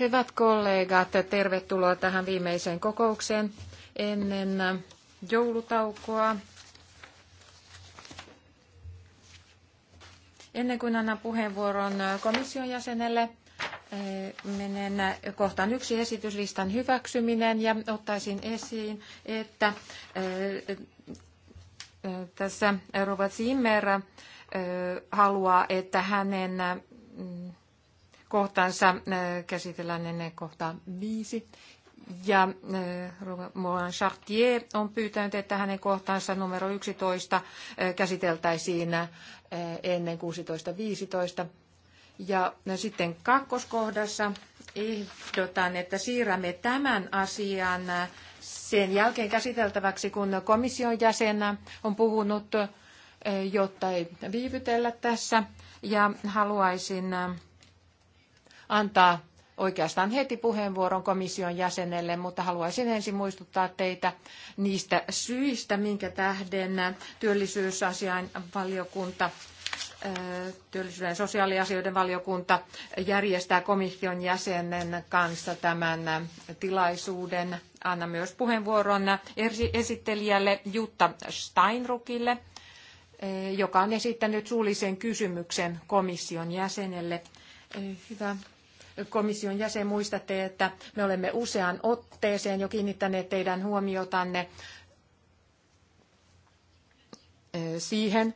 Hyvät kollegat, tervetuloa tähän viimeiseen kokoukseen ennen joulutaukoa. Ennen kuin annan puheenvuoron komission jäsenelle, eh, menen kohtaan yksi esityslistan hyväksyminen ja ottaisin esiin, että eh, eh, tässä Robert Zimmer haluaa, että hänen kohtansa äh, käsitellään ennen kohtaa viisi. Ja äh, Mohan Chartier on pyytänyt, että hänen kohtansa numero 11 äh, käsiteltäisiin ennen 16.15. Ja sitten kakkoskohdassa ehdotan, että siirrämme tämän asian sen jälkeen käsiteltäväksi, kun komission jäsenä on puhunut, jotta ei viivytellä tässä ja haluaisin äh, antaa oikeastaan heti puheenvuoron komission jäsenelle, mutta haluaisin ensin muistuttaa teitä niistä syistä, minkä tähden työllisyysasian valiokunta äh, työllisyyden sosiaaliasioiden valiokunta järjestää komission jäsenen kanssa tämän äh, tilaisuuden. Anna myös puheenvuoron esittelijälle Jutta Steinrukille. Eh, joka on esittänyt suullisen kysymyksen komission jäsenelle. Eh, hyvä komission jäsen, muistatte, että me olemme useaan otteeseen jo kiinnittäneet teidän huomiotanne eh, siihen,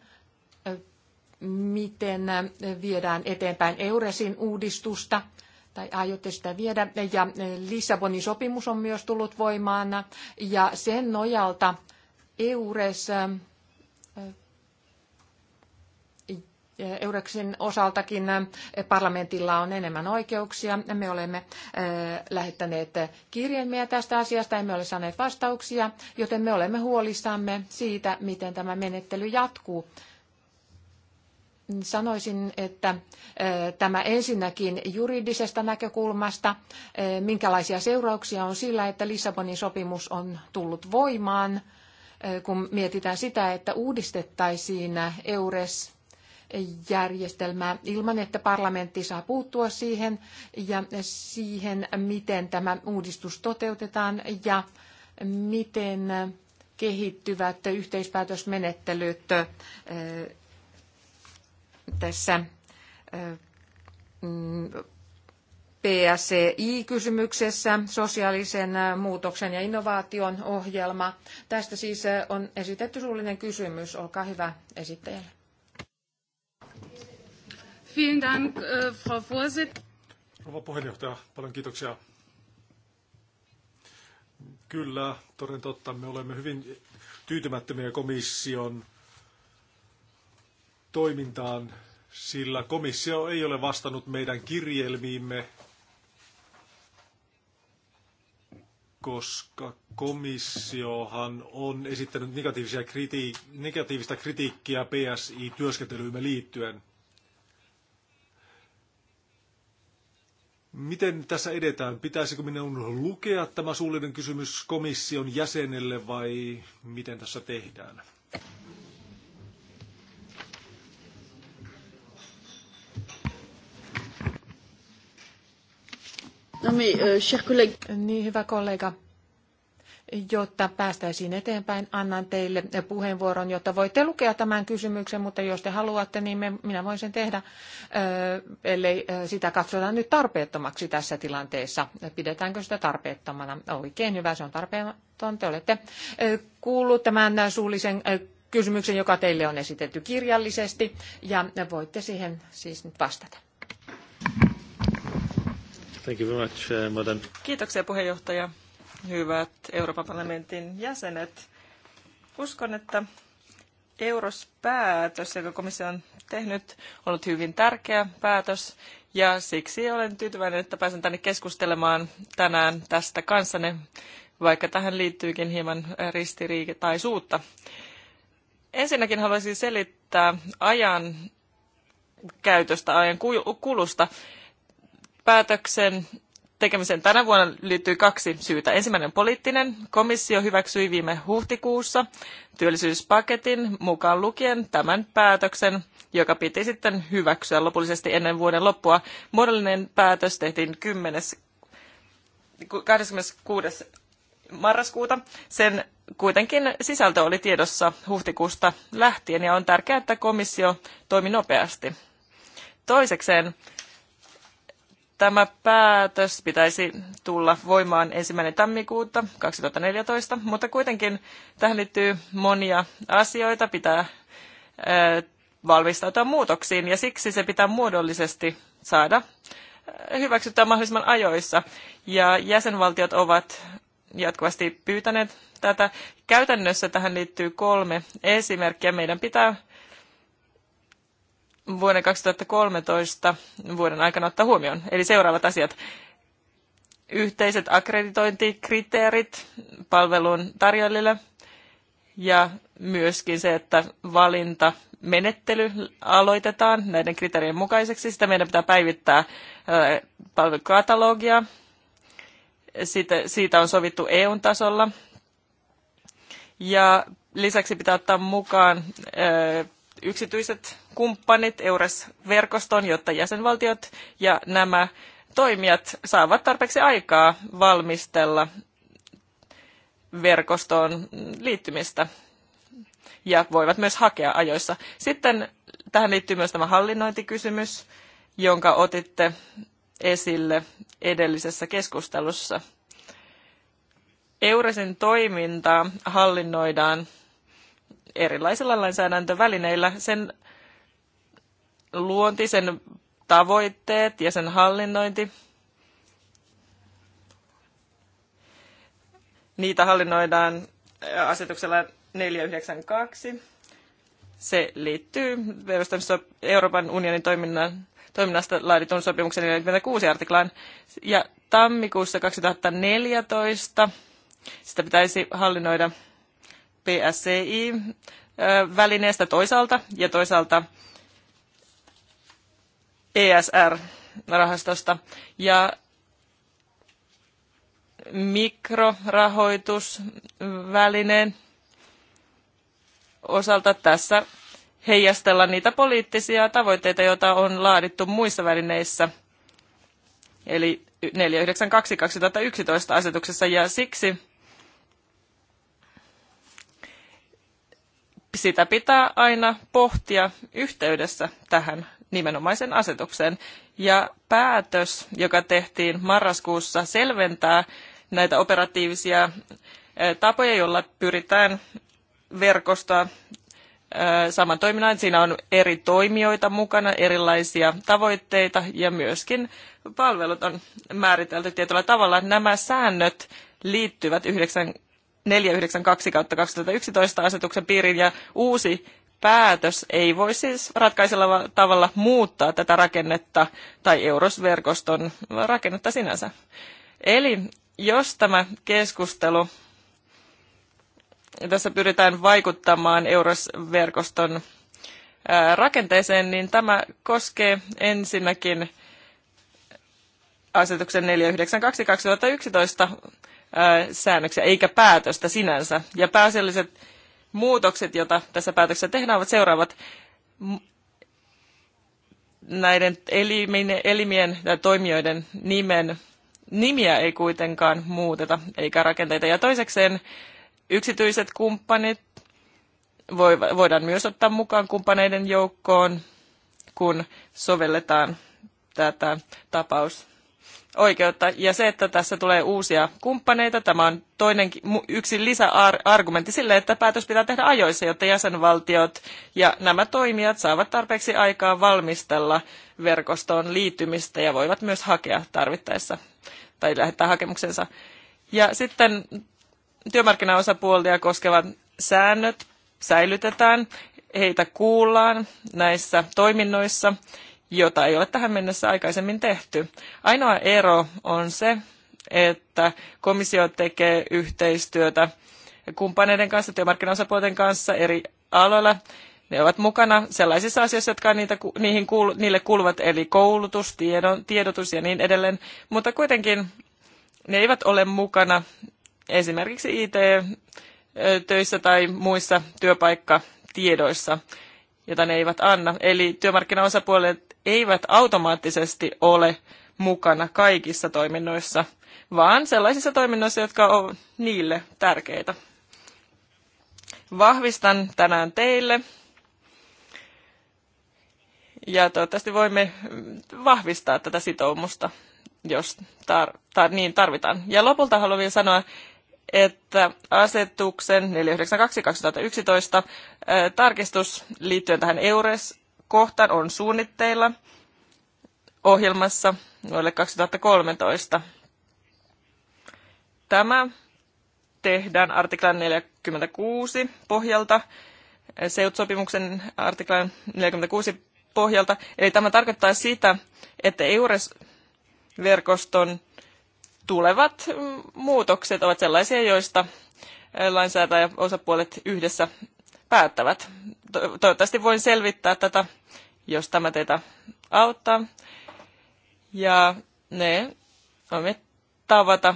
miten viedään eteenpäin Euresin uudistusta tai aiotte sitä viedä. Ja Lissabonin sopimus on myös tullut voimaan ja sen nojalta EURES Eureksin osaltakin parlamentilla on enemmän oikeuksia. Me olemme eh, lähettäneet kirjelmiä tästä asiasta, emme ole saaneet vastauksia, joten me olemme huolissamme siitä, miten tämä menettely jatkuu. Sanoisin, että eh, tämä ensinnäkin juridisesta näkökulmasta, eh, minkälaisia seurauksia on sillä, että Lissabonin sopimus on tullut voimaan, kun mietitään sitä, että uudistettaisiin EURES järjestelmää ilman, että parlamentti saa puuttua siihen ja siihen, miten tämä uudistus toteutetaan ja miten kehittyvät yhteispäätösmenettelyt tässä PSCI-kysymyksessä, sosiaalisen muutoksen ja innovaation ohjelma. Tästä siis on esitetty suullinen kysymys. Olkaa hyvä esittäjälle. Vielen Dank, äh, Frau Vorsitzende. Rouva puheenjohtaja, paljon kiitoksia. Kyllä, toden totta, me olemme hyvin tyytymättömiä komission toimintaan, sillä komissio ei ole vastannut meidän kirjelmiimme, koska komissiohan on esittänyt negatiivisia negatiivista kritiikkiä PSI-työskentelyymme liittyen. Miten tässä edetään? Pitäisikö minun lukea tämä suullinen kysymys komission jäsenelle vai miten tässä tehdään? No, mais, niin, äh, cher collègue. Niin, hyvä kollega. Jotta päästäisiin eteenpäin, annan teille puheenvuoron, jotta voitte lukea tämän kysymyksen, mutta jos te haluatte, niin me, minä voin sen tehdä, ellei sitä katsota nyt tarpeettomaksi tässä tilanteessa. Pidetäänkö sitä tarpeettomana? Oikein hyvä, se on tarpeeton. Te olette kuullut tämän suullisen kysymyksen, joka teille on esitetty kirjallisesti, ja voitte siihen siis nyt vastata. Thank you very much, uh, Kiitoksia puheenjohtaja hyvät Euroopan parlamentin jäsenet. Uskon, että eurospäätös, joka komissio on tehnyt, on ollut hyvin tärkeä päätös. Ja siksi olen tyytyväinen, että pääsen tänne keskustelemaan tänään tästä kanssanne, vaikka tähän liittyykin hieman ristiriitaisuutta. Ensinnäkin haluaisin selittää ajan käytöstä, ajan kulusta. Päätöksen tekemiseen tänä vuonna liittyy kaksi syytä. Ensimmäinen poliittinen. Komissio hyväksyi viime huhtikuussa työllisyyspaketin mukaan lukien tämän päätöksen, joka piti sitten hyväksyä lopullisesti ennen vuoden loppua. Muodollinen päätös tehtiin 10. 26. marraskuuta. Sen kuitenkin sisältö oli tiedossa huhtikuusta lähtien ja on tärkeää, että komissio toimi nopeasti. Toisekseen Tämä päätös pitäisi tulla voimaan ensimmäinen tammikuuta 2014, mutta kuitenkin tähän liittyy monia asioita, pitää valmistautua muutoksiin ja siksi se pitää muodollisesti saada hyväksyttyä mahdollisimman ajoissa. Ja jäsenvaltiot ovat jatkuvasti pyytäneet tätä. Käytännössä tähän liittyy kolme esimerkkiä. Meidän pitää vuoden 2013 vuoden aikana ottaa huomioon. Eli seuraavat asiat. Yhteiset akkreditointikriteerit palvelun tarjoajille ja myöskin se, että valinta menettely aloitetaan näiden kriteerien mukaiseksi. Sitä meidän pitää päivittää palvelukatalogia. Siitä, siitä on sovittu eu tasolla. Ja lisäksi pitää ottaa mukaan yksityiset kumppanit EURES-verkoston, jotta jäsenvaltiot ja nämä toimijat saavat tarpeeksi aikaa valmistella verkostoon liittymistä ja voivat myös hakea ajoissa. Sitten tähän liittyy myös tämä hallinnointikysymys, jonka otitte esille edellisessä keskustelussa. Euresin toimintaa hallinnoidaan erilaisilla lainsäädäntövälineillä. Sen luonti, sen tavoitteet ja sen hallinnointi. Niitä hallinnoidaan äh, asetuksella 492. Se liittyy Euroopan unionin toiminnan, toiminnasta laaditun sopimuksen 46 artiklaan. Ja tammikuussa 2014 sitä pitäisi hallinnoida PSCI-välineestä äh, toisaalta ja toisaalta ESR-rahastosta. Ja mikrorahoitusvälineen osalta tässä heijastella niitä poliittisia tavoitteita, joita on laadittu muissa välineissä, eli 492-2011 asetuksessa, ja siksi sitä pitää aina pohtia yhteydessä tähän nimenomaisen asetuksen. Ja päätös, joka tehtiin marraskuussa, selventää näitä operatiivisia tapoja, joilla pyritään verkostoa saman toiminnan. Siinä on eri toimijoita mukana, erilaisia tavoitteita ja myöskin palvelut on määritelty tietyllä tavalla. Nämä säännöt liittyvät 492-2011 asetuksen piiriin ja uusi päätös ei voi siis ratkaisella tavalla muuttaa tätä rakennetta tai eurosverkoston rakennetta sinänsä. Eli jos tämä keskustelu, tässä pyritään vaikuttamaan eurosverkoston rakenteeseen, niin tämä koskee ensinnäkin asetuksen 492-2011 säännöksiä, eikä päätöstä sinänsä. Ja pääasialliset muutokset, joita tässä päätöksessä tehdään, ovat seuraavat. Näiden elimien, elimien ja toimijoiden nimen, nimiä ei kuitenkaan muuteta, eikä rakenteita. Ja toisekseen yksityiset kumppanit voidaan myös ottaa mukaan kumppaneiden joukkoon, kun sovelletaan tätä tapaus oikeutta. Ja se, että tässä tulee uusia kumppaneita, tämä on toinen, yksi lisäargumentti sille, että päätös pitää tehdä ajoissa, jotta jäsenvaltiot ja nämä toimijat saavat tarpeeksi aikaa valmistella verkostoon liittymistä ja voivat myös hakea tarvittaessa tai lähettää hakemuksensa. Ja sitten työmarkkinaosapuolia koskevat säännöt säilytetään, heitä kuullaan näissä toiminnoissa jota ei ole tähän mennessä aikaisemmin tehty. Ainoa ero on se, että komissio tekee yhteistyötä kumppaneiden kanssa, työmarkkinaosapuolten kanssa eri aloilla. Ne ovat mukana sellaisissa asioissa, jotka niitä, niihin kuulu, niille kuuluvat, eli koulutus, tiedon, tiedotus ja niin edelleen, mutta kuitenkin ne eivät ole mukana esimerkiksi IT-töissä tai muissa työpaikkatiedoissa, joita ne eivät anna. Eli työmarkkinaosapuolet eivät automaattisesti ole mukana kaikissa toiminnoissa, vaan sellaisissa toiminnoissa, jotka ovat niille tärkeitä. Vahvistan tänään teille ja toivottavasti voimme vahvistaa tätä sitoumusta, jos tar- tar- niin tarvitaan. Ja lopulta haluan vielä sanoa, että asetuksen 492-2011 äh, tarkistus liittyen tähän EURES kohtaan on suunnitteilla ohjelmassa vuodelle 2013. Tämä tehdään artiklan 46 pohjalta, SEUT-sopimuksen artiklan 46 pohjalta. Eli tämä tarkoittaa sitä, että EURES-verkoston tulevat muutokset ovat sellaisia, joista lainsäätäjä osapuolet yhdessä päättävät. Toivottavasti voin selvittää tätä, jos tämä teitä auttaa. Ja ne voimme tavata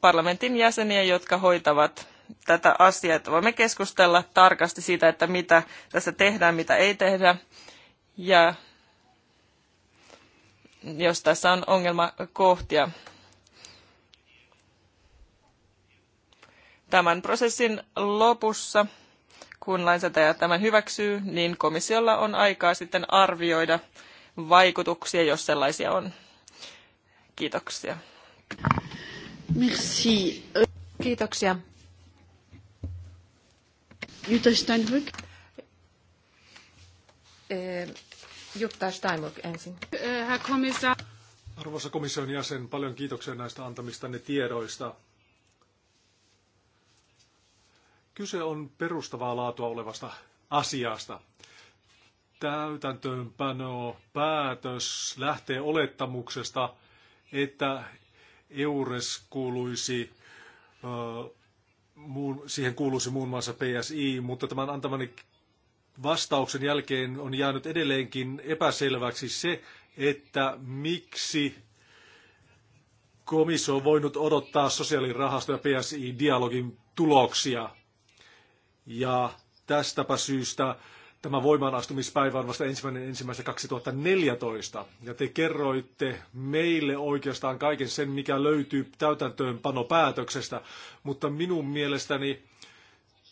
parlamentin jäseniä, jotka hoitavat tätä asiaa, että voimme keskustella tarkasti siitä, että mitä tässä tehdään, mitä ei tehdä. Ja jos tässä on ongelmakohtia. Tämän prosessin lopussa kun lainsäätäjä tämän hyväksyy, niin komissiolla on aikaa sitten arvioida vaikutuksia, jos sellaisia on. Kiitoksia. Merci. Kiitoksia. Jutta Steinbrück. Eh, Jutta Steinbrück ensin. Eh, Herr Arvoisa komission jäsen, paljon kiitoksia näistä antamistanne tiedoista. Kyse on perustavaa laatua olevasta asiasta. Täytäntöönpano päätös lähtee olettamuksesta, että EURES kuuluisi siihen kuuluisi muun muassa PSI, mutta tämän antamani vastauksen jälkeen on jäänyt edelleenkin epäselväksi se, että miksi komissio on voinut odottaa sosiaalirahasto ja PSI-dialogin tuloksia. Ja tästäpä syystä tämä voimaanastumispäivä on vasta ensimmäinen ensimmäistä 2014. Ja te kerroitte meille oikeastaan kaiken sen, mikä löytyy täytäntöönpanopäätöksestä. Mutta minun mielestäni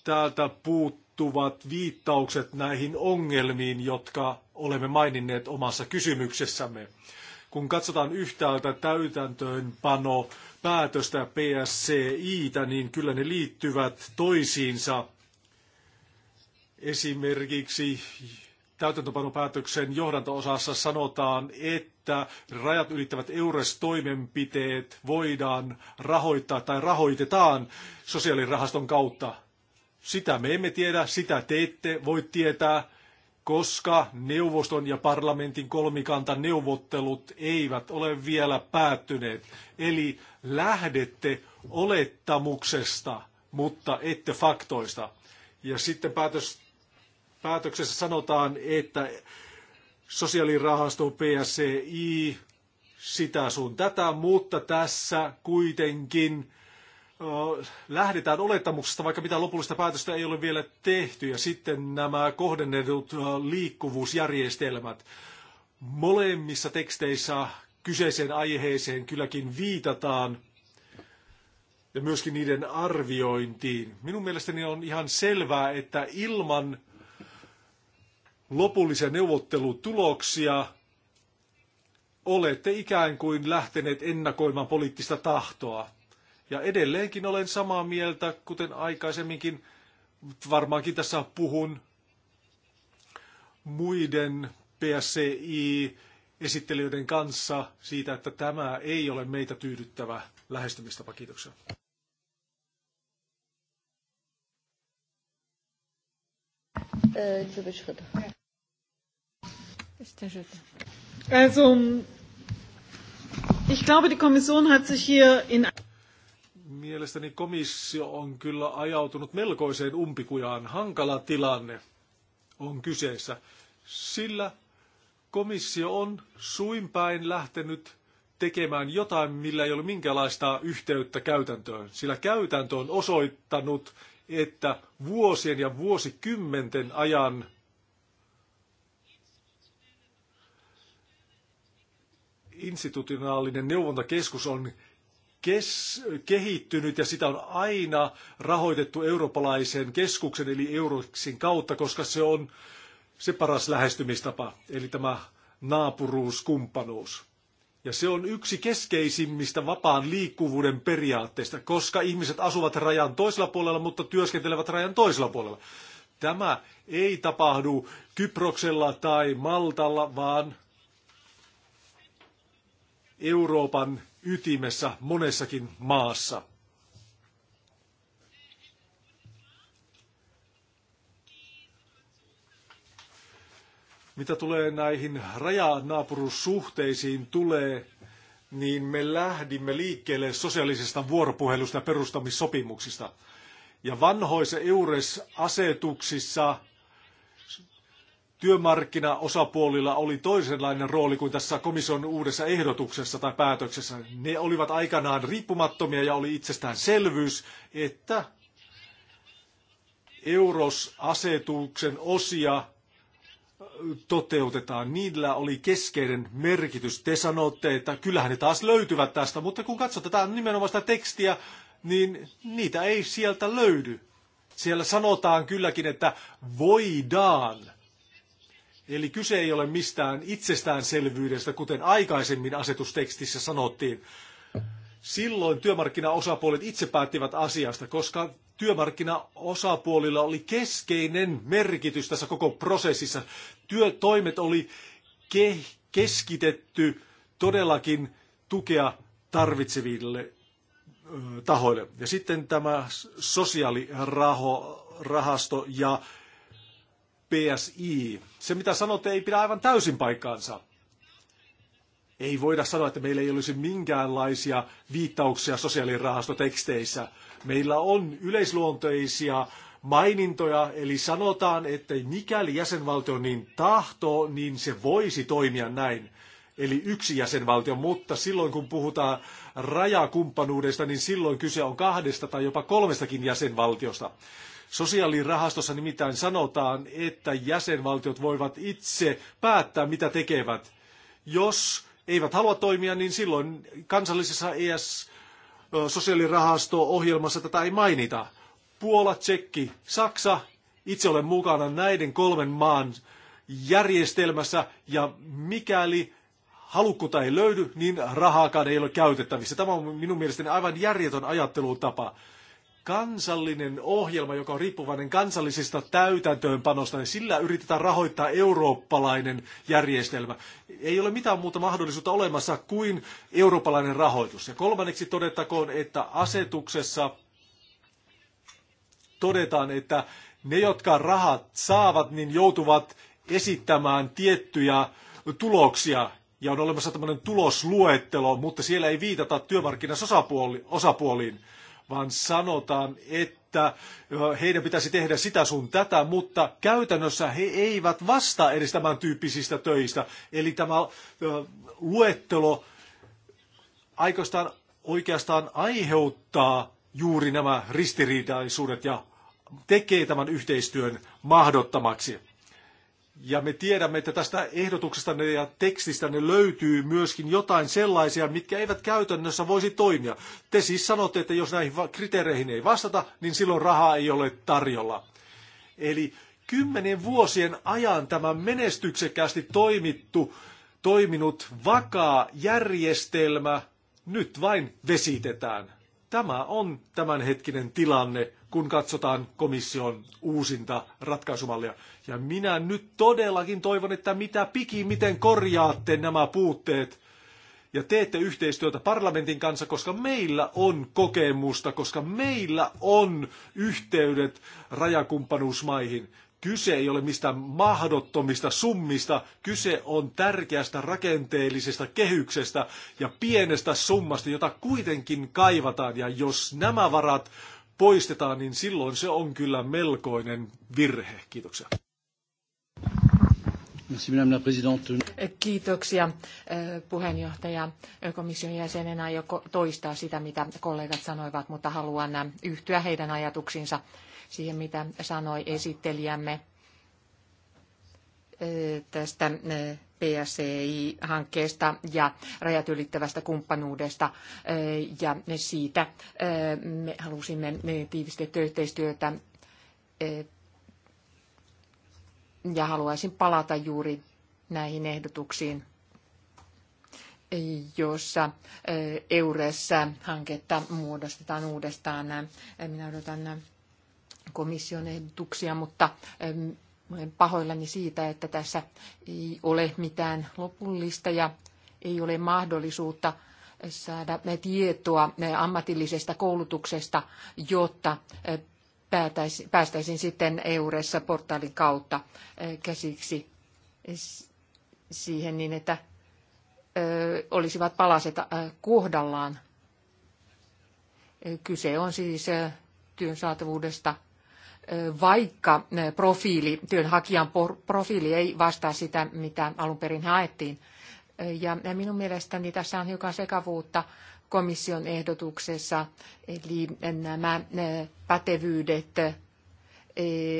täältä puuttuvat viittaukset näihin ongelmiin, jotka olemme maininneet omassa kysymyksessämme. Kun katsotaan yhtäältä täytäntöönpano päätöstä PSCItä, niin kyllä ne liittyvät toisiinsa – Esimerkiksi täytäntöpanopäätöksen johdanto-osassa sanotaan, että rajat ylittävät EURES-toimenpiteet voidaan rahoittaa tai rahoitetaan sosiaalirahaston kautta. Sitä me emme tiedä, sitä te ette voi tietää, koska neuvoston ja parlamentin kolmikanta neuvottelut eivät ole vielä päättyneet. Eli lähdette olettamuksesta, mutta ette faktoista. Ja sitten päätös päätöksessä sanotaan, että sosiaalirahasto PSCI sitä sun tätä, mutta tässä kuitenkin lähdetään olettamuksesta, vaikka mitä lopullista päätöstä ei ole vielä tehty, ja sitten nämä kohdennetut liikkuvuusjärjestelmät. Molemmissa teksteissä kyseiseen aiheeseen kylläkin viitataan, ja myöskin niiden arviointiin. Minun mielestäni on ihan selvää, että ilman lopullisia neuvottelutuloksia, olette ikään kuin lähteneet ennakoimaan poliittista tahtoa. Ja edelleenkin olen samaa mieltä, kuten aikaisemminkin, varmaankin tässä puhun muiden PSCI-esittelijöiden kanssa siitä, että tämä ei ole meitä tyydyttävä lähestymistapa. Kiitoksia. Elizabeth äh, Also, ich glaube, die Kommission hat sich hier in Mielestäni komissio on kyllä ajautunut melkoiseen umpikujaan. Hankala tilanne on kyseessä, sillä komissio on suinpäin lähtenyt tekemään jotain, millä ei ole minkäänlaista yhteyttä käytäntöön. Sillä käytäntö on osoittanut, että vuosien ja vuosikymmenten ajan institutionaalinen neuvontakeskus on kes, kehittynyt ja sitä on aina rahoitettu eurooppalaisen keskuksen eli Euroksin kautta, koska se on se paras lähestymistapa, eli tämä naapuruuskumppanuus. Ja se on yksi keskeisimmistä vapaan liikkuvuuden periaatteista, koska ihmiset asuvat rajan toisella puolella, mutta työskentelevät rajan toisella puolella. Tämä ei tapahdu Kyproksella tai Maltalla, vaan Euroopan ytimessä monessakin maassa. Mitä tulee näihin rajanaapuruussuhteisiin tulee, niin me lähdimme liikkeelle sosiaalisesta vuoropuhelusta ja perustamissopimuksista. Ja vanhoissa EURES-asetuksissa työmarkkinaosapuolilla oli toisenlainen rooli kuin tässä komission uudessa ehdotuksessa tai päätöksessä. Ne olivat aikanaan riippumattomia ja oli itsestäänselvyys, että eurosasetuksen osia toteutetaan. Niillä oli keskeinen merkitys. Te sanotte, että kyllähän ne taas löytyvät tästä, mutta kun katsotaan nimenomaan sitä tekstiä, niin niitä ei sieltä löydy. Siellä sanotaan kylläkin, että voidaan – Eli kyse ei ole mistään itsestäänselvyydestä, kuten aikaisemmin asetustekstissä sanottiin. Silloin työmarkkinaosapuolet itse päättivät asiasta, koska työmarkkinaosapuolilla oli keskeinen merkitys tässä koko prosessissa. Työtoimet oli ke- keskitetty todellakin tukea tarvitseville tahoille. Ja sitten tämä sosiaalirahasto ja PSI. Se mitä sanotte ei pidä aivan täysin paikkaansa. Ei voida sanoa, että meillä ei olisi minkäänlaisia viittauksia sosiaalirahastoteksteissä. Meillä on yleisluonteisia mainintoja, eli sanotaan, että mikäli jäsenvaltio niin tahtoo, niin se voisi toimia näin. Eli yksi jäsenvaltio, mutta silloin kun puhutaan rajakumppanuudesta, niin silloin kyse on kahdesta tai jopa kolmestakin jäsenvaltiosta. Sosiaalirahastossa nimittäin sanotaan, että jäsenvaltiot voivat itse päättää, mitä tekevät. Jos eivät halua toimia, niin silloin kansallisessa ES sosiaalirahasto-ohjelmassa tätä ei mainita. Puola, Tsekki, Saksa, itse olen mukana näiden kolmen maan järjestelmässä ja mikäli halukkuutta ei löydy, niin rahaakaan ei ole käytettävissä. Tämä on minun mielestäni aivan järjetön ajattelutapa kansallinen ohjelma, joka on riippuvainen kansallisista täytäntöönpanosta, niin sillä yritetään rahoittaa eurooppalainen järjestelmä. Ei ole mitään muuta mahdollisuutta olemassa kuin eurooppalainen rahoitus. Ja kolmanneksi todettakoon, että asetuksessa todetaan, että ne, jotka rahat saavat, niin joutuvat esittämään tiettyjä tuloksia ja on olemassa tämmöinen tulosluettelo, mutta siellä ei viitata työmarkkinasosapuoliin vaan sanotaan, että heidän pitäisi tehdä sitä sun tätä, mutta käytännössä he eivät vastaa edes tämän tyyppisistä töistä. Eli tämä luettelo aikoistaan oikeastaan aiheuttaa juuri nämä ristiriitaisuudet ja tekee tämän yhteistyön mahdottomaksi. Ja me tiedämme, että tästä ehdotuksesta ja tekstistä ne löytyy myöskin jotain sellaisia, mitkä eivät käytännössä voisi toimia. Te siis sanotte, että jos näihin kriteereihin ei vastata, niin silloin rahaa ei ole tarjolla. Eli kymmenen vuosien ajan tämä menestyksekkäästi toimittu, toiminut vakaa järjestelmä nyt vain vesitetään. Tämä on tämänhetkinen tilanne kun katsotaan komission uusinta ratkaisumallia. Ja minä nyt todellakin toivon, että mitä piki, miten korjaatte nämä puutteet ja teette yhteistyötä parlamentin kanssa, koska meillä on kokemusta, koska meillä on yhteydet rajakumppanuusmaihin. Kyse ei ole mistään mahdottomista summista, kyse on tärkeästä rakenteellisesta kehyksestä ja pienestä summasta, jota kuitenkin kaivataan. Ja jos nämä varat poistetaan, niin silloin se on kyllä melkoinen virhe. Kiitoksia. Kiitoksia eh, puheenjohtaja. Komission jäsenenä aion toistaa sitä, mitä kollegat sanoivat, mutta haluan eh, yhtyä heidän ajatuksiinsa siihen, mitä sanoi esittelijämme eh, tästä PSCI-hankkeesta ja rajat ylittävästä kumppanuudesta ja siitä me halusimme tiivistettyä yhteistyötä ja haluaisin palata juuri näihin ehdotuksiin, jossa Euressa hanketta muodostetaan uudestaan. Minä odotan komission ehdotuksia, mutta olen pahoillani siitä, että tässä ei ole mitään lopullista ja ei ole mahdollisuutta saada tietoa ammatillisesta koulutuksesta, jotta päästäisiin sitten EURESSA portaalin kautta käsiksi siihen niin, että olisivat palaset kohdallaan. Kyse on siis työn saatavuudesta – vaikka profiili, työnhakijan profiili ei vastaa sitä, mitä alun perin haettiin. Ja minun mielestäni tässä on hiukan sekavuutta komission ehdotuksessa, eli nämä pätevyydet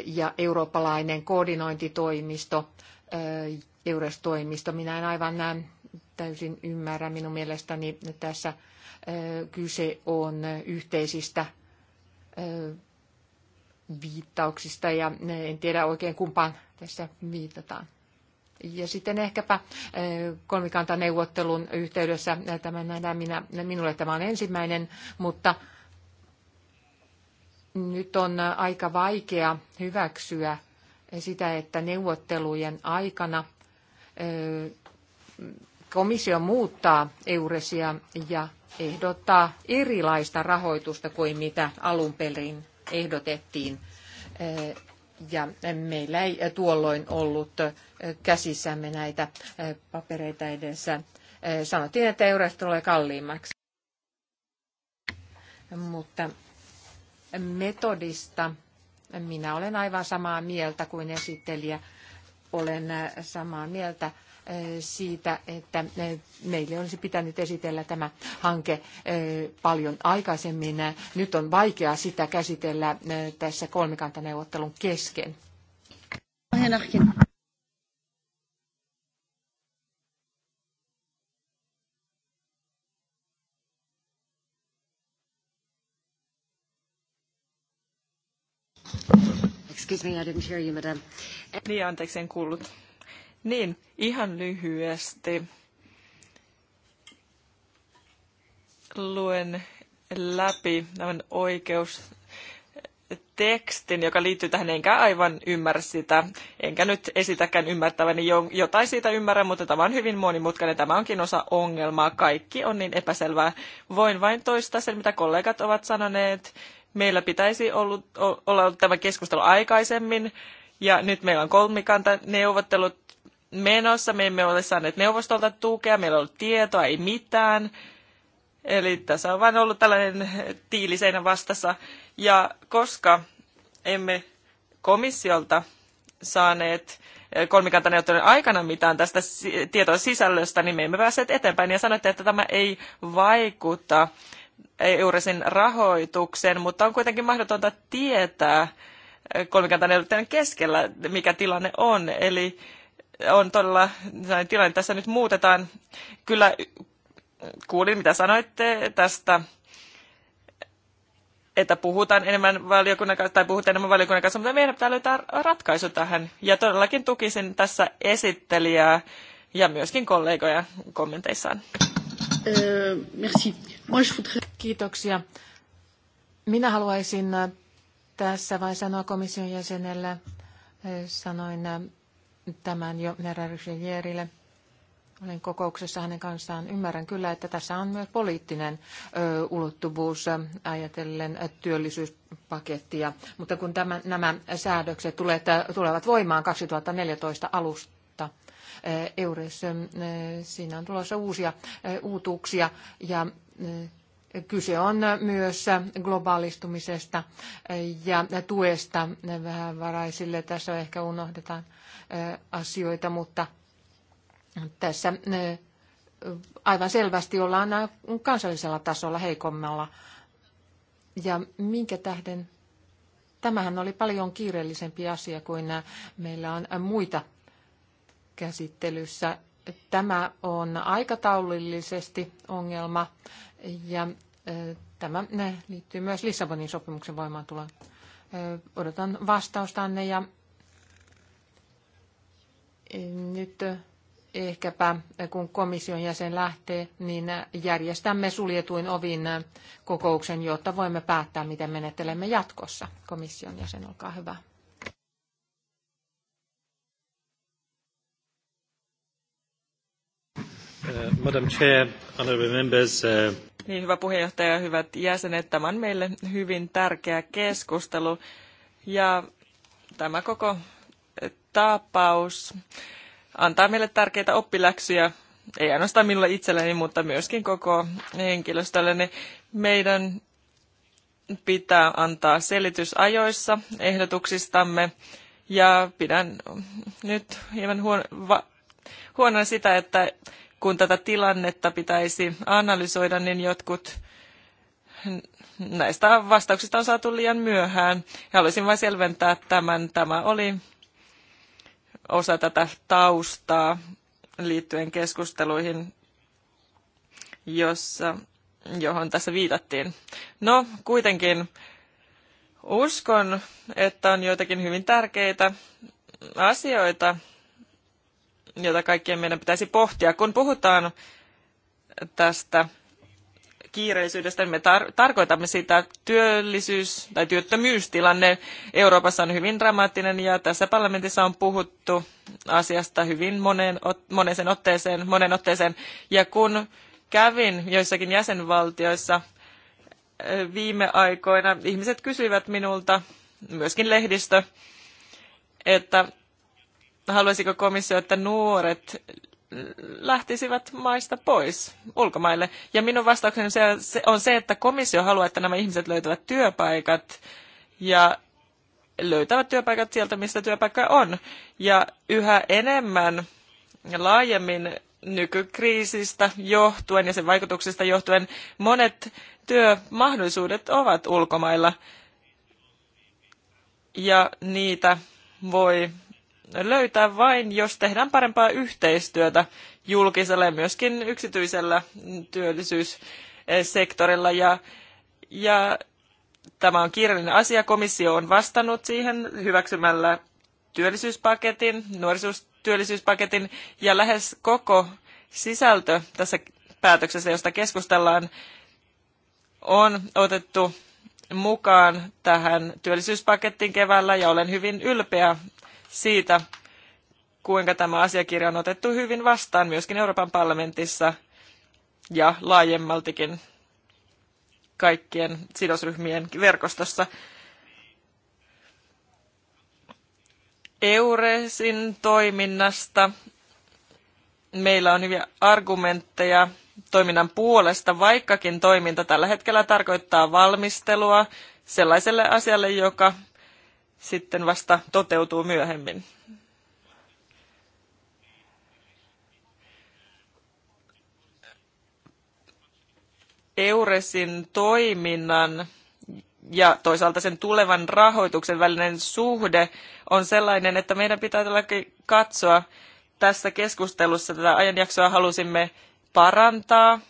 ja eurooppalainen koordinointitoimisto, Eures-toimisto. Minä en aivan näe täysin ymmärrä. Minun mielestäni tässä kyse on yhteisistä viittauksista ja en tiedä oikein kumpaan tässä viitataan. Ja sitten ehkäpä eh, kolmikantaneuvottelun yhteydessä eh, tämä nähdään minä, minulle tämä on ensimmäinen, mutta nyt on eh, aika vaikea hyväksyä sitä, että neuvottelujen aikana komissio muuttaa Euresia ja ehdottaa erilaista rahoitusta kuin mitä alun perin ehdotettiin. Eh, ja meillä ei tuolloin ollut käsissämme näitä eh, papereita edessä. Eh, sanottiin, että eurosta tulee kalliimmaksi. Mutta metodista minä olen aivan samaa mieltä kuin esittelijä. Olen samaa mieltä siitä, että eh, meille olisi pitänyt esitellä tämä hanke eh, paljon aikaisemmin. Nyt on vaikea sitä käsitellä eh, tässä kolmikantaneuvottelun kesken. Excuse me, I didn't hear you, madam. Niin, anteeksi, en kuullut. Niin, ihan lyhyesti. Luen läpi tämän oikeus tekstin, joka liittyy tähän, enkä aivan ymmärrä sitä, enkä nyt esitäkään ymmärtäväni jotain siitä ymmärrä, mutta tämä on hyvin monimutkainen, tämä onkin osa ongelmaa, kaikki on niin epäselvää. Voin vain toistaa sen, mitä kollegat ovat sanoneet, meillä pitäisi ollut, olla ollut tämä keskustelu aikaisemmin, ja nyt meillä on kolmikanta neuvottelut, menossa, me emme ole saaneet neuvostolta tukea, meillä on ollut tietoa, ei mitään. Eli tässä on vain ollut tällainen tiiliseinä vastassa. Ja koska emme komissiolta saaneet eh, kolmikantaneuvottelujen aikana mitään tästä tietoa sisällöstä, niin me emme päässeet eteenpäin. Ja sanoitte, että tämä ei vaikuta Euresin rahoitukseen, mutta on kuitenkin mahdotonta tietää eh, kolmikantaneuvottelujen keskellä, mikä tilanne on. Eli on todella tilanne tässä nyt muutetaan. Kyllä kuulin, mitä sanoitte tästä että puhutaan enemmän valiokunnan kanssa, tai puhutaan enemmän valiokunnan kanssa, mutta meidän pitää löytää ratkaisu tähän. Ja todellakin tukisin tässä esittelijää ja myöskin kollegoja kommenteissaan. Kiitoksia. Minä haluaisin tässä vain sanoa komission jäsenelle, sanoin tämän jo Nera Ryselierille. Olen kokouksessa hänen kanssaan. Ymmärrän kyllä, että tässä on myös poliittinen ö, ulottuvuus ajatellen työllisyyspakettia. Mutta kun tämä, nämä säädökset tulee, tulevat voimaan 2014 alusta, Eures, siinä on tulossa uusia uutuuksia ja Kyse on myös globaalistumisesta ja tuesta vähävaraisille. Tässä ehkä unohdetaan asioita, mutta tässä aivan selvästi ollaan kansallisella tasolla heikommalla. Ja minkä tähden? Tämähän oli paljon kiireellisempi asia kuin meillä on muita käsittelyssä Tämä on aikataulullisesti ongelma ja e, tämä liittyy myös Lissabonin sopimuksen voimaantuloon. E, odotan vastaustanne ja e, nyt ehkäpä kun komission jäsen lähtee, niin järjestämme suljetuin ovin kokouksen, jotta voimme päättää, miten menettelemme jatkossa. Komission jäsen, olkaa hyvä. Uh, Madam Chair, honorable members. Uh, niin, hyvä puheenjohtaja ja hyvät jäsenet, tämä on meille hyvin tärkeä keskustelu. Ja tämä koko tapaus antaa meille tärkeitä oppiläksyjä, ei ainoastaan minulle itselleni, mutta myöskin koko henkilöstölle. Meidän pitää antaa selitys ajoissa ehdotuksistamme ja pidän nyt hieman huon, va, huonona sitä, että kun tätä tilannetta pitäisi analysoida, niin jotkut näistä vastauksista on saatu liian myöhään. Ja haluaisin vain selventää tämän. Tämä oli osa tätä taustaa liittyen keskusteluihin, jossa, johon tässä viitattiin. No, kuitenkin uskon, että on joitakin hyvin tärkeitä asioita, jota kaikkien meidän pitäisi pohtia. Kun puhutaan tästä kiireisyydestä, niin me tar- tarkoitamme sitä, että työllisyys- tai työttömyystilanne Euroopassa on hyvin dramaattinen ja tässä parlamentissa on puhuttu asiasta hyvin moneen, ot- moneen otteeseen, monen otteeseen. Ja kun kävin joissakin jäsenvaltioissa viime aikoina, ihmiset kysyivät minulta, myöskin lehdistö, että haluaisiko komissio, että nuoret lähtisivät maista pois ulkomaille. Ja minun vastaukseni on se, että komissio haluaa, että nämä ihmiset löytävät työpaikat ja löytävät työpaikat sieltä, mistä työpaikka on. Ja yhä enemmän ja laajemmin nykykriisistä johtuen ja sen vaikutuksista johtuen monet työmahdollisuudet ovat ulkomailla. Ja niitä voi löytää vain, jos tehdään parempaa yhteistyötä julkisella ja myöskin yksityisellä työllisyyssektorilla. Ja, ja tämä on kiireellinen asia. Komissio on vastannut siihen hyväksymällä työllisyyspaketin, nuorisotyöllisyyspaketin ja lähes koko sisältö tässä päätöksessä, josta keskustellaan, on otettu mukaan tähän työllisyyspakettiin keväällä ja olen hyvin ylpeä siitä, kuinka tämä asiakirja on otettu hyvin vastaan myöskin Euroopan parlamentissa ja laajemmaltikin kaikkien sidosryhmien verkostossa. Euresin toiminnasta meillä on hyviä argumentteja toiminnan puolesta, vaikkakin toiminta tällä hetkellä tarkoittaa valmistelua sellaiselle asialle, joka sitten vasta toteutuu myöhemmin. Euresin toiminnan ja toisaalta sen tulevan rahoituksen välinen suhde on sellainen, että meidän pitää todellakin katsoa tässä keskustelussa tätä ajanjaksoa halusimme parantaa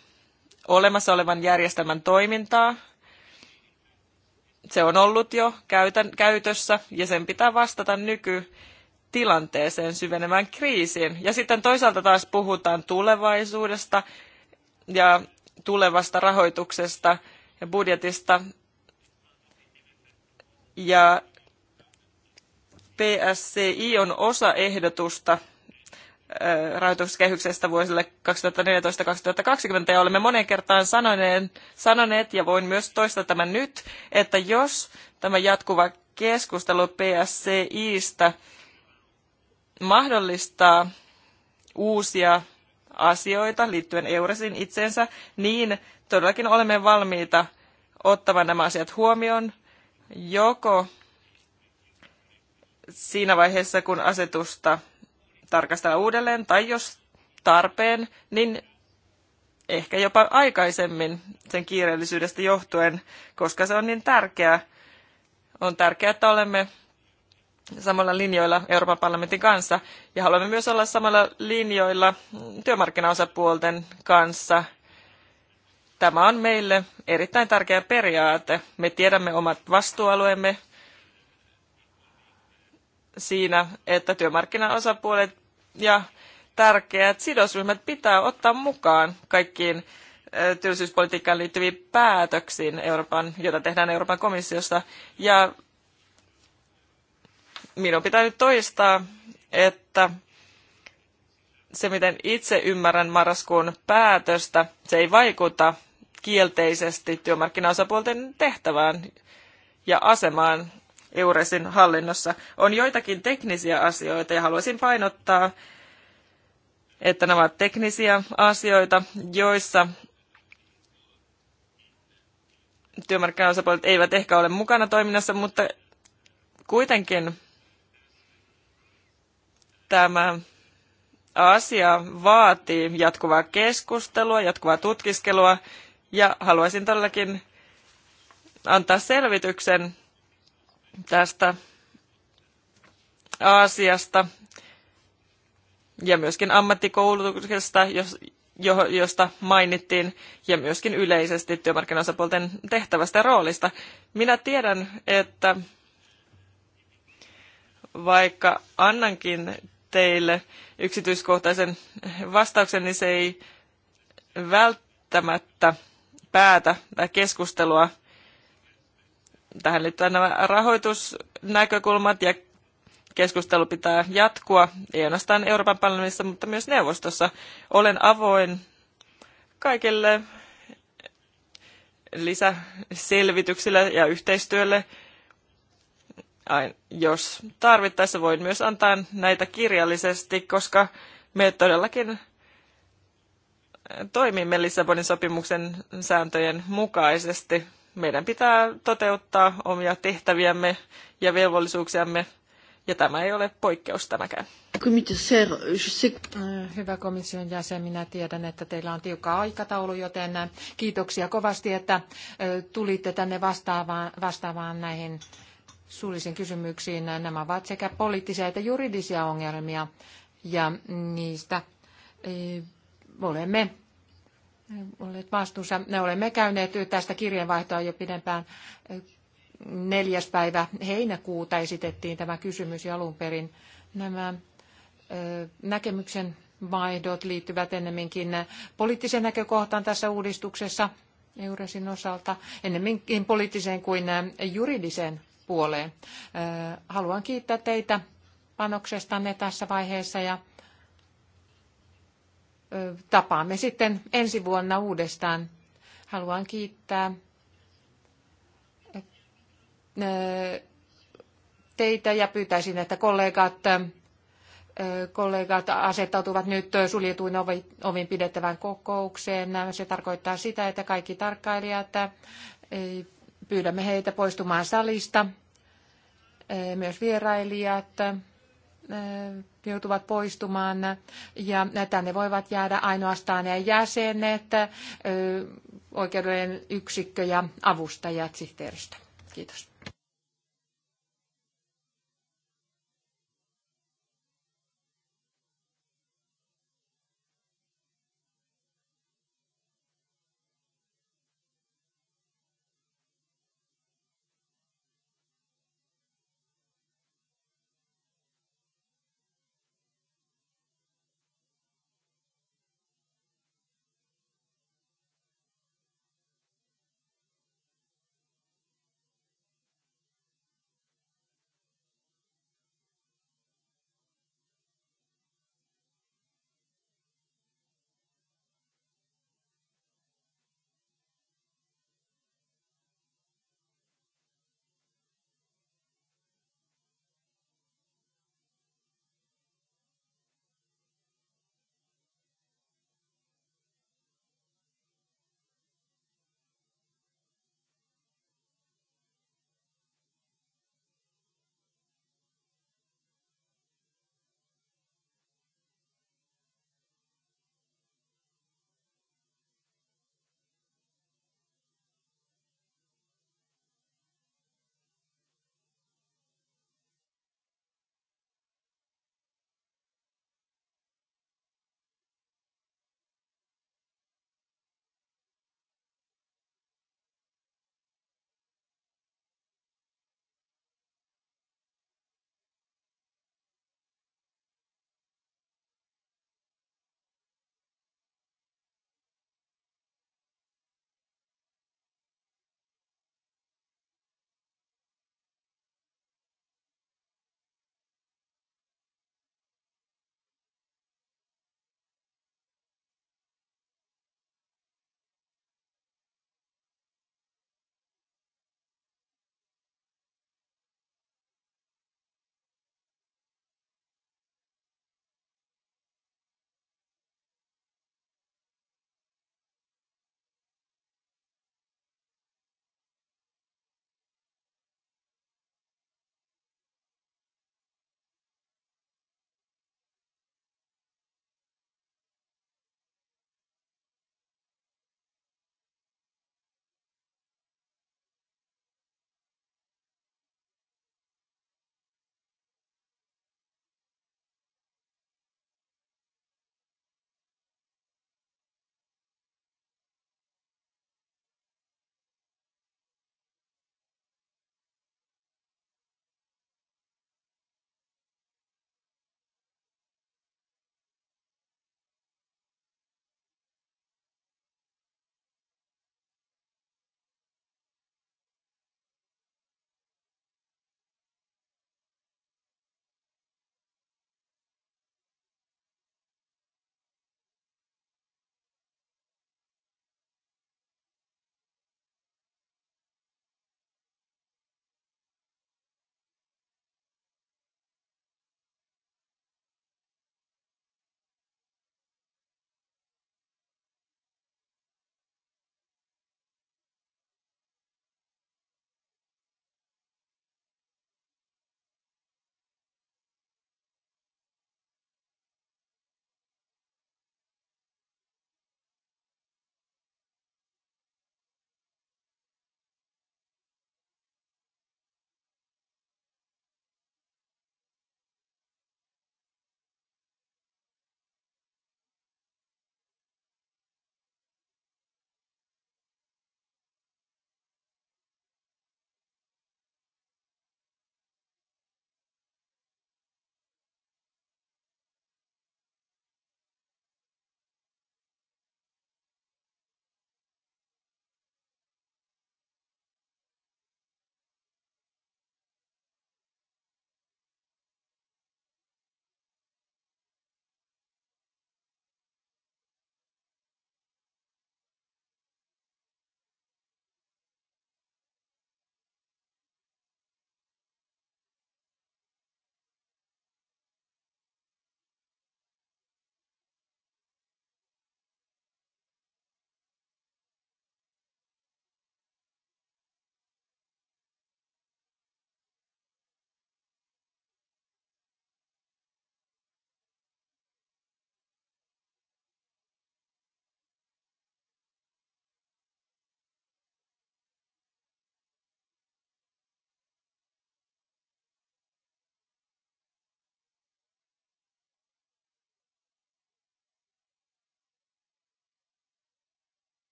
olemassa olevan järjestelmän toimintaa se on ollut jo käytän, käytössä ja sen pitää vastata nykytilanteeseen syvenemään kriisiin. Ja sitten toisaalta taas puhutaan tulevaisuudesta ja tulevasta rahoituksesta ja budjetista. Ja PSCI on osa ehdotusta, rahoituskehyksestä vuosille 2014-2020 ja olemme monen kertaan sanoneen, sanoneet ja voin myös toistaa tämän nyt, että jos tämä jatkuva keskustelu PSCIstä mahdollistaa uusia asioita liittyen Euresin itseensä, niin todellakin olemme valmiita ottamaan nämä asiat huomioon joko siinä vaiheessa, kun asetusta tarkastella uudelleen tai jos tarpeen, niin ehkä jopa aikaisemmin sen kiireellisyydestä johtuen, koska se on niin tärkeää. On tärkeää, että olemme samalla linjoilla Euroopan parlamentin kanssa ja haluamme myös olla samalla linjoilla työmarkkinaosapuolten kanssa. Tämä on meille erittäin tärkeä periaate. Me tiedämme omat vastuualueemme, siinä, että työmarkkinaosapuolet ja tärkeät sidosryhmät pitää ottaa mukaan kaikkiin työllisyyspolitiikkaan liittyviin päätöksiin, Euroopan, joita tehdään Euroopan komissiossa. Ja minun pitää nyt toistaa, että se, miten itse ymmärrän marraskuun päätöstä, se ei vaikuta kielteisesti työmarkkinaosapuolten tehtävään ja asemaan Euresin hallinnossa. On joitakin teknisiä asioita ja haluaisin painottaa, että nämä ovat teknisiä asioita, joissa työmarkkinaosapuolet eivät ehkä ole mukana toiminnassa, mutta kuitenkin tämä asia vaatii jatkuvaa keskustelua, jatkuvaa tutkiskelua ja haluaisin todellakin antaa selvityksen tästä Aasiasta ja myöskin ammattikoulutuksesta, josta mainittiin, ja myöskin yleisesti työmarkkinaosapuolten tehtävästä ja roolista. Minä tiedän, että vaikka annankin teille yksityiskohtaisen vastauksen, niin se ei välttämättä päätä keskustelua tähän liittyen nämä rahoitusnäkökulmat ja keskustelu pitää jatkua, ei ainoastaan Euroopan parlamentissa, mutta myös neuvostossa. Olen avoin kaikille lisäselvityksille ja yhteistyölle. Jos tarvittaessa voin myös antaa näitä kirjallisesti, koska me todellakin toimimme Lissabonin sopimuksen sääntöjen mukaisesti meidän pitää toteuttaa omia tehtäviämme ja velvollisuuksiamme, ja tämä ei ole poikkeus tämäkään. Hyvä komission jäsen, minä tiedän, että teillä on tiukka aikataulu, joten kiitoksia kovasti, että tulitte tänne vastaavaan, vastaavaan näihin suullisiin kysymyksiin. Nämä ovat sekä poliittisia että juridisia ongelmia, ja niistä olemme olleet vastuussa. Me olemme käyneet tästä kirjeenvaihtoa jo pidempään. Neljäs päivä heinäkuuta esitettiin tämä kysymys ja alun perin nämä näkemyksen vaihdot liittyvät ennemminkin poliittiseen näkökohtaan tässä uudistuksessa Euresin osalta, ennemminkin poliittiseen kuin juridiseen puoleen. Haluan kiittää teitä panoksestanne tässä vaiheessa ja tapaamme sitten ensi vuonna uudestaan. Haluan kiittää teitä ja pyytäisin, että kollegat, kollegat asettautuvat nyt suljetuin ovin pidettävään kokoukseen. Se tarkoittaa sitä, että kaikki tarkkailijat pyydämme heitä poistumaan salista, myös vierailijat. Äh, joutuvat poistumaan ja tänne voivat jäädä ainoastaan jäsenet, äh, oikeudellinen yksikkö ja avustajat sihteeristä. Kiitos.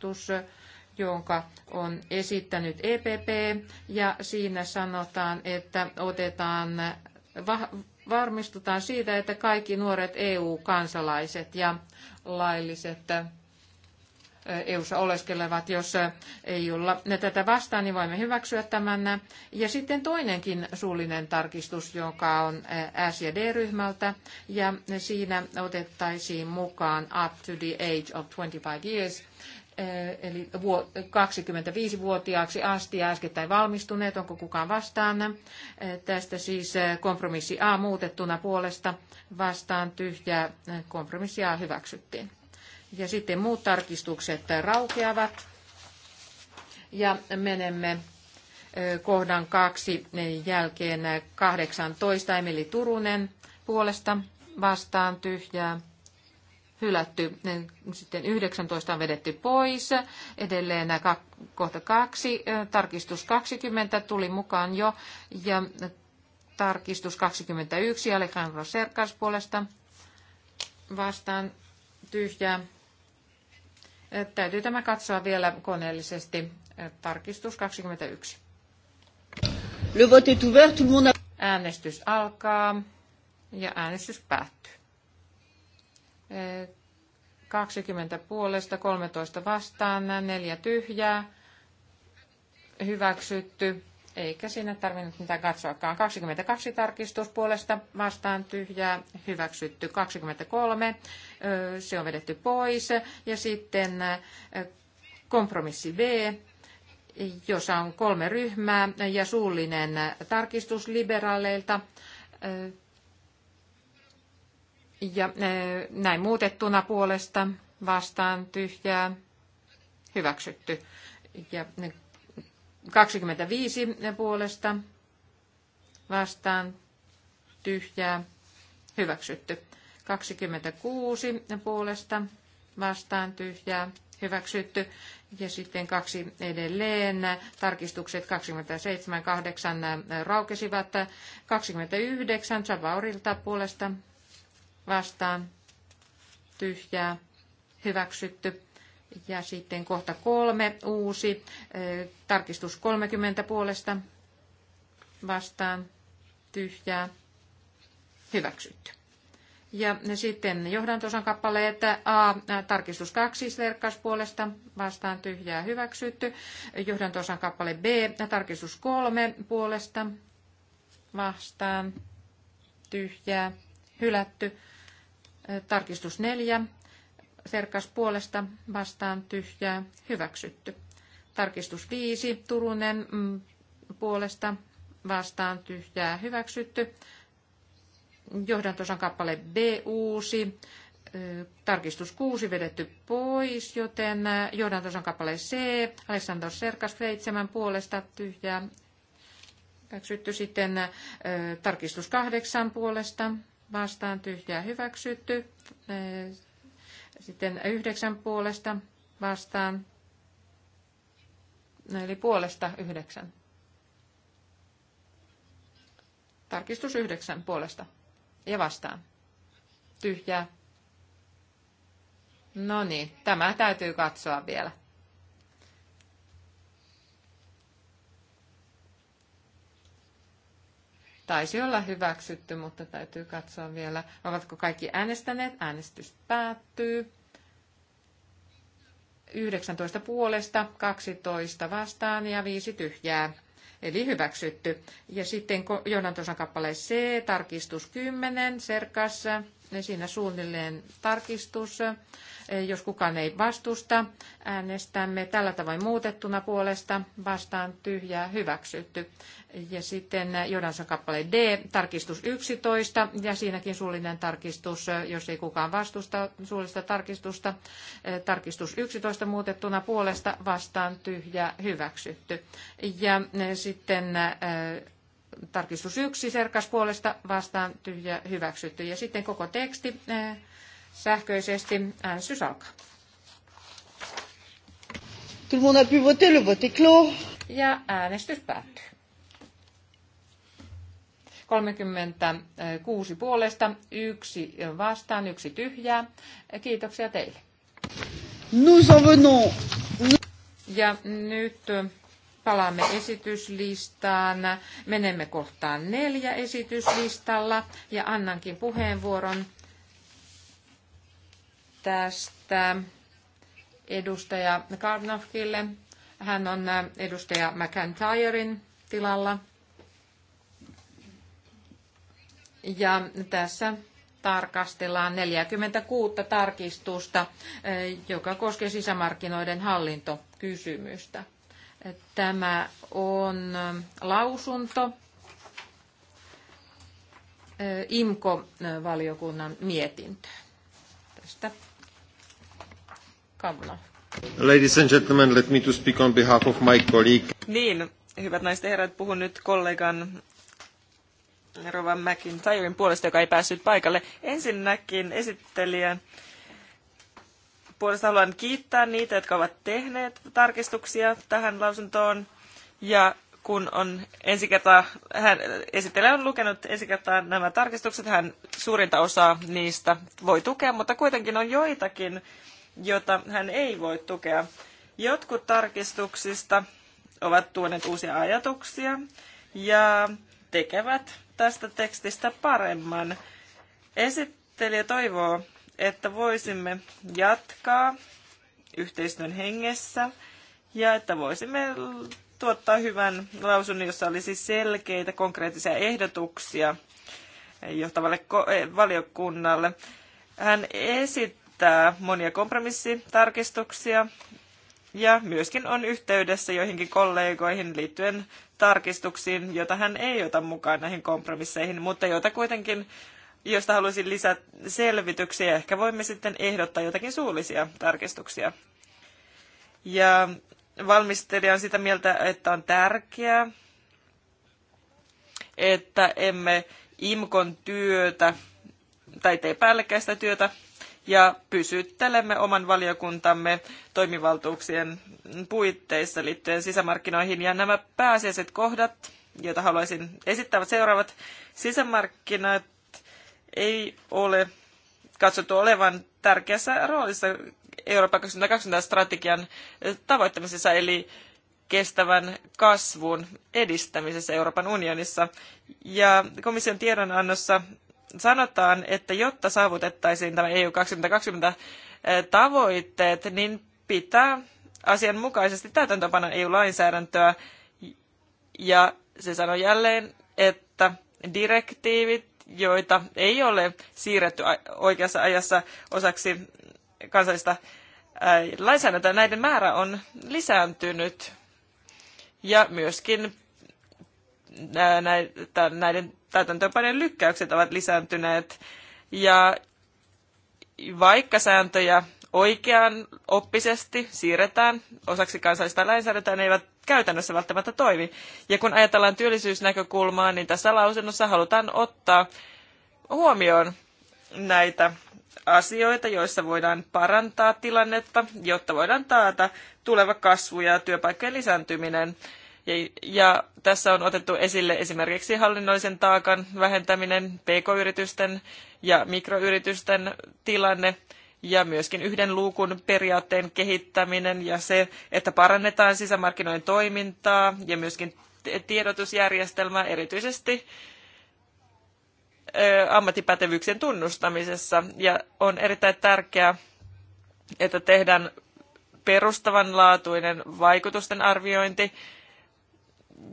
tarkistus, jonka on esittänyt EPP, ja siinä sanotaan, että otetaan, varmistutaan siitä, että kaikki nuoret EU-kansalaiset ja lailliset EU-ssa oleskelevat, jos ei olla tätä vastaan, niin voimme hyväksyä tämän. Ja sitten toinenkin suullinen tarkistus, joka on S- D-ryhmältä, ja siinä otettaisiin mukaan up to the age of 25 years, eli 25-vuotiaaksi asti ja äskettäin valmistuneet, onko kukaan vastaan. Tästä siis kompromissi A muutettuna puolesta vastaan tyhjää, kompromissi A hyväksyttiin. Ja sitten muut tarkistukset raukeavat. Ja menemme kohdan kaksi jälkeen 18 Emeli Turunen puolesta vastaan tyhjää hylätty. Niin sitten 19 on vedetty pois. Edelleen kohta kaksi. Tarkistus 20 tuli mukaan jo. Ja tarkistus 21 Alejandro Serkas puolesta vastaan tyhjää. Täytyy tämä katsoa vielä koneellisesti. Tarkistus 21. Le vote est ouvert, tout le monde a... Äänestys alkaa ja äänestys päättyy. 20 puolesta, 13 vastaan, neljä tyhjää, hyväksytty, eikä siinä tarvinnut mitään katsoakaan. 22 tarkistus puolesta vastaan tyhjää, hyväksytty 23, se on vedetty pois. Ja sitten kompromissi B, jossa on kolme ryhmää ja suullinen tarkistus liberaaleilta ja eh, näin muutettuna puolesta vastaan tyhjää hyväksytty. Ja 25 eh, puolesta vastaan tyhjää hyväksytty. 26 puolesta vastaan tyhjää hyväksytty. Ja sitten kaksi edelleen. Tarkistukset 27, 8 raukesivat. 29 Savaurilta puolesta vastaan tyhjää hyväksytty. Ja sitten kohta kolme uusi tarkistus 30 puolesta vastaan tyhjää hyväksytty. Ja sitten johdantosan kappale, että A, tarkistus 2, verkkaus puolesta vastaan tyhjää hyväksytty. Johdantosan kappale B, tarkistus 3 puolesta vastaan tyhjää hylätty. Tarkistus neljä. Serkas puolesta vastaan tyhjää hyväksytty. Tarkistus viisi. Turunen mm, puolesta vastaan tyhjää hyväksytty. Johdantosan kappale B uusi. Tarkistus 6 vedetty pois, joten johdantosan kappale C, Alessandro Serkas 7 puolesta tyhjää. Hyväksytty sitten tarkistus 8 puolesta vastaan tyhjää hyväksytty. Sitten yhdeksän puolesta vastaan, no, eli puolesta yhdeksän. Tarkistus yhdeksän puolesta ja vastaan. Tyhjää. No niin, tämä täytyy katsoa vielä. Taisi olla hyväksytty, mutta täytyy katsoa vielä, ovatko kaikki äänestäneet. Äänestys päättyy. 19 puolesta, 12 vastaan ja 5 tyhjää. Eli hyväksytty. Ja sitten johdantosan kappale C, tarkistus 10, Serkassa siinä suunnilleen tarkistus. Eh, jos kukaan ei vastusta, äänestämme tällä tavoin muutettuna puolesta vastaan tyhjää hyväksytty. Ja sitten eh, johdansa kappale D, tarkistus 11, ja siinäkin suullinen tarkistus, eh, jos ei kukaan vastusta suullista tarkistusta, tarkistus 11 muutettuna puolesta vastaan tyhjä hyväksytty. Ja sitten tarkistus yksi serkas puolesta vastaan tyhjä hyväksytty. Ja sitten koko teksti eh, sähköisesti äänestys alkaa. Tout le monde a pu voter, le vote est clos. Ja äänestys päättyy. 36 puolesta, yksi vastaan, yksi tyhjää. Kiitoksia teille. Nous en venons. Ja nyt palaamme esityslistaan. Menemme kohtaan neljä esityslistalla ja annankin puheenvuoron tästä edustaja Karnoffille. Hän on edustaja McIntyren tilalla. Ja tässä tarkastellaan 46 tarkistusta, eh, joka koskee sisämarkkinoiden hallintokysymystä. Tämä on lausunto IMKO-valiokunnan mietintö. Tästä Kavla. Ladies and gentlemen, let me to speak on behalf of my colleague. Niin, hyvät naiset ja herrat, puhun nyt kollegan Rovan McIntyren puolesta, joka ei päässyt paikalle. Ensinnäkin esittelijän puolesta haluan kiittää niitä, jotka ovat tehneet tarkistuksia tähän lausuntoon. Ja kun on ensi kertaa, hän esittelee on lukenut ensi kertaa nämä tarkistukset, hän suurinta osaa niistä voi tukea, mutta kuitenkin on joitakin, joita hän ei voi tukea. Jotkut tarkistuksista ovat tuoneet uusia ajatuksia ja tekevät tästä tekstistä paremman. Esittelijä toivoo, että voisimme jatkaa yhteistyön hengessä ja että voisimme tuottaa hyvän lausunnon, jossa olisi siis selkeitä konkreettisia ehdotuksia johtavalle eh, valiokunnalle. Hän esittää monia kompromissitarkistuksia ja myöskin on yhteydessä joihinkin kollegoihin liittyen tarkistuksiin, joita hän ei ota mukaan näihin kompromisseihin, mutta joita kuitenkin josta haluaisin lisää selvityksiä. Ehkä voimme sitten ehdottaa jotakin suullisia tarkistuksia. Ja valmistelija on sitä mieltä, että on tärkeää, että emme IMKON työtä tai tee päällekkäistä työtä ja pysyttelemme oman valiokuntamme toimivaltuuksien puitteissa liittyen sisämarkkinoihin. Ja nämä pääasiaiset kohdat, joita haluaisin esittää, seuraavat. Sisämarkkinat ei ole katsottu olevan tärkeässä roolissa Euroopan 2020 strategian tavoittamisessa, eli kestävän kasvun edistämisessä Euroopan unionissa. Ja komission tiedonannossa sanotaan, että jotta saavutettaisiin tämä EU 2020 eh, tavoitteet, niin pitää asianmukaisesti täytäntöpana EU-lainsäädäntöä. Ja se sanoo jälleen, että direktiivit joita ei ole siirretty oikeassa ajassa osaksi kansallista lainsäädäntöä. Näiden määrä on lisääntynyt ja myöskin näiden täytäntöönpanojen lykkäykset ovat lisääntyneet. Ja vaikka sääntöjä oikean oppisesti siirretään osaksi kansallista lainsäädäntöä, ne eivät käytännössä välttämättä toimi. Ja kun ajatellaan työllisyysnäkökulmaa, niin tässä lausunnossa halutaan ottaa huomioon näitä asioita, joissa voidaan parantaa tilannetta, jotta voidaan taata tuleva kasvu ja työpaikkojen lisääntyminen. Ja, ja tässä on otettu esille esimerkiksi hallinnollisen taakan vähentäminen, pk-yritysten ja mikroyritysten tilanne ja myöskin yhden luukun periaatteen kehittäminen ja se, että parannetaan sisämarkkinoiden toimintaa ja myöskin tiedotusjärjestelmää erityisesti ammattipätevyyksien tunnustamisessa. Ja on erittäin tärkeää, että tehdään perustavanlaatuinen vaikutusten arviointi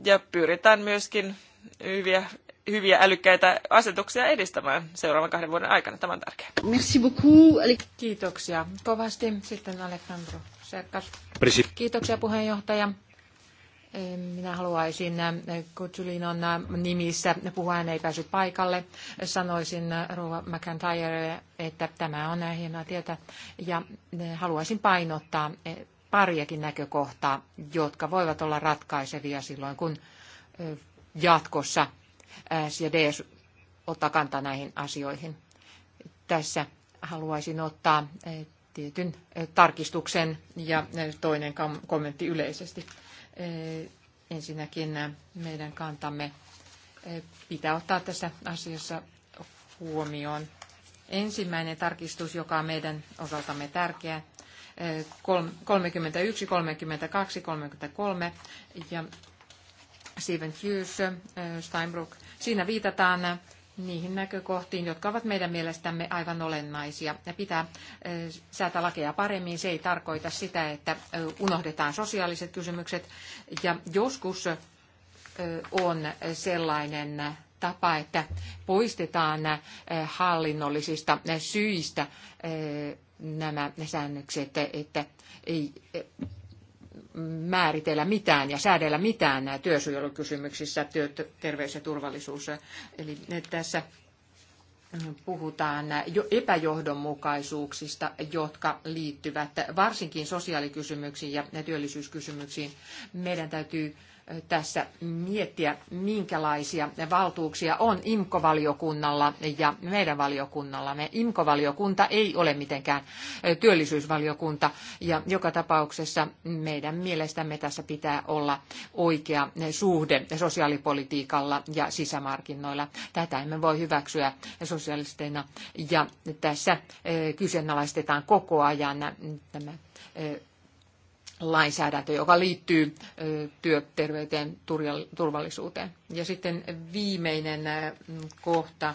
ja pyritään myöskin hyviä hyviä älykkäitä asetuksia edistämään seuraavan kahden vuoden aikana. Tämä on tärkeää. Merci beaucoup. Kiitoksia kovasti. Sitten Alejandro Serkas. Kiitoksia puheenjohtaja. Minä haluaisin äh, Kutsulinon äh, nimissä, puhua ei päässyt paikalle, sanoisin äh, Rova McIntyre, että tämä on hienoa tietä ja haluaisin painottaa pariakin näkökohtaa, jotka voivat olla ratkaisevia silloin, kun jatkossa ja D ottaa kantaa näihin asioihin. Tässä haluaisin ottaa tietyn tarkistuksen ja toinen kommentti yleisesti. Ensinnäkin meidän kantamme pitää ottaa tässä asiassa huomioon. Ensimmäinen tarkistus, joka on meidän osaltamme tärkeä, 31, 32, 33 ja Stephen Hughes, Steinbrück Siinä viitataan niihin näkökohtiin, jotka ovat meidän mielestämme aivan olennaisia. Ja pitää säätää lakeja paremmin. Se ei tarkoita sitä, että unohdetaan sosiaaliset kysymykset. Ja joskus on sellainen tapa, että poistetaan hallinnollisista syistä nämä säännökset, että ei määritellä mitään ja säädellä mitään työsuojelukysymyksissä, terveys ja turvallisuus. Eli tässä puhutaan epäjohdonmukaisuuksista, jotka liittyvät varsinkin sosiaalikysymyksiin ja työllisyyskysymyksiin. Meidän täytyy tässä miettiä, minkälaisia valtuuksia on IMKO-valiokunnalla ja meidän valiokunnallamme. IMKO-valiokunta ei ole mitenkään työllisyysvaliokunta ja joka tapauksessa meidän mielestämme tässä pitää olla oikea suhde sosiaalipolitiikalla ja sisämarkkinoilla. Tätä emme voi hyväksyä sosialisteina ja tässä kyseenalaistetaan koko ajan tämä lainsäädäntö, joka liittyy työterveyteen, turvallisuuteen. Ja sitten viimeinen kohta,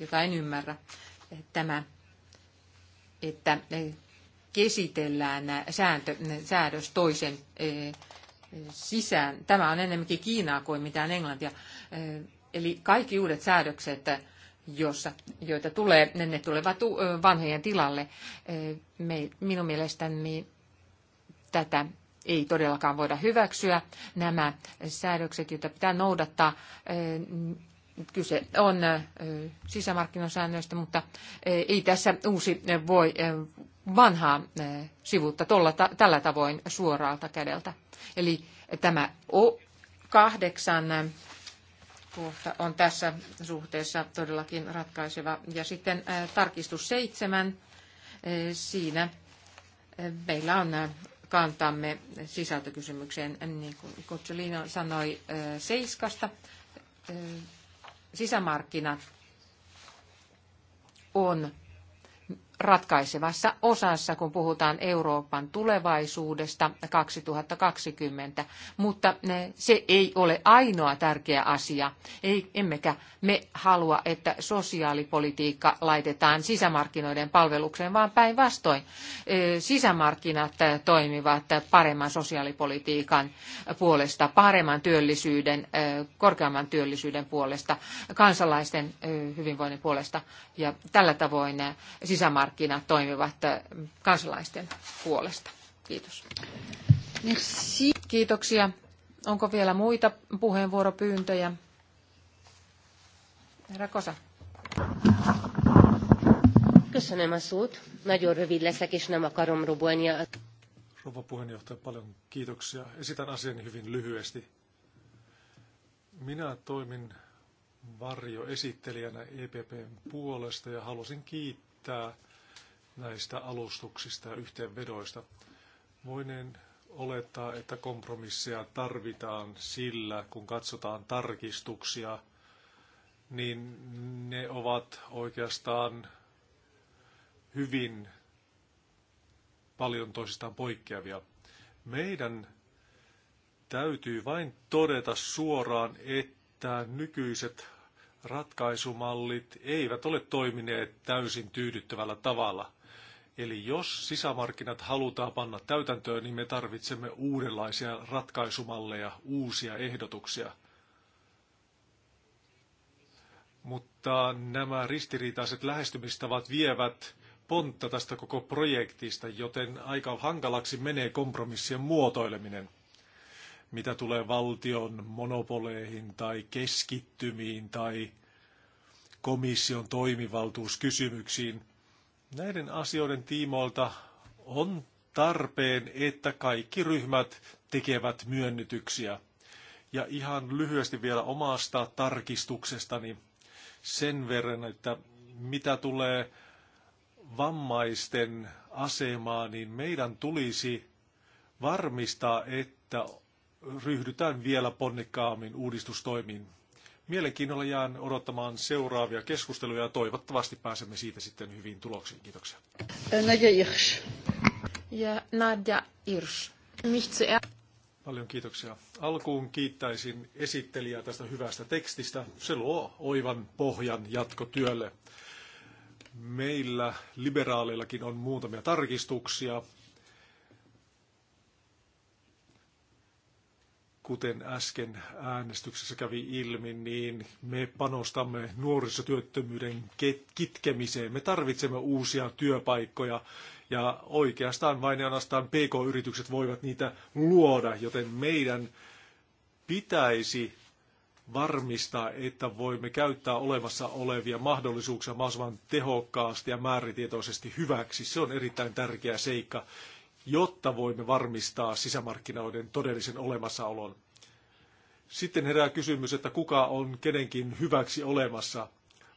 jota en ymmärrä, tämä, että kesitellään sääntö, säädös toisen sisään. Tämä on enemmänkin Kiinaa kuin mitään Englantia. Eli kaikki uudet säädökset, jossa, joita tulee, ne tulevat vanhojen tilalle. me minun mielestäni Tätä ei todellakaan voida hyväksyä. Nämä säädökset, joita pitää noudattaa, eh, kyse on eh, sisämarkkinosäännöistä, mutta eh, ei tässä uusi voi vanhaa sivuutta tolla, tällä tavoin suoraalta kädeltä. Eli tämä o kahdeksan kohta on tässä suhteessa todellakin ratkaiseva. Ja sitten tarkistus seitsemän. Siinä meillä on kantamme sisältökysymykseen, niin kuin Kutsulino sanoi Seiskasta. Sisämarkkinat on ratkaisevassa osassa, kun puhutaan Euroopan tulevaisuudesta 2020, mutta eh, se ei ole ainoa tärkeä asia, ei, emmekä me halua, että sosiaalipolitiikka laitetaan sisämarkkinoiden palvelukseen, vaan päinvastoin eh, sisämarkkinat eh, toimivat paremman sosiaalipolitiikan puolesta, paremman työllisyyden, korkeamman työllisyyden puolesta, kansalaisten hyvinvoinnin puolesta ja tällä tavoin sisämarkkinat markkinat toimivat eh, kansalaisten puolesta. Kiitos. Merci. Kiitoksia. Onko vielä muita puheenvuoropyyntöjä? Herra Kosa. Köszönöm a szót. Nagyon rövid leszek, és nem akarom robolni. Rouva puheenjohtaja, paljon kiitoksia. Esitän asian hyvin lyhyesti. Minä toimin varjoesittelijänä EPPn puolesta ja halusin kiittää näistä alustuksista ja yhteenvedoista. Voinen olettaa, että kompromisseja tarvitaan sillä, kun katsotaan tarkistuksia, niin ne ovat oikeastaan hyvin paljon toisistaan poikkeavia. Meidän täytyy vain todeta suoraan, että nykyiset ratkaisumallit eivät ole toimineet täysin tyydyttävällä tavalla. Eli jos sisämarkkinat halutaan panna täytäntöön, niin me tarvitsemme uudenlaisia ratkaisumalleja, uusia ehdotuksia. Mutta nämä ristiriitaiset lähestymistavat vievät pontta tästä koko projektista, joten aika hankalaksi menee kompromissien muotoileminen mitä tulee valtion monopoleihin tai keskittymiin tai komission toimivaltuuskysymyksiin – Näiden asioiden tiimoilta on tarpeen, että kaikki ryhmät tekevät myönnytyksiä. Ja ihan lyhyesti vielä omasta tarkistuksestani sen verran, että mitä tulee vammaisten asemaan, niin meidän tulisi varmistaa, että ryhdytään vielä ponnekkaammin uudistustoimiin. Mielenkiinnolla jään odottamaan seuraavia keskusteluja ja toivottavasti pääsemme siitä sitten hyvin tuloksiin. Kiitoksia. Nadja Irsch. Ja Nadja Irsch. Paljon kiitoksia. Alkuun kiittäisin esittelijää tästä hyvästä tekstistä. Se luo oivan pohjan jatkotyölle. Meillä liberaaleillakin on muutamia tarkistuksia, kuten äsken äänestyksessä kävi ilmi, niin me panostamme nuorisotyöttömyyden kitkemiseen. Me tarvitsemme uusia työpaikkoja ja oikeastaan vain ja ainoastaan PK-yritykset voivat niitä luoda, joten meidän pitäisi varmistaa, että voimme käyttää olemassa olevia mahdollisuuksia mahdollisimman tehokkaasti ja määrätietoisesti hyväksi. Se on erittäin tärkeä seikka jotta voimme varmistaa sisämarkkinoiden todellisen olemassaolon. Sitten herää kysymys, että kuka on kenenkin hyväksi olemassa.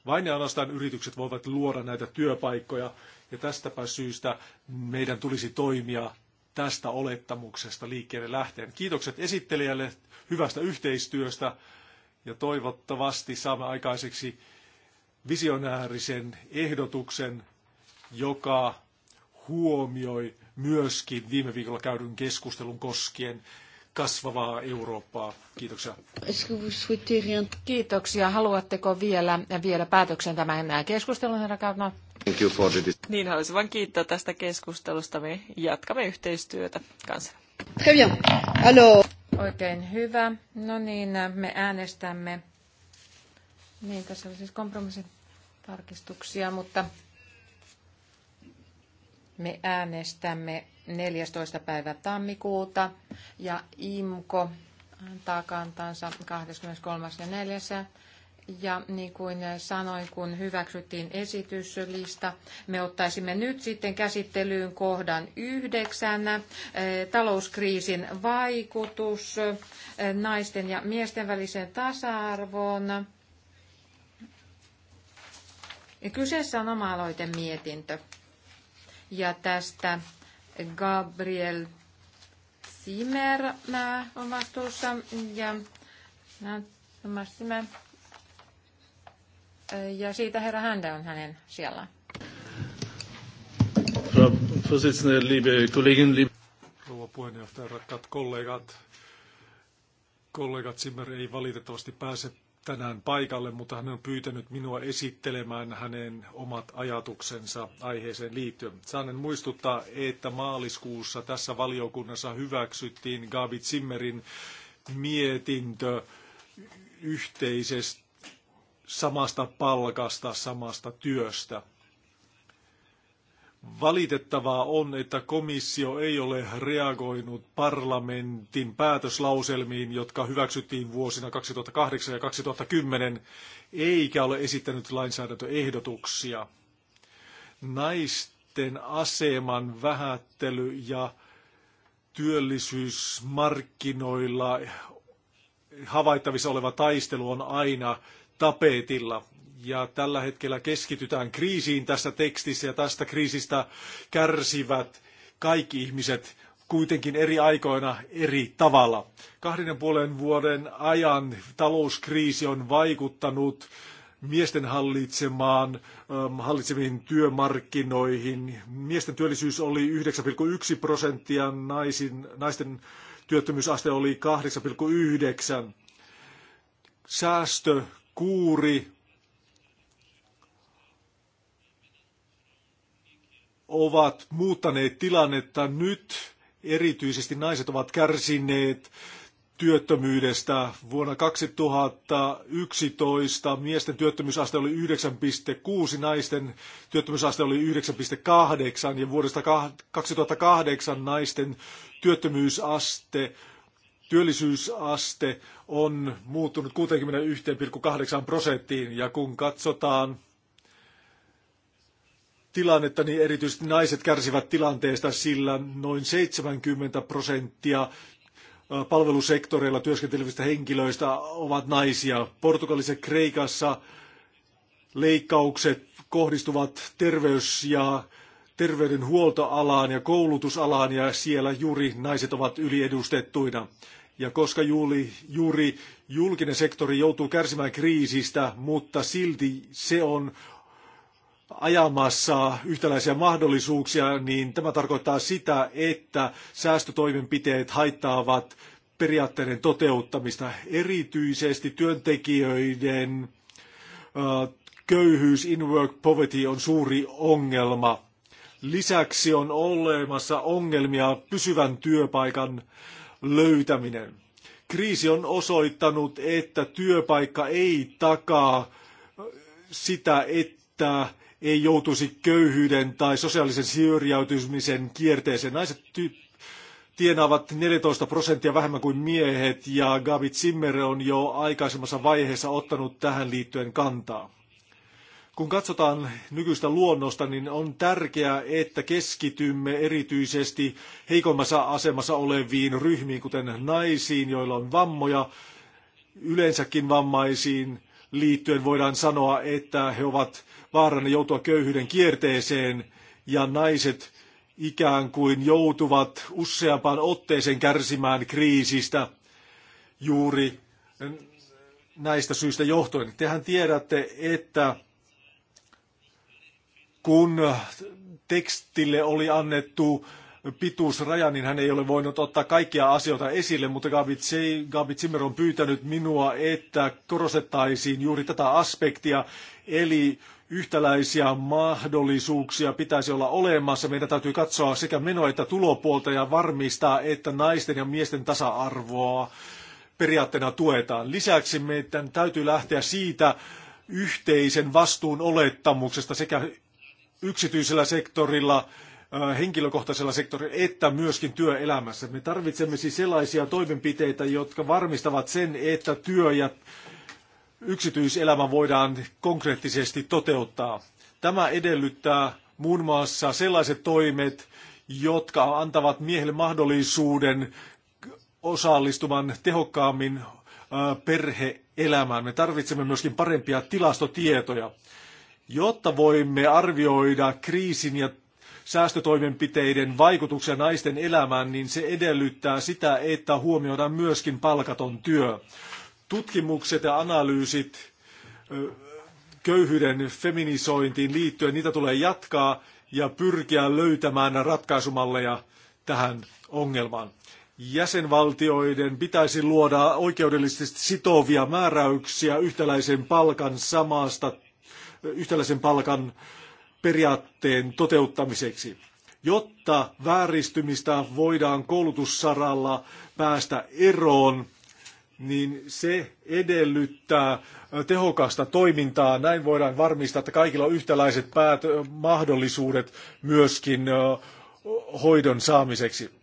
Vain ja ainoastaan yritykset voivat luoda näitä työpaikkoja, ja tästäpä syystä meidän tulisi toimia tästä olettamuksesta liikkeelle lähteen. Kiitokset esittelijälle hyvästä yhteistyöstä, ja toivottavasti saamme aikaiseksi visionäärisen ehdotuksen, joka huomioi myöskin viime viikolla käydyn keskustelun koskien kasvavaa Eurooppaa. Kiitoksia. Kiitoksia. Haluatteko vielä vielä päätöksen tämän keskustelun, herra Kautna? Niin, haluaisin vain kiittää tästä keskustelusta. Me jatkamme yhteistyötä kanssa. Très bien. Alors... Oikein hyvä. No niin, me äänestämme. Niin, tässä on siis kompromissin tarkistuksia, mutta me äänestämme 14. päivä tammikuuta ja IMKO antaa kantansa 23. ja 4. Ja niin kuin sanoin, kun hyväksyttiin esityslista, me ottaisimme nyt sitten käsittelyyn kohdan yhdeksän, eh, talouskriisin vaikutus eh, naisten ja miesten väliseen tasa-arvoon. Kyseessä on oma-aloitemietintö. mietintö. Ja tästä Gabriel Simer on vastuussa ja no, Thomas Simer. Ja siitä herra Hände on hänen siellä. Rouva puheenjohtaja, rakkaat kollegat. Kollegat Simmer ei valitettavasti pääse tänään paikalle, mutta hän on pyytänyt minua esittelemään hänen omat ajatuksensa aiheeseen liittyen. Saanen muistuttaa, että maaliskuussa tässä valiokunnassa hyväksyttiin Gabi Zimmerin mietintö yhteisestä samasta palkasta, samasta työstä. Valitettavaa on, että komissio ei ole reagoinut parlamentin päätöslauselmiin, jotka hyväksyttiin vuosina 2008 ja 2010, eikä ole esittänyt lainsäädäntöehdotuksia. Naisten aseman vähättely ja työllisyysmarkkinoilla havaittavissa oleva taistelu on aina tapetilla. Ja tällä hetkellä keskitytään kriisiin tässä tekstissä ja tästä kriisistä kärsivät kaikki ihmiset kuitenkin eri aikoina eri tavalla. Kahden ja puolen vuoden ajan talouskriisi on vaikuttanut miesten hallitsemaan, ähm, hallitsemiin työmarkkinoihin. Miesten työllisyys oli 9,1 prosenttia, naisin, naisten työttömyysaste oli 8,9. Säästökuuri ovat muuttaneet tilannetta nyt. Erityisesti naiset ovat kärsineet työttömyydestä. Vuonna 2011 miesten työttömyysaste oli 9,6, naisten työttömyysaste oli 9,8 ja vuodesta 2008 naisten työttömyysaste työllisyysaste on muuttunut 61,8 prosenttiin ja kun katsotaan tilannetta, niin erityisesti naiset kärsivät tilanteesta, sillä noin 70 prosenttia palvelusektoreilla työskentelevistä henkilöistä ovat naisia. Portugalissa Kreikassa leikkaukset kohdistuvat terveys- ja terveydenhuoltoalaan ja koulutusalaan ja siellä juuri naiset ovat yliedustettuina. Ja koska juuri, juuri julkinen sektori joutuu kärsimään kriisistä, mutta silti se on ajamassa yhtäläisiä mahdollisuuksia, niin tämä tarkoittaa sitä, että säästötoimenpiteet haittaavat periaatteiden toteuttamista, erityisesti työntekijöiden köyhyys, in work poverty on suuri ongelma. Lisäksi on olemassa ongelmia pysyvän työpaikan löytäminen. Kriisi on osoittanut, että työpaikka ei takaa sitä, että ei joutuisi köyhyyden tai sosiaalisen syrjäytymisen kierteeseen. Naiset tienaavat 14 prosenttia vähemmän kuin miehet ja Gabi Zimmer on jo aikaisemmassa vaiheessa ottanut tähän liittyen kantaa. Kun katsotaan nykyistä luonnosta, niin on tärkeää, että keskitymme erityisesti heikommassa asemassa oleviin ryhmiin, kuten naisiin, joilla on vammoja, yleensäkin vammaisiin liittyen voidaan sanoa, että he ovat vaarana joutua köyhyyden kierteeseen ja naiset ikään kuin joutuvat useampaan otteeseen kärsimään kriisistä juuri näistä syistä johtuen. Tehän tiedätte, että kun tekstille oli annettu pituusraja, niin hän ei ole voinut ottaa kaikkia asioita esille, mutta Gabi Zimmer on pyytänyt minua, että korostettaisiin juuri tätä aspektia, eli yhtäläisiä mahdollisuuksia pitäisi olla olemassa. Meidän täytyy katsoa sekä meno- että tulopuolta ja varmistaa, että naisten ja miesten tasa-arvoa periaatteena tuetaan. Lisäksi meidän täytyy lähteä siitä yhteisen vastuun olettamuksesta sekä yksityisellä sektorilla, henkilökohtaisella sektorilla että myöskin työelämässä. Me tarvitsemme siis sellaisia toimenpiteitä, jotka varmistavat sen, että työ ja yksityiselämä voidaan konkreettisesti toteuttaa. Tämä edellyttää muun muassa sellaiset toimet, jotka antavat miehelle mahdollisuuden osallistumaan tehokkaammin perheelämään. Me tarvitsemme myöskin parempia tilastotietoja, jotta voimme arvioida kriisin ja säästötoimenpiteiden vaikutuksia naisten elämään, niin se edellyttää sitä, että huomioidaan myöskin palkaton työ tutkimukset ja analyysit köyhyyden feminisointiin liittyen, niitä tulee jatkaa ja pyrkiä löytämään ratkaisumalleja tähän ongelmaan. Jäsenvaltioiden pitäisi luoda oikeudellisesti sitovia määräyksiä yhtäläisen palkan samasta, yhtäläisen palkan periaatteen toteuttamiseksi, jotta vääristymistä voidaan koulutussaralla päästä eroon – niin se edellyttää tehokasta toimintaa. Näin voidaan varmistaa, että kaikilla on yhtäläiset päät- mahdollisuudet myöskin hoidon saamiseksi.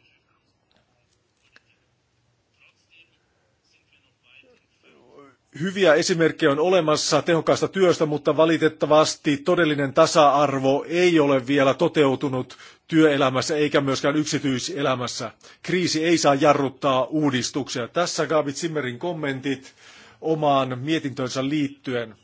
Hyviä esimerkkejä on olemassa tehokkaasta työstä, mutta valitettavasti todellinen tasa-arvo ei ole vielä toteutunut työelämässä eikä myöskään yksityiselämässä. Kriisi ei saa jarruttaa uudistuksia. Tässä Gabi Zimmerin kommentit omaan mietintönsä liittyen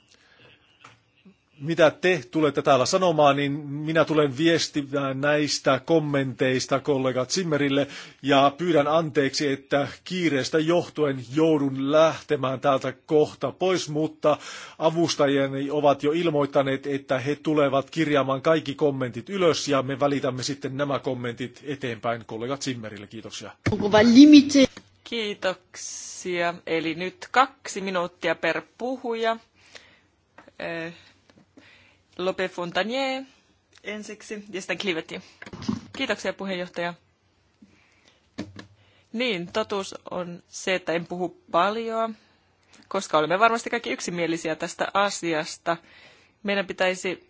mitä te tulette täällä sanomaan, niin minä tulen viestimään näistä kommenteista kollega Zimmerille ja pyydän anteeksi, että kiireestä johtuen joudun lähtemään täältä kohta pois, mutta avustajani ovat jo ilmoittaneet, että he tulevat kirjaamaan kaikki kommentit ylös ja me välitämme sitten nämä kommentit eteenpäin kollega Zimmerille. Kiitoksia. Kiitoksia. Eli nyt kaksi minuuttia per puhuja eh, Lope Fontanier ensiksi ja sitten Klivetti. Kiitoksia puheenjohtaja. Niin, totuus on se, että en puhu paljon, koska olemme varmasti kaikki yksimielisiä tästä asiasta. Meidän pitäisi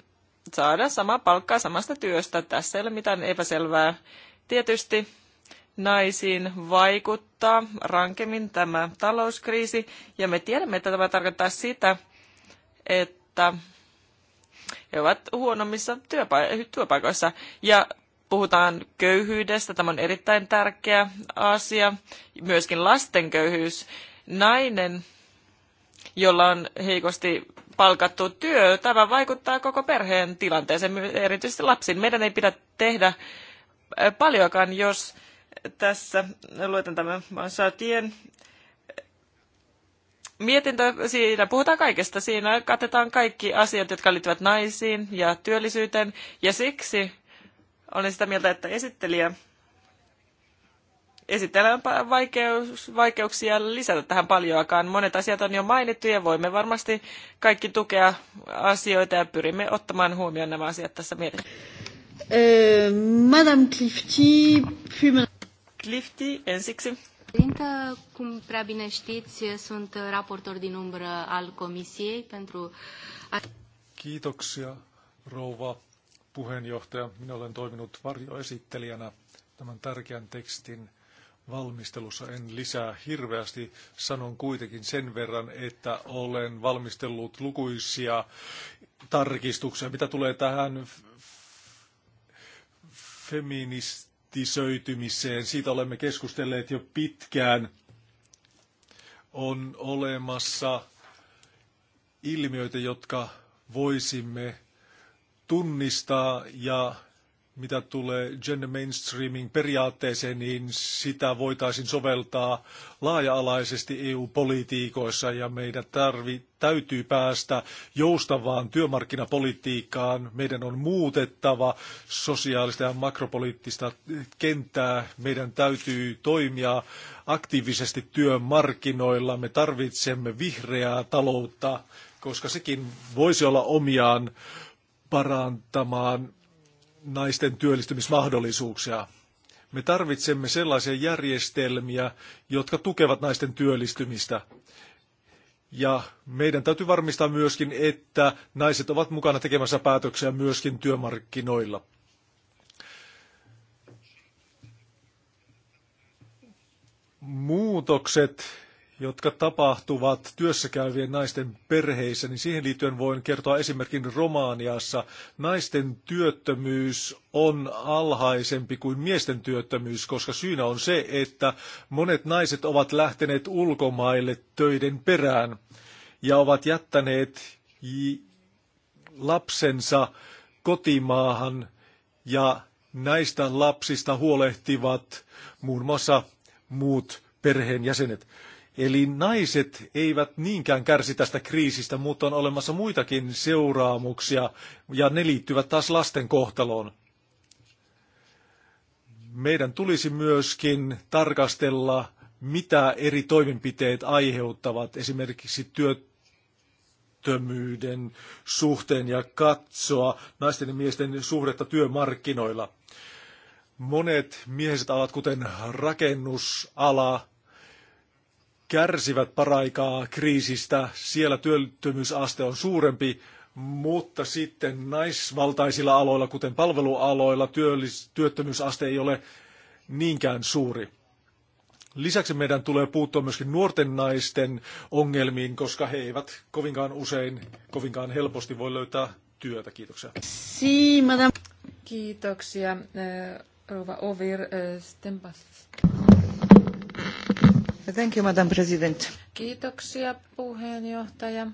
saada sama palkkaa samasta työstä. Tässä ei ole mitään epäselvää. Tietysti naisiin vaikuttaa rankemmin tämä talouskriisi, ja me tiedämme, että tämä tarkoittaa sitä, että he ovat huonommissa työpa- työpaikoissa. Ja puhutaan köyhyydestä, tämä on erittäin tärkeä asia. Myöskin lasten köyhyys. Nainen, jolla on heikosti palkattu työ, tämä vaikuttaa koko perheen tilanteeseen, erityisesti lapsiin. Meidän ei pidä tehdä paljoakaan, jos tässä, luetan tämän Sartien mietintö, siinä puhutaan kaikesta. Siinä katetaan kaikki asiat, jotka liittyvät naisiin ja työllisyyteen. Ja siksi olen sitä mieltä, että esittelijä esittelee vaikeus, vaikeuksia lisätä tähän paljoakaan. Monet asiat on jo mainittu ja voimme varmasti kaikki tukea asioita ja pyrimme ottamaan huomioon nämä asiat tässä mietinnössä. Öö, Madame Clifty, puis Clifty ensiksi. Dintă, cum prea bine știți, sunt raportor din umbră al Comisiei pentru... Kiitoksia, rouva puheenjohtaja. Minä olen toiminut varjoesittelijänä tämän tärkeän tekstin valmistelussa. En lisää hirveästi, sanon kuitenkin sen verran, että olen valmistellut lukuisia tarkistuksia, mitä tulee tähän feminist nettisöitymiseen. Siitä olemme keskustelleet jo pitkään. On olemassa ilmiöitä, jotka voisimme tunnistaa ja mitä tulee gender mainstreaming periaatteeseen, niin sitä voitaisiin soveltaa laaja-alaisesti EU-politiikoissa ja meidän tarvi, täytyy päästä joustavaan työmarkkinapolitiikkaan. Meidän on muutettava sosiaalista ja makropoliittista kenttää. Meidän täytyy toimia aktiivisesti työmarkkinoilla. Me tarvitsemme vihreää taloutta, koska sekin voisi olla omiaan parantamaan naisten työllistymismahdollisuuksia. Me tarvitsemme sellaisia järjestelmiä, jotka tukevat naisten työllistymistä. Ja meidän täytyy varmistaa myöskin, että naiset ovat mukana tekemässä päätöksiä myöskin työmarkkinoilla. Muutokset jotka tapahtuvat työssäkäyvien naisten perheissä, niin siihen liittyen voin kertoa esimerkin Romaaniassa. Naisten työttömyys on alhaisempi kuin miesten työttömyys, koska syynä on se, että monet naiset ovat lähteneet ulkomaille töiden perään ja ovat jättäneet lapsensa kotimaahan ja näistä lapsista huolehtivat muun muassa muut perheenjäsenet. Eli naiset eivät niinkään kärsi tästä kriisistä, mutta on olemassa muitakin seuraamuksia, ja ne liittyvät taas lasten kohtaloon. Meidän tulisi myöskin tarkastella, mitä eri toimenpiteet aiheuttavat esimerkiksi työttömyyden suhteen ja katsoa naisten ja miesten suhdetta työmarkkinoilla. Monet miehiset alat, kuten rakennusala, kärsivät paraikaa kriisistä. Siellä työttömyysaste on suurempi, mutta sitten naisvaltaisilla aloilla, kuten palvelualoilla, työttömyysaste ei ole niinkään suuri. Lisäksi meidän tulee puuttua myöskin nuorten naisten ongelmiin, koska he eivät kovinkaan usein, kovinkaan helposti voi löytää työtä. Kiitoksia. Kiitoksia, eh, Rova Ovir. Eh, stempas. Thank you, Madam President. Kiitoksia, puheenjohtaja.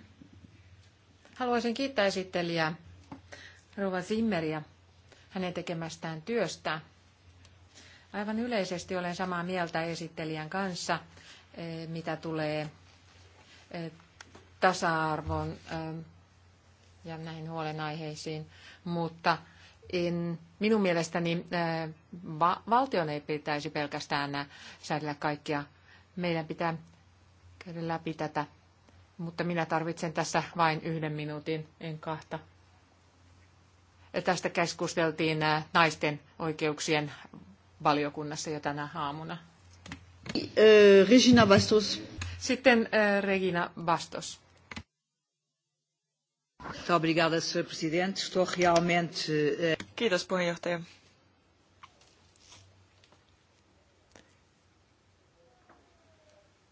Haluaisin kiittää esittelijää Rova Zimmeriä hänen tekemästään työstä. Aivan yleisesti olen samaa mieltä esittelijän kanssa, eh, mitä tulee eh, tasa-arvon eh, ja näihin huolenaiheisiin, mutta en, minun mielestäni valtion ei pitäisi pelkästään säädellä kaikkia meidän pitää käydä läpi tätä, mutta minä tarvitsen tässä vain yhden minuutin, en kahta. Ja tästä keskusteltiin äh, naisten oikeuksien valiokunnassa jo tänä aamuna. Äh, Regina Bastos. Sitten äh, Regina Bastos. Eh, Kiitos puheenjohtaja.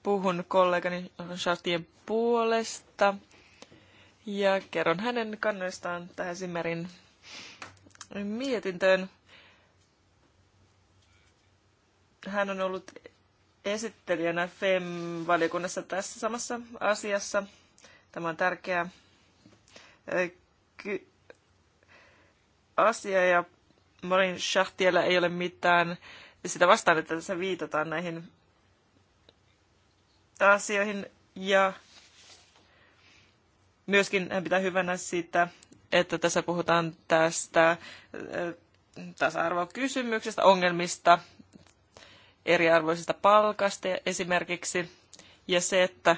puhun kollegani Chartien puolesta ja kerron hänen kannoistaan tähän Simmerin mietintöön. Hän on ollut esittelijänä FEM-valiokunnassa tässä samassa asiassa. Tämä on tärkeä asia ja morin Schachtiellä ei ole mitään sitä vastaan, että tässä viitataan näihin asioihin ja myöskin hän pitää hyvänä sitä, että tässä puhutaan tästä äh, tasa-arvokysymyksestä, ongelmista, eriarvoisesta palkasta esimerkiksi, ja se, että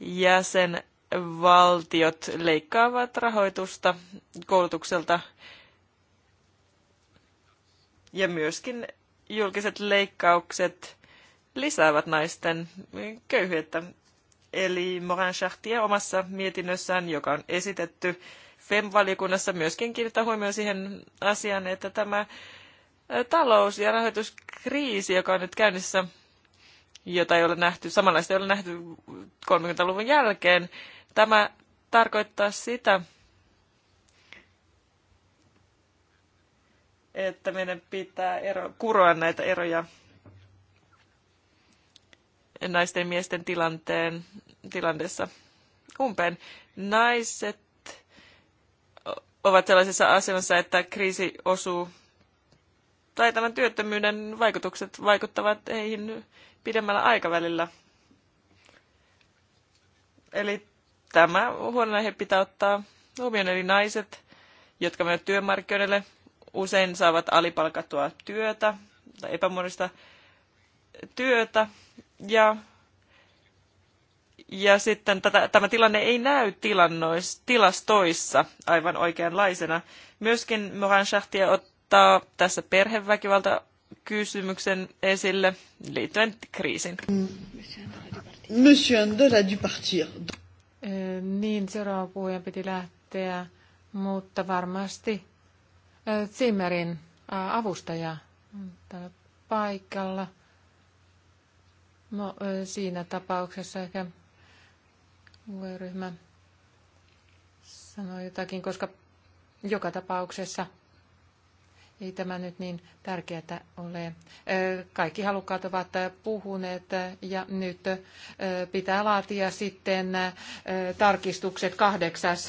jäsenvaltiot leikkaavat rahoitusta koulutukselta ja myöskin julkiset leikkaukset lisäävät naisten köyhyyttä. Eli Morin Chartier omassa mietinnössään, joka on esitetty fem valiokunnassa myöskin kiinnittää huomioon siihen asiaan, että tämä talous- ja rahoituskriisi, joka on nyt käynnissä, jota ei ole nähty, samanlaista ei ole nähty 30-luvun jälkeen, tämä tarkoittaa sitä, että meidän pitää ero, kuroa näitä eroja naisten ja miesten tilanteen, tilanteessa umpeen. Naiset ovat sellaisessa asemassa, että kriisi osuu tai tämän työttömyyden vaikutukset vaikuttavat heihin pidemmällä aikavälillä. Eli tämä huolenaihe pitää ottaa huomioon, eli naiset, jotka menevät työmarkkinoille, usein saavat alipalkattua työtä tai epämuodollista työtä, ja, ja sitten tätä, tämä tilanne ei näy tilannois, tilastoissa aivan oikeanlaisena. Myöskin Moran Schachtia ottaa tässä perheväkivalta kysymyksen esille liittyen kriisin. Monsieur Andola du partir. Niin, seuraava puhuja piti lähteä, mutta varmasti Zimmerin avustaja on täällä paikalla. No, siinä tapauksessa ehkä ryhmä sanoi jotakin, koska joka tapauksessa ei tämä nyt niin tärkeää ole. Kaikki halukkaat ovat puhuneet ja nyt pitää laatia sitten tarkistukset kahdeksas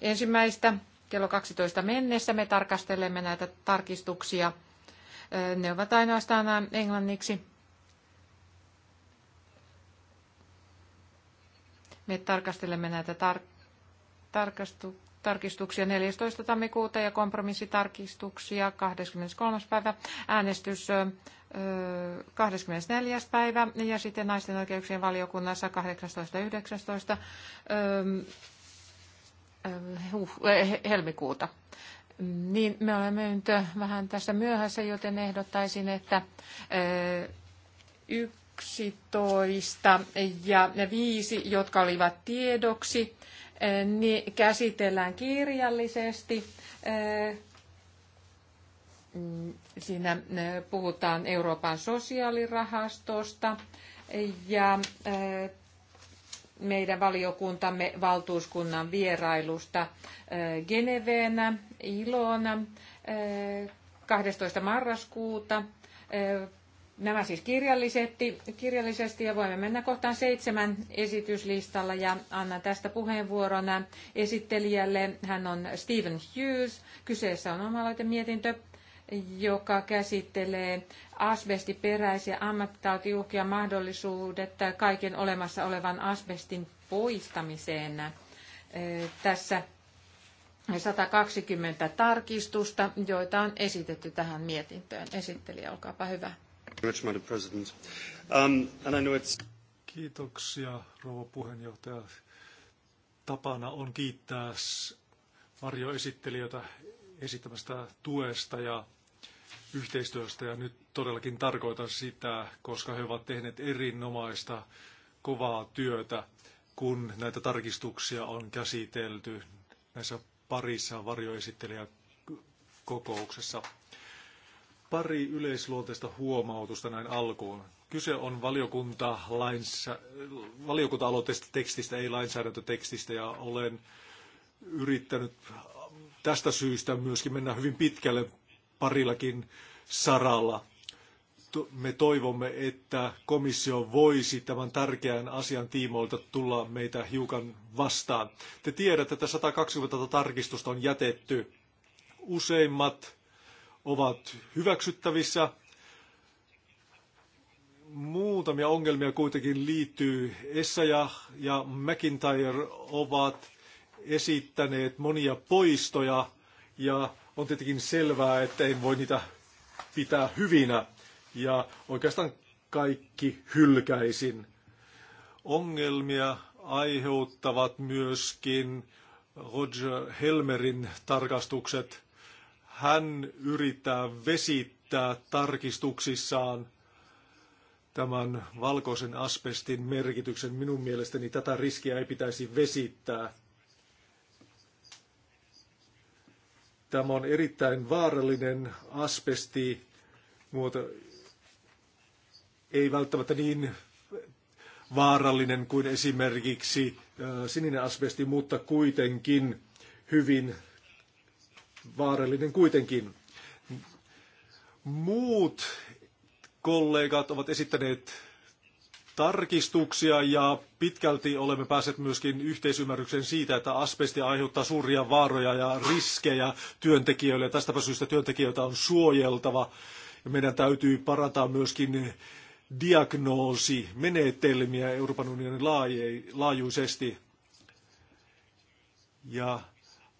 ensimmäistä kello 12 mennessä. Me tarkastelemme näitä tarkistuksia. Ne ovat ainoastaan englanniksi. Me tarkastelemme näitä tar- tarkastu- tarkistuksia 14. tammikuuta ja kompromissitarkistuksia 23. päivä, äänestys 24. päivä ja sitten naisten oikeuksien valiokunnassa 18.19. helmikuuta. Niin me olemme nyt vähän tässä myöhässä, joten ehdottaisin, että 12 ja 5, jotka olivat tiedoksi, niin käsitellään kirjallisesti. Siinä puhutaan Euroopan sosiaalirahastosta ja meidän valiokuntamme valtuuskunnan vierailusta Geneveenä, Ilona 12. marraskuuta Nämä siis kirjallisesti, kirjallisesti ja voimme mennä kohtaan seitsemän esityslistalla ja annan tästä puheenvuoron esittelijälle. Hän on Stephen Hughes. Kyseessä on oma mietintö, joka käsittelee asbestiperäisiä ammattitautiuhkia mahdollisuudet kaiken olemassa olevan asbestin poistamiseen. Tässä 120 tarkistusta, joita on esitetty tähän mietintöön. Esittelijä, olkaapa hyvä. Um, Kiitoksia, rouva puheenjohtaja. Tapana on kiittää varjoesittelijöitä esittämästä tuesta ja yhteistyöstä. Ja nyt todellakin tarkoitan sitä, koska he ovat tehneet erinomaista kovaa työtä, kun näitä tarkistuksia on käsitelty näissä parissa varjoesittelijäkokouksessa. kokouksessa pari yleisluonteista huomautusta näin alkuun. Kyse on valiokunta lainsä, valiokunta-aloitteesta tekstistä, ei lainsäädäntötekstistä, ja olen yrittänyt tästä syystä myöskin mennä hyvin pitkälle parillakin saralla. Me toivomme, että komissio voisi tämän tärkeän asian tiimoilta tulla meitä hiukan vastaan. Te tiedätte, että 120 tarkistusta on jätetty. Useimmat ovat hyväksyttävissä. Muutamia ongelmia kuitenkin liittyy. Essayah ja McIntyre ovat esittäneet monia poistoja ja on tietenkin selvää, että en voi niitä pitää hyvinä ja oikeastaan kaikki hylkäisin. Ongelmia aiheuttavat myöskin Roger Helmerin tarkastukset hän yrittää vesittää tarkistuksissaan tämän valkoisen asbestin merkityksen. Minun mielestäni tätä riskiä ei pitäisi vesittää. Tämä on erittäin vaarallinen asbesti, mutta ei välttämättä niin vaarallinen kuin esimerkiksi äh, sininen asbesti, mutta kuitenkin hyvin vaarallinen kuitenkin. Muut kollegat ovat esittäneet tarkistuksia ja pitkälti olemme päässeet myöskin yhteisymmärrykseen siitä, että asbesti aiheuttaa suuria vaaroja ja riskejä työntekijöille. Tästä tästäpä syystä työntekijöitä on suojeltava ja meidän täytyy parantaa myöskin diagnoosimenetelmiä Euroopan unionin laajuisesti. Ja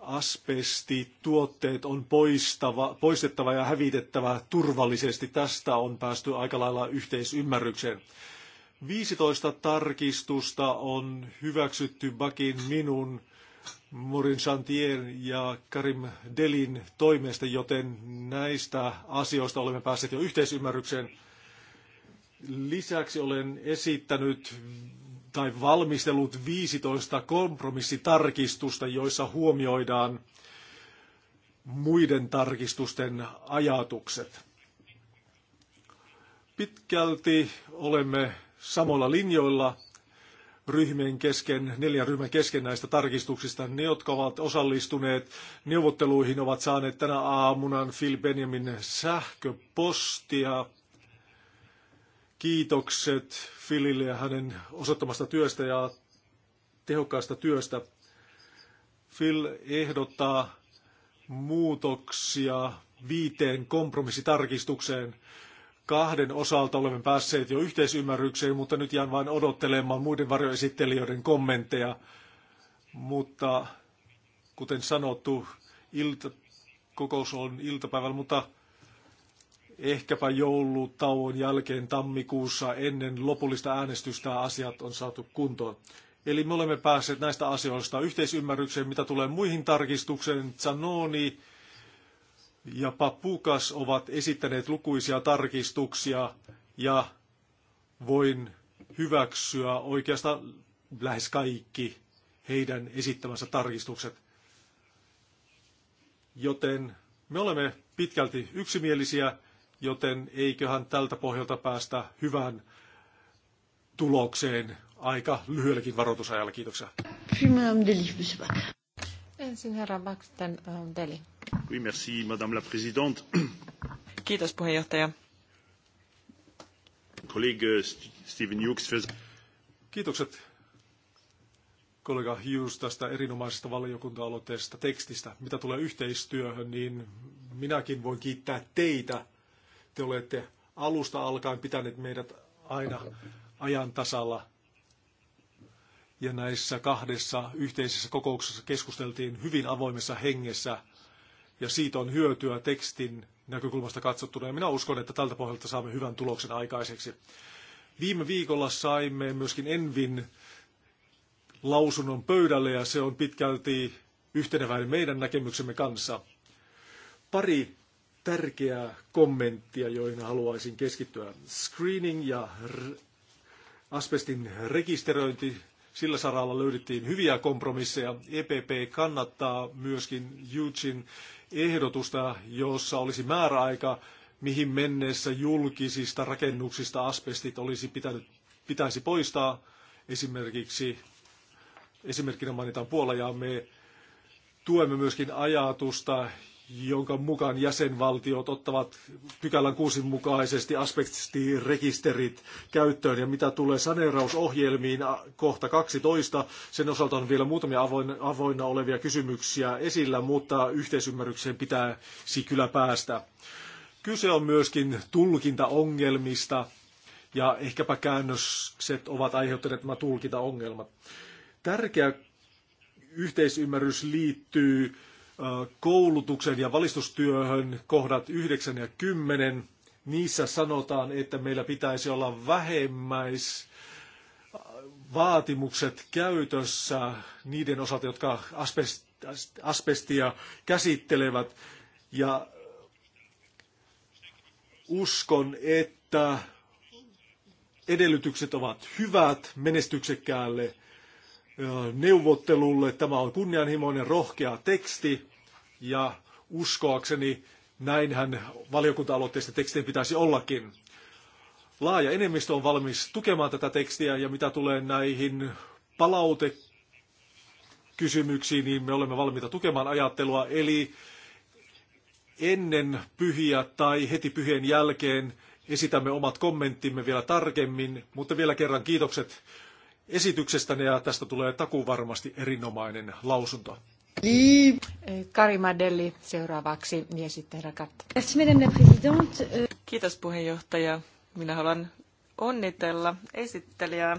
asbestituotteet on poistava, poistettava ja hävitettävä turvallisesti. Tästä on päästy aika lailla yhteisymmärrykseen. 15 tarkistusta on hyväksytty Bakin minun, Morin Chantier ja Karim Delin toimesta, joten näistä asioista olemme päässeet jo yhteisymmärrykseen. Lisäksi olen esittänyt tai valmistellut 15 kompromissitarkistusta, joissa huomioidaan muiden tarkistusten ajatukset. Pitkälti olemme samoilla linjoilla ryhmien kesken, neljän ryhmän kesken näistä tarkistuksista. Ne, jotka ovat osallistuneet neuvotteluihin, ovat saaneet tänä aamuna Phil Benjamin sähköpostia kiitokset Filille ja hänen osoittamasta työstä ja tehokkaasta työstä. Phil ehdottaa muutoksia viiteen kompromissitarkistukseen. Kahden osalta olemme päässeet jo yhteisymmärrykseen, mutta nyt jään vain odottelemaan muiden varjoesittelijöiden kommentteja. Mutta kuten sanottu, ilta, kokous on iltapäivällä, mutta ehkäpä joulutauon jälkeen tammikuussa ennen lopullista äänestystä asiat on saatu kuntoon. Eli me olemme päässeet näistä asioista yhteisymmärrykseen, mitä tulee muihin tarkistukseen. Zanoni ja Papukas ovat esittäneet lukuisia tarkistuksia ja voin hyväksyä oikeastaan lähes kaikki heidän esittämänsä tarkistukset. Joten me olemme pitkälti yksimielisiä joten eiköhän tältä pohjalta päästä hyvään tulokseen aika lyhyelläkin varoitusajalla. Kiitoksia. Ensin herra Baxten äh, Deli. Oui, merci, madame la présidente. Kiitos puheenjohtaja. Kollega Steven Hughes. Kiitokset kollega Hughes tästä erinomaisesta valiokunta-aloitteesta tekstistä. Mitä tulee yhteistyöhön, niin minäkin voin kiittää teitä te olette alusta alkaen pitäneet meidät aina ajan tasalla. Ja näissä kahdessa yhteisessä kokouksessa keskusteltiin hyvin avoimessa hengessä, ja siitä on hyötyä tekstin näkökulmasta katsottuna, ja minä uskon, että tältä pohjalta saamme hyvän tuloksen aikaiseksi. Viime viikolla saimme myöskin Envin lausunnon pöydälle, ja se on pitkälti yhteneväinen meidän näkemyksemme kanssa. Pari tärkeää kommenttia, joihin haluaisin keskittyä. Screening ja asbestin rekisteröinti, sillä saralla löydettiin hyviä kompromisseja. EPP kannattaa myöskin Jutsin ehdotusta, jossa olisi määräaika, mihin mennessä julkisista rakennuksista asbestit olisi pitänyt, pitäisi poistaa. Esimerkiksi, esimerkkinä mainitaan Puola ja me tuemme myöskin ajatusta, jonka mukaan jäsenvaltiot ottavat pykälän kuusin mukaisesti aspektirekisterit käyttöön. Ja mitä tulee saneerausohjelmiin kohta 12, sen osalta on vielä muutamia avoinna olevia kysymyksiä esillä, mutta yhteisymmärrykseen pitäisi kyllä päästä. Kyse on myöskin tulkintaongelmista ja ehkäpä käännökset ovat aiheuttaneet nämä tulkintaongelmat. Tärkeä yhteisymmärrys liittyy koulutuksen ja valistustyöhön kohdat 9 ja 10. Niissä sanotaan, että meillä pitäisi olla vähemmäis vaatimukset käytössä niiden osalta, jotka asbestia käsittelevät. Ja uskon, että edellytykset ovat hyvät menestyksekkäälle neuvottelulle. Tämä on kunnianhimoinen, rohkea teksti ja uskoakseni näinhän valiokunta-aloitteista tekstien pitäisi ollakin. Laaja enemmistö on valmis tukemaan tätä tekstiä ja mitä tulee näihin palautekysymyksiin, niin me olemme valmiita tukemaan ajattelua. Eli ennen pyhiä tai heti pyhien jälkeen esitämme omat kommenttimme vielä tarkemmin, mutta vielä kerran kiitokset esityksestäni ja tästä tulee takuvarmasti erinomainen lausunto. Karima Delli seuraavaksi ja sitten Rakat. Kiitos puheenjohtaja. Minä haluan onnitella esittelijää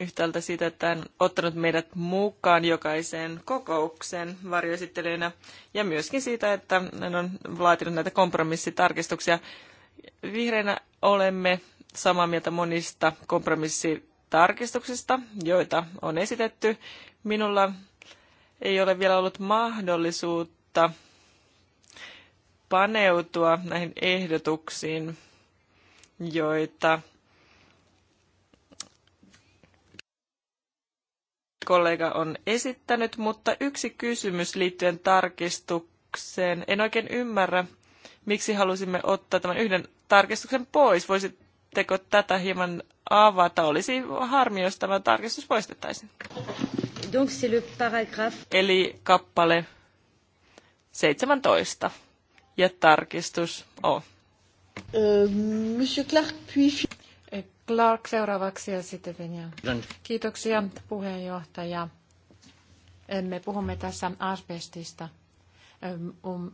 yhtäältä siitä, että hän ottanut meidät mukaan jokaiseen kokoukseen varjoesittelijänä ja myöskin siitä, että hän on laatinut näitä kompromissitarkistuksia. Vihreinä olemme samaa mieltä monista kompromissi tarkistuksista, joita on esitetty. Minulla ei ole vielä ollut mahdollisuutta paneutua näihin ehdotuksiin, joita kollega on esittänyt, mutta yksi kysymys liittyen tarkistukseen. En oikein ymmärrä, miksi halusimme ottaa tämän yhden tarkistuksen pois. Voisitteko tätä hieman avata. Olisi harmi, jos tämä tarkistus poistettaisiin. Donc c'est le paragraphe. Eli kappale 17 ja tarkistus O. Euh, Monsieur Clark, puis... Eh, Clark seuraavaksi ja sitten Venja. Kiitoksia puheenjohtaja. Eh, me puhumme tässä asbestista. Eh, um,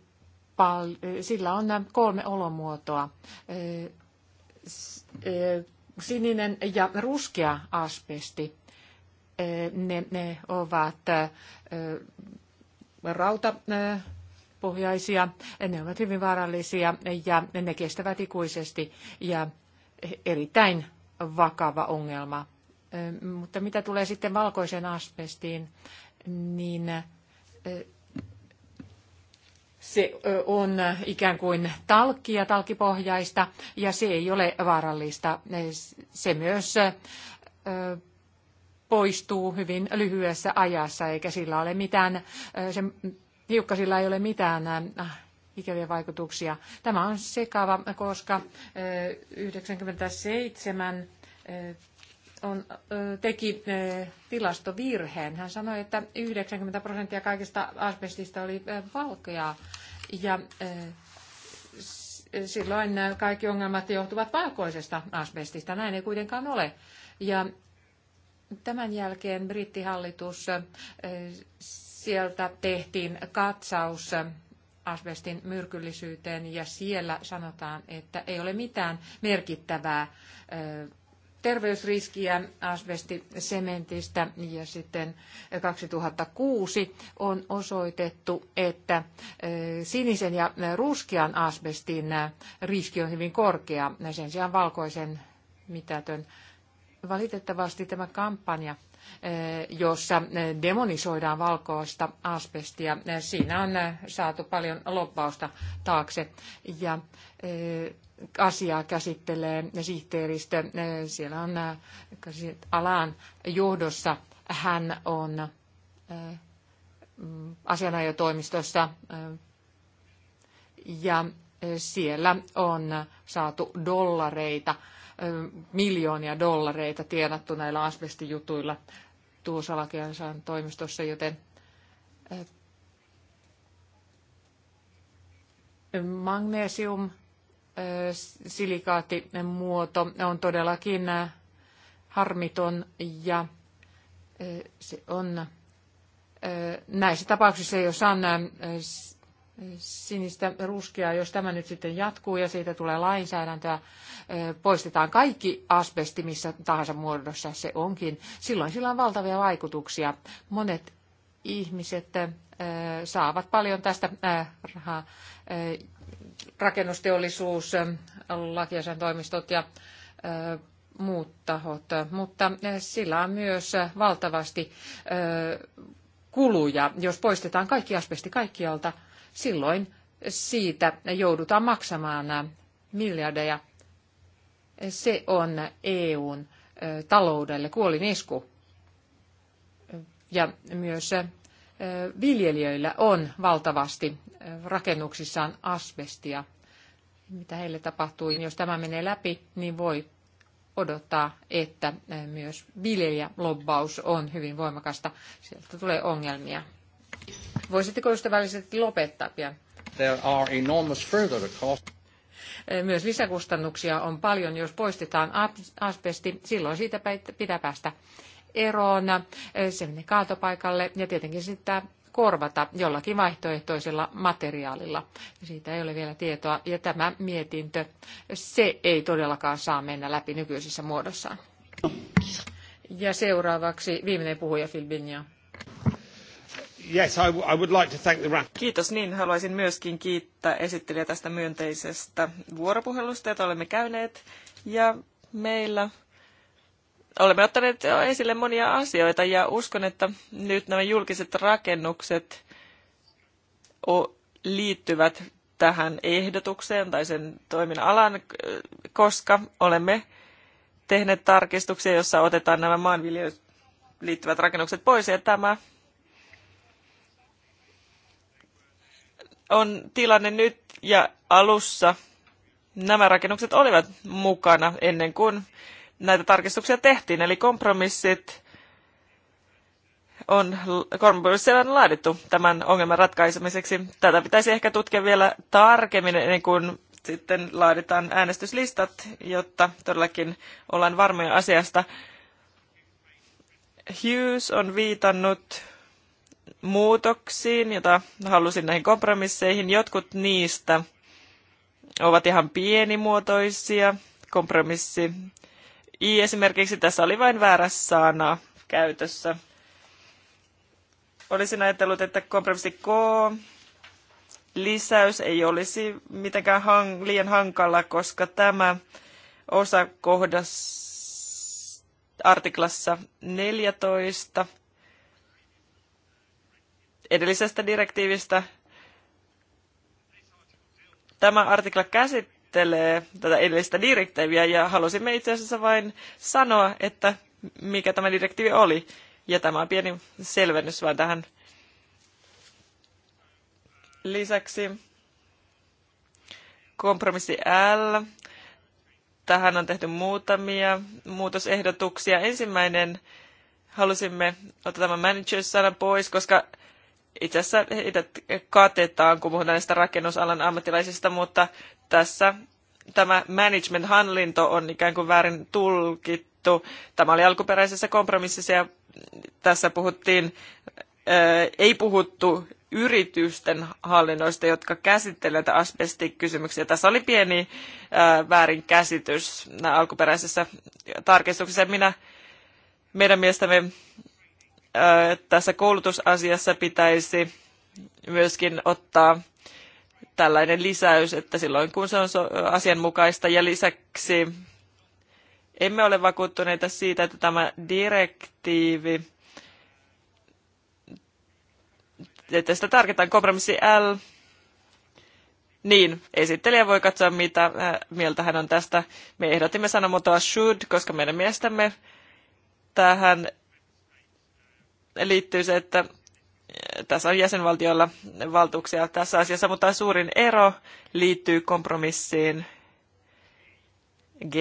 sillä on kolme olomuotoa sininen ja ruskea asbesti, eh, ne, ne ovat eh, rautapohjaisia, ne ovat hyvin vaarallisia ja ne kestävät ikuisesti ja erittäin vakava ongelma. Eh, mutta mitä tulee sitten valkoiseen asbestiin, niin se on ikään kuin talkia, talkipohjaista ja se ei ole vaarallista. Se myös poistuu hyvin lyhyessä ajassa, eikä sillä ole mitään, se hiukkasilla ei ole mitään ikäviä vaikutuksia. Tämä on sekava, koska 97 on, teki tilastovirheen. Hän sanoi, että 90 prosenttia kaikista asbestista oli valkeaa ja eh, silloin eh, kaikki ongelmat johtuvat valkoisesta asbestista. Näin ei kuitenkaan ole. Ja tämän jälkeen brittihallitus eh, sieltä tehtiin katsaus asbestin myrkyllisyyteen ja siellä sanotaan, että ei ole mitään merkittävää terveysriskiä asbestisementistä ja sitten 2006 eh, on osoitettu, että eh, sinisen ja eh, ruskean asbestin riski on hyvin korkea, sen sijaan valkoisen mitätön. Valitettavasti tämä kampanja jossa demonisoidaan valkoista asbestia. Siinä on saatu paljon lobbausta taakse. Ja asiaa käsittelee sihteeristö. Eh, siellä on eh, alan johdossa. Hän on eh, asianajotoimistossa ja siellä on saatu dollareita, miljoonia dollareita tienattu näillä asbestijutuilla Tuusa toimistossa, joten magnesium silikaatimuoto on todellakin harmiton ja se on näissä tapauksissa, jos on sinistä ruskeaa, jos tämä nyt sitten jatkuu ja siitä tulee lainsäädäntöä, poistetaan kaikki asbesti missä tahansa muodossa se onkin. Silloin sillä on valtavia vaikutuksia. Monet ihmiset saavat paljon tästä rahaa rakennusteollisuus, lakiasian toimistot ja muut tahot, mutta sillä on myös valtavasti kuluja. Jos poistetaan kaikki asbesti kaikkialta, silloin siitä joudutaan maksamaan miljardeja. Se on EUn taloudelle kuolinisku ja myös viljelijöillä on valtavasti rakennuksissaan asbestia. Mitä heille tapahtuu, jos tämä menee läpi, niin voi odottaa, että myös viljelijälobbaus on hyvin voimakasta. Sieltä tulee ongelmia. Voisitteko ystävällisesti lopettaa pian? There are enormous further costs. Myös lisäkustannuksia on paljon, jos poistetaan asbesti, silloin siitä pitää päästä eroon eh, sinne kaatopaikalle ja tietenkin sitten korvata jollakin vaihtoehtoisella materiaalilla. Siitä ei ole vielä tietoa ja tämä mietintö, se ei todellakaan saa mennä läpi nykyisessä muodossaan. Ja seuraavaksi viimeinen puhuja Filbinja. Yes, I, I would like to thank the Kiitos, niin haluaisin myöskin kiittää esittelijä tästä myönteisestä vuoropuhelusta, jota olemme käyneet. Ja meillä olemme ottaneet jo esille monia asioita ja uskon, että nyt nämä julkiset rakennukset liittyvät tähän ehdotukseen tai sen toiminnan alan, koska olemme tehneet tarkistuksia, jossa otetaan nämä maanviljelyyn liittyvät rakennukset pois ja tämä on tilanne nyt ja alussa nämä rakennukset olivat mukana ennen kuin näitä tarkistuksia tehtiin, eli kompromissit on, kompromisseja on laadittu tämän ongelman ratkaisemiseksi. Tätä pitäisi ehkä tutkia vielä tarkemmin ennen kuin sitten laaditaan äänestyslistat, jotta todellakin ollaan varmoja asiasta. Hughes on viitannut muutoksiin, jota halusin näihin kompromisseihin. Jotkut niistä ovat ihan pienimuotoisia. Kompromissi i esimerkiksi tässä oli vain väärä sana käytössä. Olisin ajatellut, että kompromissi K lisäys ei olisi mitenkään hang, liian hankala, koska tämä osa kohdassa artiklassa 14 edellisestä direktiivistä tämä artikla käsit, käsittelee tätä edellistä direktiiviä ja halusimme itse asiassa vain sanoa, että mikä tämä direktiivi oli. Ja tämä on pieni selvennys vain tähän. Lisäksi kompromissi L. Tähän on tehty muutamia muutosehdotuksia. Ensimmäinen halusimme ottaa tämän managers-sana pois, koska itse asiassa heitä katetaan, kun puhutaan näistä rakennusalan ammattilaisista, mutta tässä tämä management-hallinto on ikään kuin väärin tulkittu. Tämä oli alkuperäisessä kompromississa ja tässä puhuttiin, äh, ei puhuttu yritysten hallinnoista, jotka käsittelevät asbestikysymyksiä. Tässä oli pieni äh, väärinkäsitys alkuperäisessä tarkistuksessa. Minä, meidän mielestämme äh, tässä koulutusasiassa pitäisi myöskin ottaa tällainen lisäys, että silloin kun se on asianmukaista ja lisäksi emme ole vakuuttuneita siitä, että tämä direktiivi, että sitä tarkitaan kompromissi L, niin, esittelijä voi katsoa, mitä äh, mieltä hän on tästä. Me ehdotimme sanamuotoa should, koska meidän mielestämme tähän liittyy se, että tässä on jäsenvaltioilla valtuuksia tässä asiassa, mutta suurin ero liittyy kompromissiin G,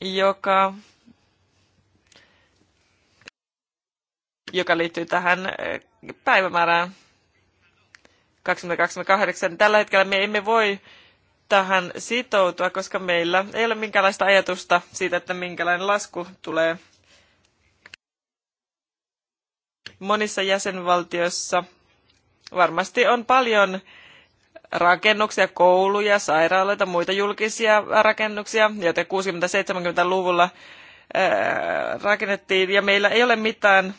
joka, joka liittyy tähän päivämäärään 2028. Tällä hetkellä me emme voi tähän sitoutua, koska meillä ei ole minkäänlaista ajatusta siitä, että minkälainen lasku tulee monissa jäsenvaltioissa varmasti on paljon rakennuksia, kouluja, sairaaloita, muita julkisia rakennuksia, joita 60-70-luvulla rakennettiin, ja meillä ei ole mitään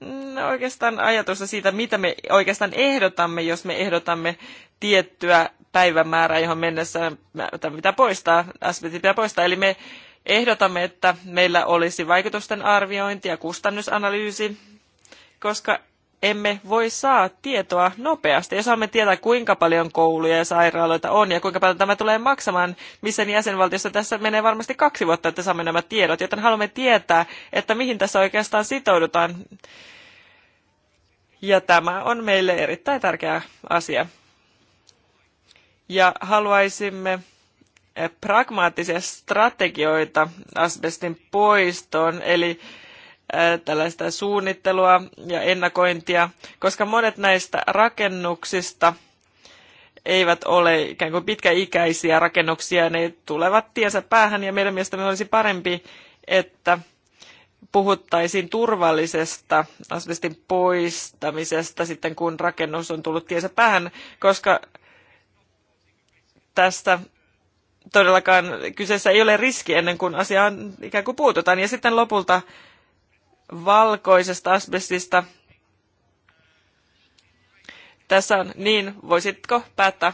mm, oikeastaan ajatusta siitä, mitä me oikeastaan ehdotamme, jos me ehdotamme tiettyä päivämäärää, johon mennessä pitää poistaa, asbesti pitää poistaa. Eli me ehdotamme, että meillä olisi vaikutusten arviointi ja kustannusanalyysi koska emme voi saa tietoa nopeasti ja saamme tietää, kuinka paljon kouluja ja sairaaloita on ja kuinka paljon tämä tulee maksamaan, missä jäsenvaltiossa tässä menee varmasti kaksi vuotta, että saamme nämä tiedot, joten haluamme tietää, että mihin tässä oikeastaan sitoudutaan. Ja tämä on meille erittäin tärkeä asia. Ja haluaisimme eh, pragmaattisia strategioita asbestin poistoon, eli tällaista suunnittelua ja ennakointia, koska monet näistä rakennuksista eivät ole ikään kuin pitkäikäisiä rakennuksia, ne tulevat tiensä päähän ja meidän mielestämme olisi parempi, että puhuttaisiin turvallisesta asbestin poistamisesta sitten, kun rakennus on tullut tiensä päähän, koska tästä todellakaan kyseessä ei ole riski ennen kuin asiaan ikään kuin puututaan. Ja sitten lopulta valkoisesta asbestista. Tässä on niin, voisitko päättää?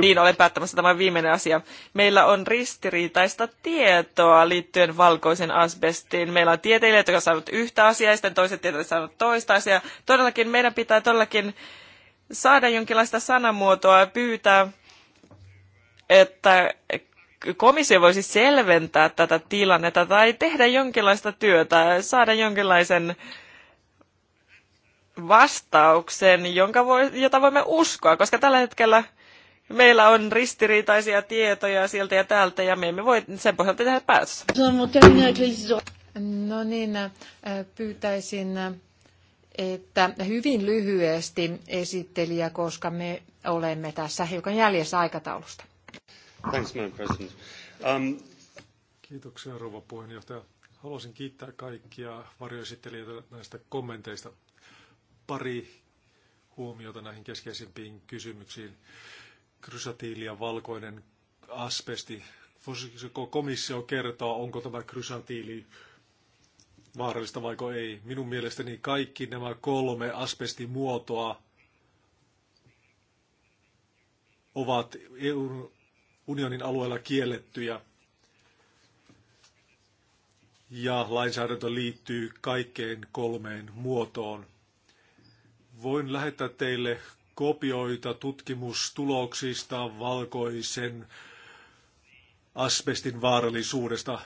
Niin, olen päättämässä tämä viimeinen asia. Meillä on ristiriitaista tietoa liittyen valkoisen asbestiin. Meillä on tieteilijät, jotka saavat yhtä asiaa, ja sitten toiset tieteilijät saavat toista asiaa. Todellakin meidän pitää todellakin saada jonkinlaista sanamuotoa ja pyytää, että komissio voisi selventää tätä tilannetta tai tehdä jonkinlaista työtä, saada jonkinlaisen vastauksen, jonka voi, jota voimme uskoa, koska tällä hetkellä meillä on ristiriitaisia tietoja sieltä ja täältä ja me emme voi sen pohjalta tehdä päätös. No niin, äh, pyytäisin, että hyvin lyhyesti esittelijä, koska me olemme tässä hiukan jäljessä aikataulusta. Thanks, Madam President. Um... Kiitoksia, rouva puheenjohtaja. Haluaisin kiittää kaikkia varjoesittelijöitä näistä kommenteista. Pari huomiota näihin keskeisimpiin kysymyksiin. Krysatiili ja valkoinen asbesti. Voisiko komissio kertoa, onko tämä krysatiili vaarallista vaiko ei? Minun mielestäni kaikki nämä kolme asbestimuotoa ovat EUn unionin alueella kiellettyjä. Ja lainsäädäntö liittyy kaikkeen kolmeen muotoon. Voin lähettää teille kopioita tutkimustuloksista valkoisen asbestin vaarallisuudesta.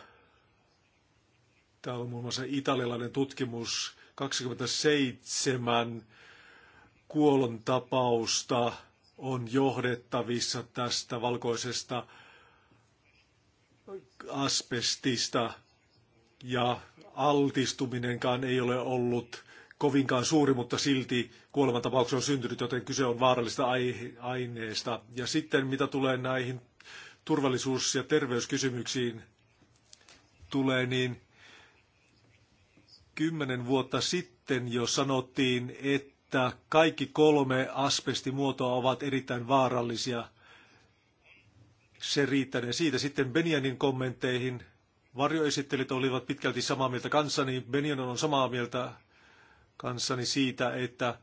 Täällä on muun muassa italialainen tutkimus 27 kuolon tapausta on johdettavissa tästä valkoisesta asbestista ja altistuminenkaan ei ole ollut kovinkaan suuri, mutta silti kuolemantapauksia on syntynyt, joten kyse on vaarallista aineesta. Ja sitten mitä tulee näihin turvallisuus- ja terveyskysymyksiin tulee, niin kymmenen vuotta sitten jo sanottiin, että että kaikki kolme asbestimuotoa ovat erittäin vaarallisia. Se riittänee siitä. Sitten Benjanin kommentteihin. Varjoesittelijät olivat pitkälti samaa mieltä kanssani. Benjan on samaa mieltä kanssani siitä, että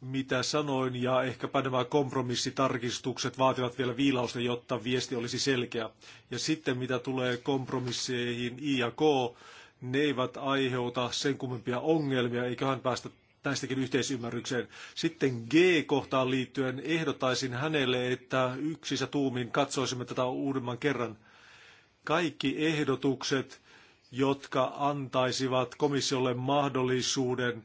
mitä sanoin, ja ehkäpä nämä kompromissitarkistukset vaativat vielä viilausta, jotta viesti olisi selkeä. Ja sitten mitä tulee kompromisseihin I ja K, ne eivät aiheuta sen kummempia ongelmia, eiköhän päästä näistäkin yhteisymmärrykseen. Sitten G-kohtaan liittyen ehdottaisin hänelle, että yksissä tuumin katsoisimme tätä uudemman kerran. Kaikki ehdotukset, jotka antaisivat komissiolle mahdollisuuden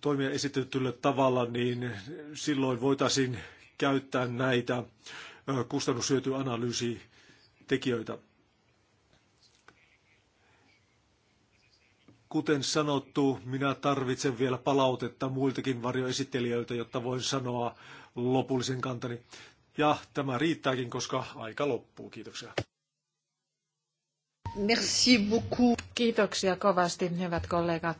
toimia esitettyllä tavalla, niin silloin voitaisiin käyttää näitä kustannushyötyanalyysitekijöitä. Kuten sanottu, minä tarvitsen vielä palautetta muiltakin varjoesittelijöiltä, jotta voin sanoa lopullisen kantani. Ja tämä riittääkin, koska aika loppuu. Kiitoksia. Merci beaucoup. Kiitoksia kovasti, hyvät kollegat.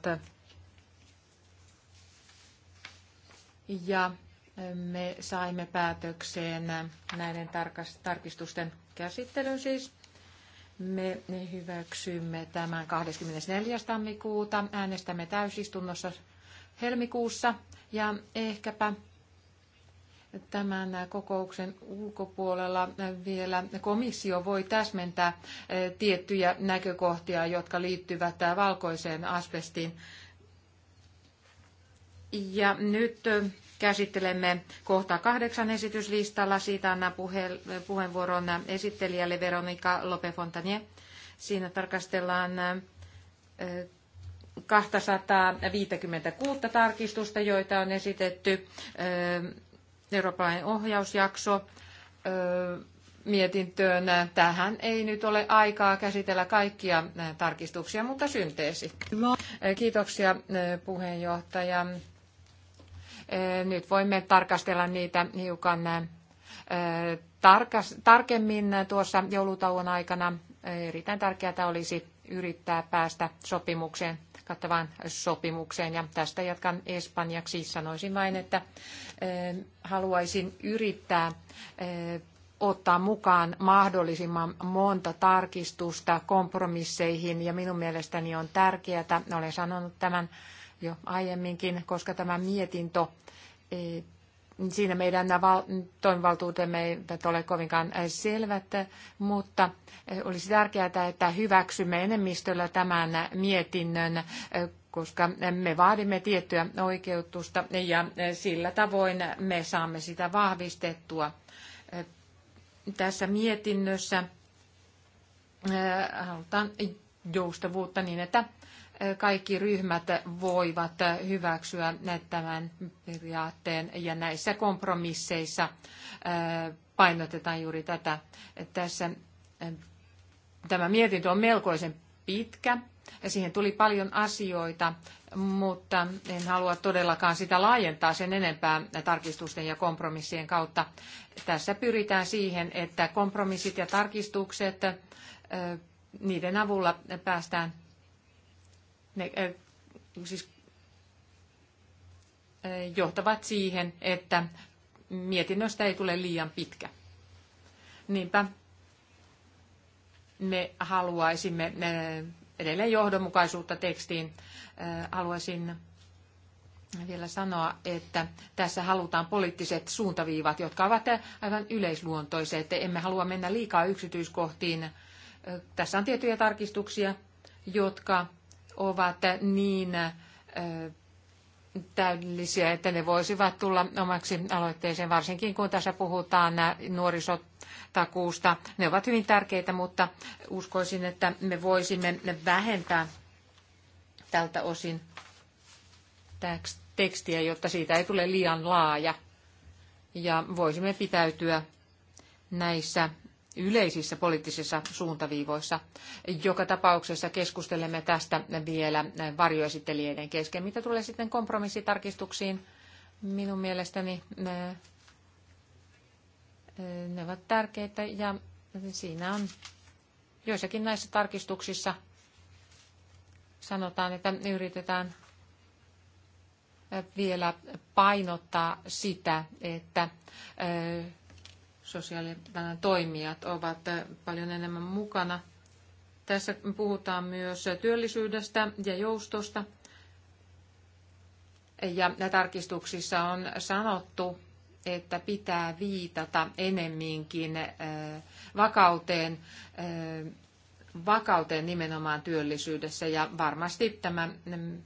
Ja me saimme päätökseen näiden tarkistusten käsittelyn siis. Me hyväksymme tämän 24. tammikuuta. Äänestämme täysistunnossa helmikuussa ja ehkäpä tämän kokouksen ulkopuolella vielä komissio voi täsmentää eh, tiettyjä näkökohtia, jotka liittyvät eh, valkoiseen asbestiin. Ja nyt eh, Käsittelemme kohta kahdeksan esityslistalla. Siitä annan puhe- puheenvuoron esittelijälle Veronika Lopefontanie. Siinä tarkastellaan 256 tarkistusta, joita on esitetty. Eurooppalainen ohjausjakso mietintöön. Tähän ei nyt ole aikaa käsitellä kaikkia tarkistuksia, mutta synteesi. Kiitoksia puheenjohtaja. Nyt voimme tarkastella niitä hiukan tarkemmin tuossa joulutauon aikana. Erittäin tärkeää olisi yrittää päästä sopimukseen, kattavaan sopimukseen. Ja tästä jatkan espanjaksi. Sanoisin vain, että haluaisin yrittää ottaa mukaan mahdollisimman monta tarkistusta kompromisseihin ja minun mielestäni on tärkeää, olen sanonut tämän jo aiemminkin, koska tämä mietintö, e, niin siinä meidän toimivaltuutemme eivät ole kovinkaan e, selvät, mutta e, olisi tärkeää, että hyväksymme enemmistöllä tämän mietinnön, koska me vaadimme tiettyä oikeutusta ja sillä tavoin me saamme sitä vahvistettua. Tässä mietinnössä halutaan joustavuutta niin, että kaikki ryhmät voivat hyväksyä tämän periaatteen ja näissä kompromisseissa painotetaan juuri tätä. Tässä tämä mietintö on melkoisen pitkä ja siihen tuli paljon asioita, mutta en halua todellakaan sitä laajentaa sen enempää tarkistusten ja kompromissien kautta. Tässä pyritään siihen, että kompromissit ja tarkistukset, niiden avulla päästään ne, siis johtavat siihen, että mietinnöstä ei tule liian pitkä. Niinpä me haluaisimme edelleen johdonmukaisuutta tekstiin. Haluaisin vielä sanoa, että tässä halutaan poliittiset suuntaviivat, jotka ovat aivan että Emme halua mennä liikaa yksityiskohtiin. Tässä on tiettyjä tarkistuksia, jotka ovat niin täydellisiä, että ne voisivat tulla omaksi aloitteeseen, varsinkin kun tässä puhutaan nuorisotakuusta. Ne ovat hyvin tärkeitä, mutta uskoisin, että me voisimme vähentää tältä osin tekstiä, jotta siitä ei tule liian laaja. Ja voisimme pitäytyä näissä yleisissä poliittisissa suuntaviivoissa. Joka tapauksessa keskustelemme tästä vielä varjoesittelijöiden kesken. Mitä tulee sitten kompromissitarkistuksiin? Minun mielestäni ne, ne ovat tärkeitä ja siinä on joissakin näissä tarkistuksissa sanotaan, että yritetään vielä painottaa sitä, että sosiaalialan toimijat ovat paljon enemmän mukana. Tässä puhutaan myös työllisyydestä ja joustosta. Ja tarkistuksissa on sanottu, että pitää viitata enemminkin äh, vakauteen, äh, vakauteen nimenomaan työllisyydessä. Ja varmasti tämä mm,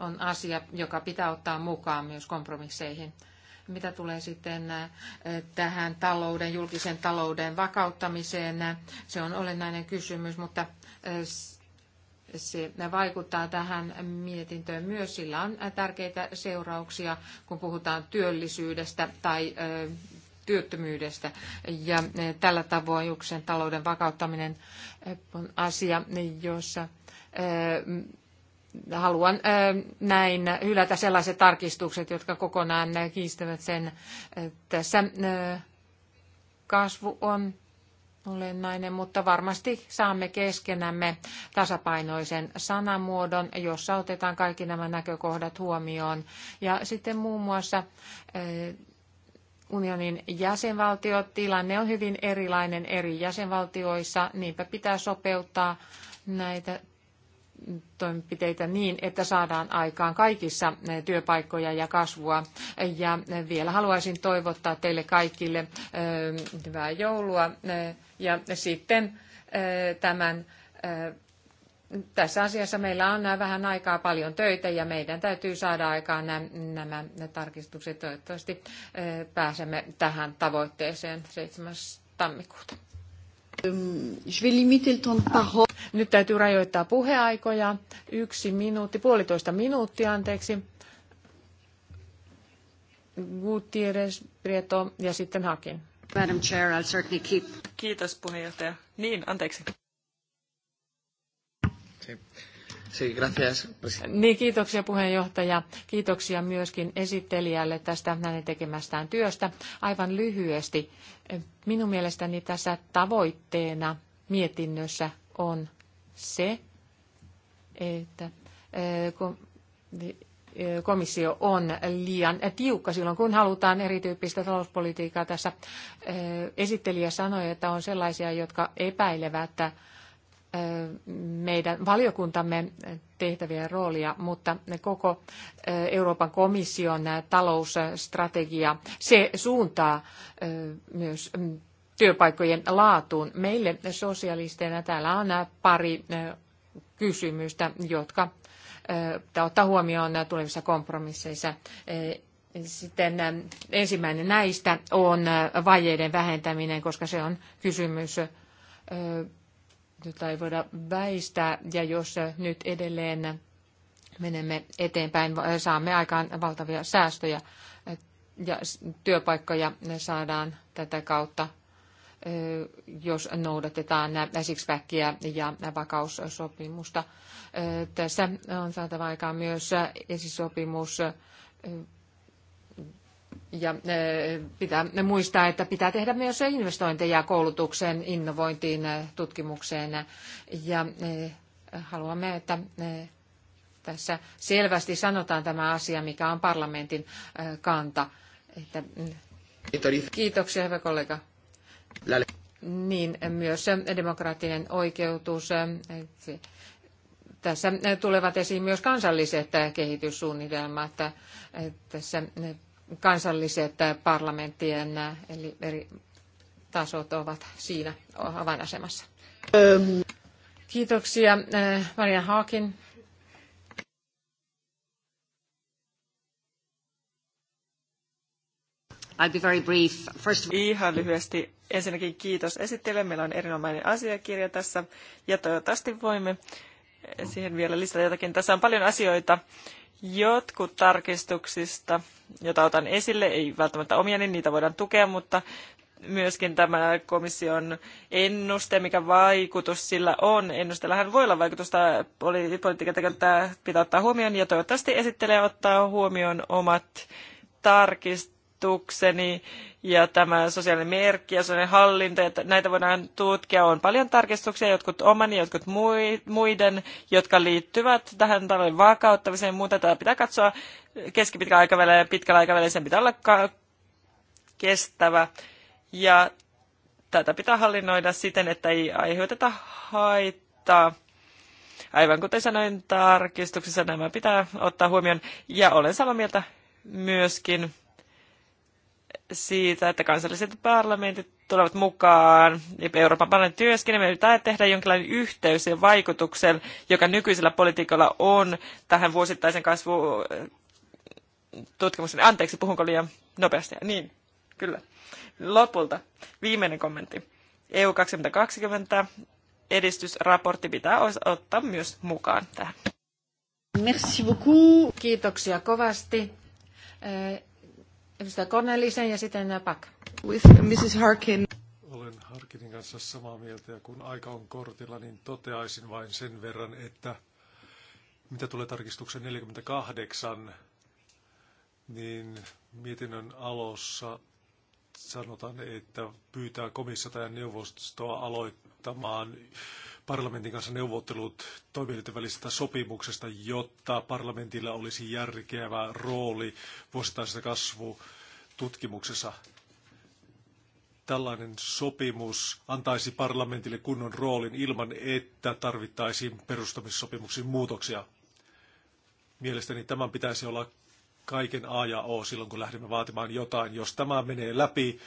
on asia, joka pitää ottaa mukaan myös kompromisseihin. Mitä tulee sitten eh, tähän talouden, julkisen talouden vakauttamiseen, se on olennainen kysymys, mutta eh, se vaikuttaa tähän mietintöön myös. Sillä on eh, tärkeitä seurauksia, kun puhutaan työllisyydestä tai työttömyydestä. Ja tällä tavoin julkisen talouden vakauttaminen on asia, jossa haluan näin hylätä sellaiset tarkistukset, jotka kokonaan kiistävät sen. Tässä kasvu on olennainen, mutta varmasti saamme keskenämme tasapainoisen sanamuodon, jossa otetaan kaikki nämä näkökohdat huomioon. Ja sitten muun muassa unionin jäsenvaltiot, tilanne on hyvin erilainen eri jäsenvaltioissa, niinpä pitää sopeuttaa näitä toimenpiteitä niin, että saadaan aikaan kaikissa eh, työpaikkoja ja kasvua. Ja eh, vielä haluaisin toivottaa teille kaikille eh, hyvää joulua ja sitten tämän tässä asiassa meillä on vähän aikaa paljon töitä ja meidän täytyy saada aikaan nämä, tarkistukset. Toivottavasti pääsemme tähän tavoitteeseen 7. tammikuuta. Ehm, Nyt täytyy rajoittaa puheaikoja. Yksi minuutti, puolitoista minuuttia, anteeksi. Gutierrez, Prieto ja sitten Hakin. Madam Chair, I'll certainly keep... Kiitos puheenjohtaja. Niin, anteeksi. Sí. Sí, gracias. Niin, kiitoksia puheenjohtaja. Kiitoksia myöskin esittelijälle tästä hänen tekemästään työstä. Aivan lyhyesti, minun mielestäni tässä tavoitteena mietinnössä on se, että eh, eh, komissio on liian tiukka silloin, kun halutaan erityyppistä talouspolitiikkaa. Tässä eh, esittelijä sanoi, että on sellaisia, jotka epäilevät, että meidän valiokuntamme tehtäviä ja roolia, mutta koko Euroopan komission talousstrategia, se suuntaa myös työpaikkojen laatuun. Meille sosialisteina täällä on pari kysymystä, jotka ottaa huomioon tulevissa kompromisseissa. E, sitten ensimmäinen näistä on vajeiden vähentäminen, koska se on kysymys jota ei voida väistää. Ja jos nyt edelleen menemme eteenpäin, saamme aikaan valtavia säästöjä eh, ja työpaikkoja saadaan tätä kautta, eh, jos noudatetaan sixpackia ja vakaussopimusta. Eh, tässä on saatava aikaan myös esisopimus ja eh, pitää muistaa, että pitää tehdä myös investointeja koulutukseen, innovointiin, eh, tutkimukseen. Ja eh, haluamme, että tässä selvästi sanotaan tämä asia, mikä on parlamentin kanta. Että... Mm, kiitoksia, hyvä kollega. Niin, myös demokraattinen oikeutus. Tässä tulevat esiin myös kansalliset kehityssuunnitelmat. Tässä kansalliset parlamenttien eli eri tasot ovat siinä avainasemassa. Kiitoksia eh, Maria Haakin. I'll be very brief. First... Ihan lyhyesti. Ensinnäkin kiitos esittelijälle. Meillä on erinomainen asiakirja tässä ja toivottavasti voimme siihen vielä lisätä jotakin. Tässä on paljon asioita, Jotkut tarkistuksista, joita otan esille, ei välttämättä omia, niin niitä voidaan tukea, mutta myöskin tämä komission ennuste, mikä vaikutus sillä on. Ennustellahan voi olla vaikutusta politiikan pitää ottaa huomioon ja toivottavasti esittelee ottaa huomioon omat tarkist, tarkistukseni ja tämä sosiaalinen merkki ja sosiaalinen hallinta, ja näitä voidaan tutkia. On paljon tarkistuksia, jotkut omani, jotkut muiden, jotka liittyvät tähän talouden vakauttamiseen ja muuta. Tätä pitää katsoa keskipitkällä aikavälillä ja pitkällä aikavälillä. Sen pitää olla kestävä. Ja tätä pitää hallinnoida siten, että ei aiheuteta haittaa. Aivan kuten sanoin tarkistuksessa, nämä pitää ottaa huomioon. Ja olen samaa mieltä myöskin siitä, että kansalliset parlamentit tulevat mukaan Euroopan parlamentin työskin, Me pitää tehdä jonkinlainen yhteys ja vaikutuksen, joka nykyisellä politiikalla on tähän vuosittaisen kasvu äh, tutkimuksen. Anteeksi, puhunko liian nopeasti? Niin, kyllä. Lopulta viimeinen kommentti. EU 2020 edistysraportti pitää ottaa myös mukaan tähän. Merci beaucoup. Kiitoksia kovasti. Äh, edustaja Cornelisen ja sitten äh, Pak. With Mrs. Harkin. Olen Harkinin kanssa samaa mieltä ja kun aika on kortilla, niin toteaisin vain sen verran, että mitä tulee tarkistuksen 48, niin mietinnön alussa sanotaan, että pyytää komissiota ja neuvostoa aloittamaan parlamentin kanssa neuvottelut toimielinten välisestä sopimuksesta, jotta parlamentilla olisi järkevä rooli vuosittaisessa kasvututkimuksessa. Tällainen sopimus antaisi parlamentille kunnon roolin ilman, että tarvittaisiin perustamissopimuksiin muutoksia. Mielestäni tämän pitäisi olla kaiken A ja O silloin, kun lähdemme vaatimaan jotain. Jos tämä menee läpi,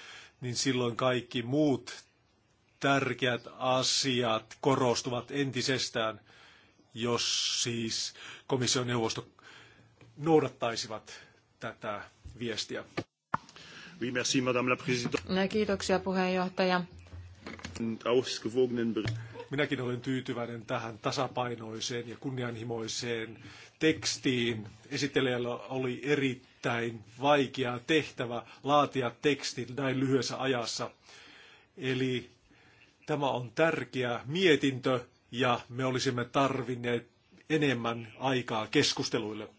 niin silloin kaikki muut tärkeät asiat korostuvat entisestään, jos siis komission neuvosto noudattaisivat tätä viestiä. Oui, merci, madame la présidente. Kiitoksia puheenjohtaja. Minäkin olen tyytyväinen tähän tasapainoiseen ja kunnianhimoiseen tekstiin. Esittelijällä oli erittäin vaikea tehtävä laatia teksti näin lyhyessä ajassa. Eli Tämä on tärkeä mietintö ja me olisimme tarvinneet enemmän aikaa keskusteluille.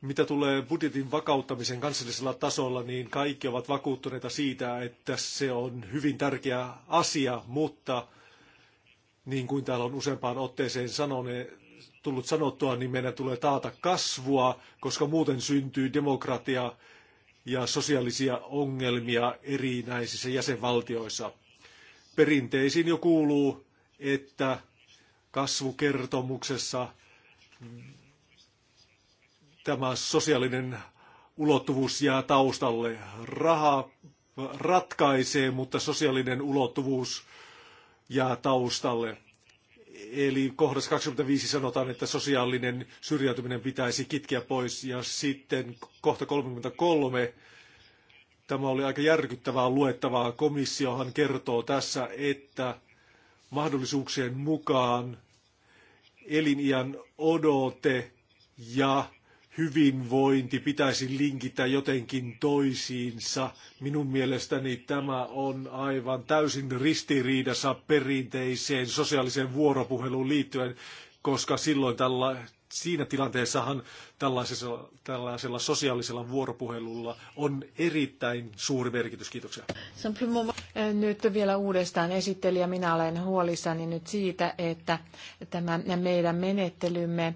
Mitä tulee budjetin vakauttamisen kansallisella tasolla, niin kaikki ovat vakuuttuneita siitä, että se on hyvin tärkeä asia, mutta niin kuin täällä on useampaan otteeseen sanone, tullut sanottua, niin meidän tulee taata kasvua, koska muuten syntyy demokratia ja sosiaalisia ongelmia erinäisissä jäsenvaltioissa. Perinteisiin jo kuuluu, että kasvukertomuksessa tämä sosiaalinen ulottuvuus jää taustalle. Raha ratkaisee, mutta sosiaalinen ulottuvuus jää taustalle. Eli kohdassa 25 sanotaan, että sosiaalinen syrjäytyminen pitäisi kitkeä pois ja sitten kohta 33 Tämä oli aika järkyttävää luettavaa. Komissiohan kertoo tässä, että mahdollisuuksien mukaan eliniän odote ja hyvinvointi pitäisi linkitä jotenkin toisiinsa. Minun mielestäni tämä on aivan täysin ristiriidassa perinteiseen sosiaaliseen vuoropuheluun liittyen, koska silloin tällä, siinä tilanteessahan tällaisella, tällaisella sosiaalisella vuoropuhelulla on erittäin suuri merkitys. Kiitoksia. Nyt vielä uudestaan esittelijä. Minä olen huolissani nyt siitä, että tämä meidän menettelymme,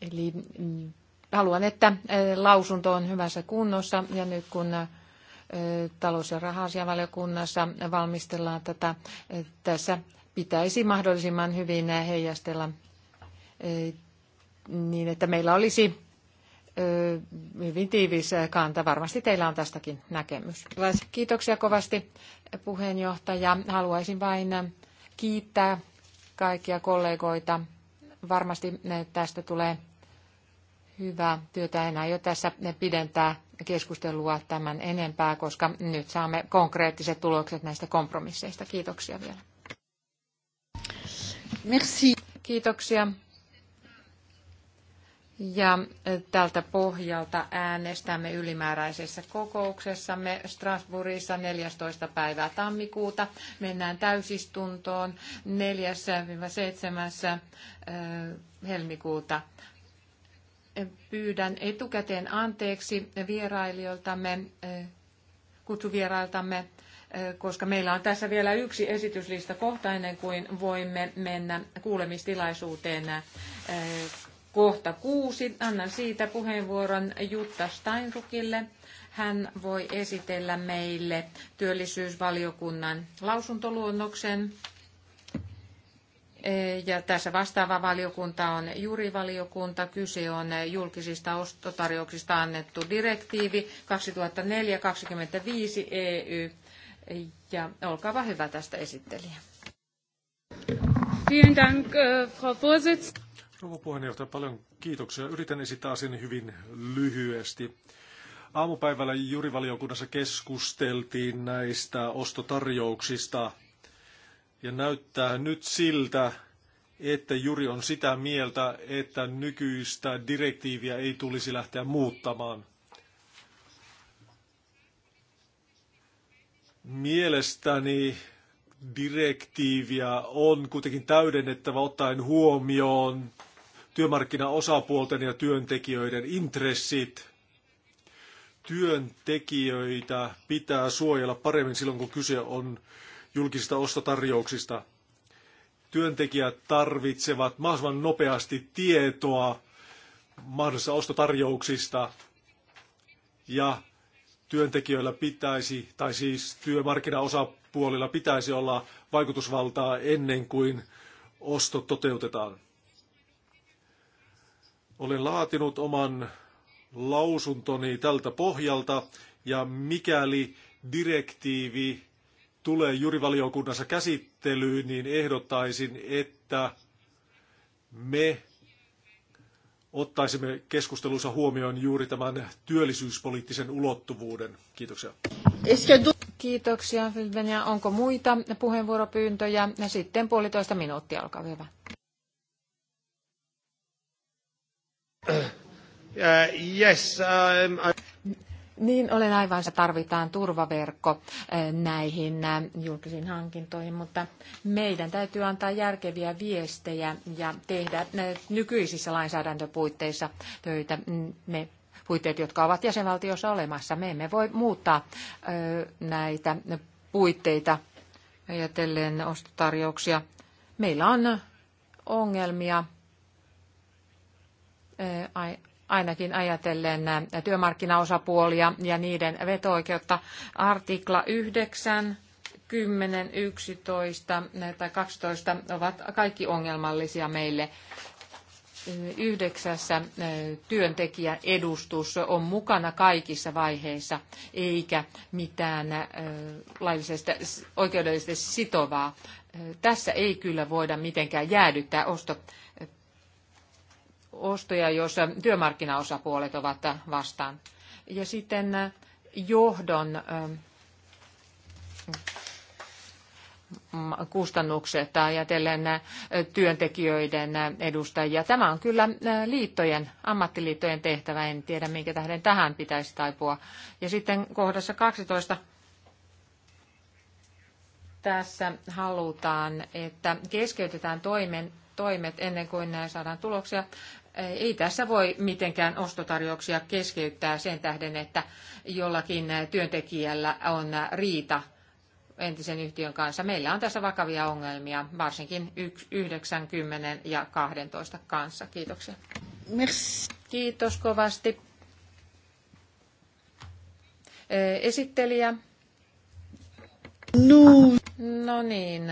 eli mm, haluan, että äh, lausunto on hyvässä kunnossa ja nyt kun äh, talous- ja rahasiavaliokunnassa valmistellaan tätä, äh, tässä pitäisi mahdollisimman hyvin heijastella niin, että meillä olisi hyvin tiivis kanta. Varmasti teillä on tästäkin näkemys. Kiitoksia kovasti puheenjohtaja. Haluaisin vain kiittää kaikkia kollegoita. Varmasti tästä tulee hyvä työtä. En aio tässä pidentää keskustelua tämän enempää, koska nyt saamme konkreettiset tulokset näistä kompromisseista. Kiitoksia vielä. Merci. Kiitoksia. Ja eh, tältä pohjalta äänestämme ylimääräisessä kokouksessamme Strasbourgissa 14. päivää tammikuuta. Mennään täysistuntoon 4-7. Eh, helmikuuta. Eh, pyydän etukäteen anteeksi vierailijoiltamme, kutsuvierailtamme, koska meillä on tässä vielä yksi esityslista kohta ennen kuin voimme mennä kuulemistilaisuuteen kohta kuusi. Annan siitä puheenvuoron Jutta Steinrukille. Hän voi esitellä meille työllisyysvaliokunnan lausuntoluonnoksen. E, ja tässä vastaava valiokunta on jurivaliokunta. Kyse on julkisista ostotarjouksista annettu direktiivi 2004-25 EY. Ja olkaapa hyvä tästä esittelijä. Vielen Dank, äh, Frau Rouva puheenjohtaja, paljon kiitoksia. Yritän esittää asian hyvin lyhyesti. Aamupäivällä jurivaliokunnassa keskusteltiin näistä ostotarjouksista ja näyttää nyt siltä, että juri on sitä mieltä, että nykyistä direktiiviä ei tulisi lähteä muuttamaan. Mielestäni direktiiviä on kuitenkin täydennettävä ottaen huomioon työmarkkinaosapuolten ja työntekijöiden intressit. Työntekijöitä pitää suojella paremmin silloin, kun kyse on julkisista ostotarjouksista. Työntekijät tarvitsevat mahdollisimman nopeasti tietoa mahdollisista ostotarjouksista ja työntekijöillä pitäisi, tai siis työmarkkinaosapuolilla pitäisi olla vaikutusvaltaa ennen kuin ostot toteutetaan. Olen laatinut oman lausuntoni tältä pohjalta ja mikäli direktiivi tulee jurivaliokunnassa käsittelyyn, niin ehdottaisin, että me ottaisimme keskustelussa huomioon juuri tämän työllisyyspoliittisen ulottuvuuden. Kiitoksia. Kiitoksia, Onko muita puheenvuoropyyntöjä? Sitten puolitoista minuuttia, olkaa hyvä. Uh, yes, um, I... Niin, olen aivan, se tarvitaan turvaverkko uh, näihin uh, julkisiin hankintoihin, mutta meidän täytyy antaa järkeviä viestejä ja tehdä nykyisissä lainsäädäntöpuitteissa töitä ne mm, puitteet, jotka ovat jäsenvaltiossa olemassa. Me emme voi muuttaa näitä puitteita ajatellen ostotarjouksia. Meillä on ongelmia ainakin ajatellen työmarkkinaosapuolia ja niiden veto-oikeutta. Artikla 9, 10, 11 tai 12 ovat kaikki ongelmallisia meille. Yhdeksässä työntekijän edustus on mukana kaikissa vaiheissa, eikä mitään laillisesta oikeudellisesti sitovaa. Tässä ei kyllä voida mitenkään jäädyttää osto ostoja, jos työmarkkinaosapuolet ovat vastaan. Ja sitten äh, johdon ähm, kustannukset ajatellen äh, työntekijöiden äh, edustajia. Tämä on kyllä liittojen, ammattiliittojen tehtävä. En tiedä, minkä tähden tähän pitäisi taipua. Ja sitten kohdassa 12 tässä halutaan, että keskeytetään toimen, toimet ennen kuin saadaan tuloksia. Ei tässä voi mitenkään ostotarjouksia keskeyttää sen tähden, että jollakin työntekijällä on riita entisen yhtiön kanssa. Meillä on tässä vakavia ongelmia, varsinkin 90 ja 12 kanssa. Kiitoksia. Merci. Kiitos kovasti. Esittelijä. No. No niin,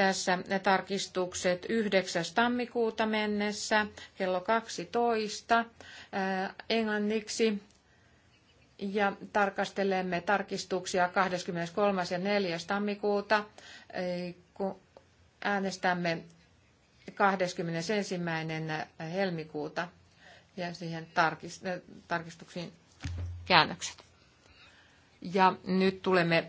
tässä tarkistukset 9. tammikuuta mennessä kello 12 äh, englanniksi ja tarkastelemme tarkistuksia 23. ja 4. tammikuuta, äh, kun äänestämme 21. helmikuuta ja siihen äh, tarkistuksiin käännökset. Ja nyt tulemme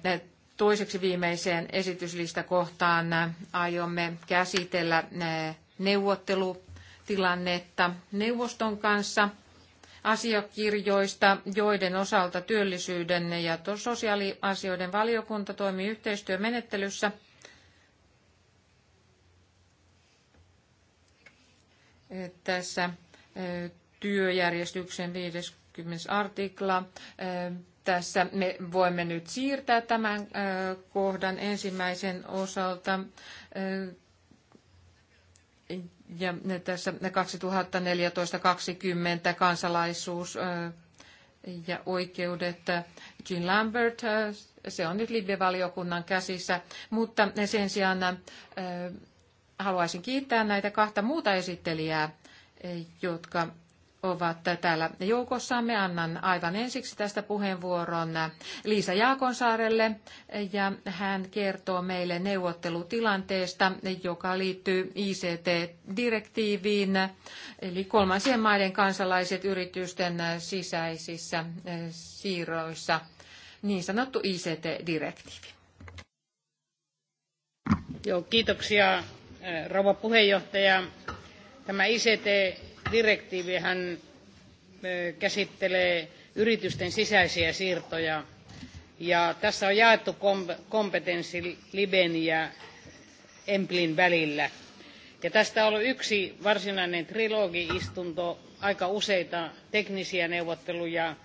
toiseksi viimeiseen esityslistakohtaan aiomme käsitellä neuvottelutilannetta neuvoston kanssa asiakirjoista, joiden osalta työllisyyden ja sosiaaliasioiden valiokunta toimii yhteistyömenettelyssä. Tässä työjärjestyksen 50 artikla tässä me voimme nyt siirtää tämän kohdan ensimmäisen osalta. Ja tässä 2014-2020 kansalaisuus ja oikeudet. Jean Lambert, se on nyt Libby-valiokunnan käsissä, mutta sen sijaan haluaisin kiittää näitä kahta muuta esittelijää, jotka ovat täällä joukossamme. Annan aivan ensiksi tästä puheenvuoron Liisa Jaakonsaarelle ja hän kertoo meille neuvottelutilanteesta, joka liittyy ICT-direktiiviin, eli kolmansien maiden kansalaiset yritysten sisäisissä eh, siirroissa, niin sanottu ICT-direktiivi. Joo, kiitoksia eh, rouva puheenjohtaja. Tämä ICT direktiivihän käsittelee yritysten sisäisiä siirtoja ja tässä on jaettu kompetenssi Liben ja Emplin välillä. Ja tästä on ollut yksi varsinainen trilogi-istunto, aika useita teknisiä neuvotteluja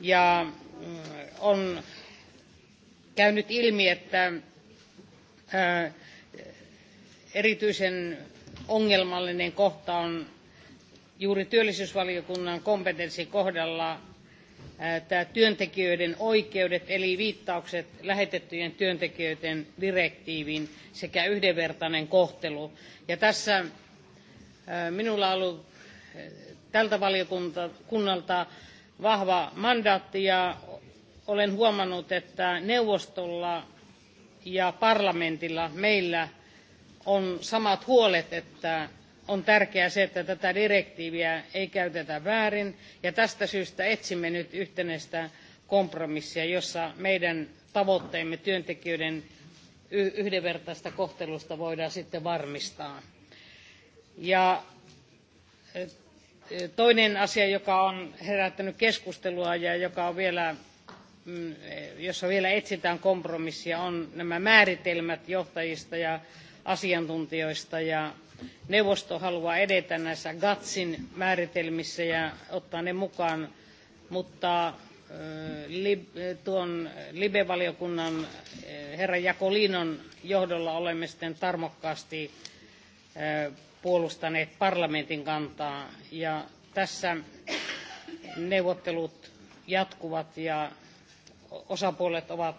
ja mm, on käynyt ilmi, että erityisen ongelmallinen kohta on juuri työllisyysvaliokunnan kompetenssin kohdalla tämä työntekijöiden oikeudet eli viittaukset lähetettyjen työntekijöiden direktiiviin sekä yhdenvertainen kohtelu. Ja tässä minulla on ollut tältä valiokunnalta vahva mandaatti ja olen huomannut, että neuvostolla ja parlamentilla meillä on samat huolet, että on tärkeää se, että tätä direktiiviä ei käytetä väärin, ja tästä syystä etsimme nyt yhtenäistä kompromissia, jossa meidän tavoitteemme työntekijöiden yhdenvertaista kohtelusta voidaan sitten varmistaa. Ja toinen asia, joka on herättänyt keskustelua ja joka on vielä, mm, jossa vielä etsitään kompromissia, on nämä määritelmät johtajista ja asiantuntijoista ja neuvosto haluaa edetä näissä GATSin määritelmissä ja ottaa ne mukaan, mutta tuon Libe-valiokunnan herra Jakolinon johdolla olemme sitten tarmokkaasti puolustaneet parlamentin kantaa. Ja tässä neuvottelut jatkuvat ja osapuolet ovat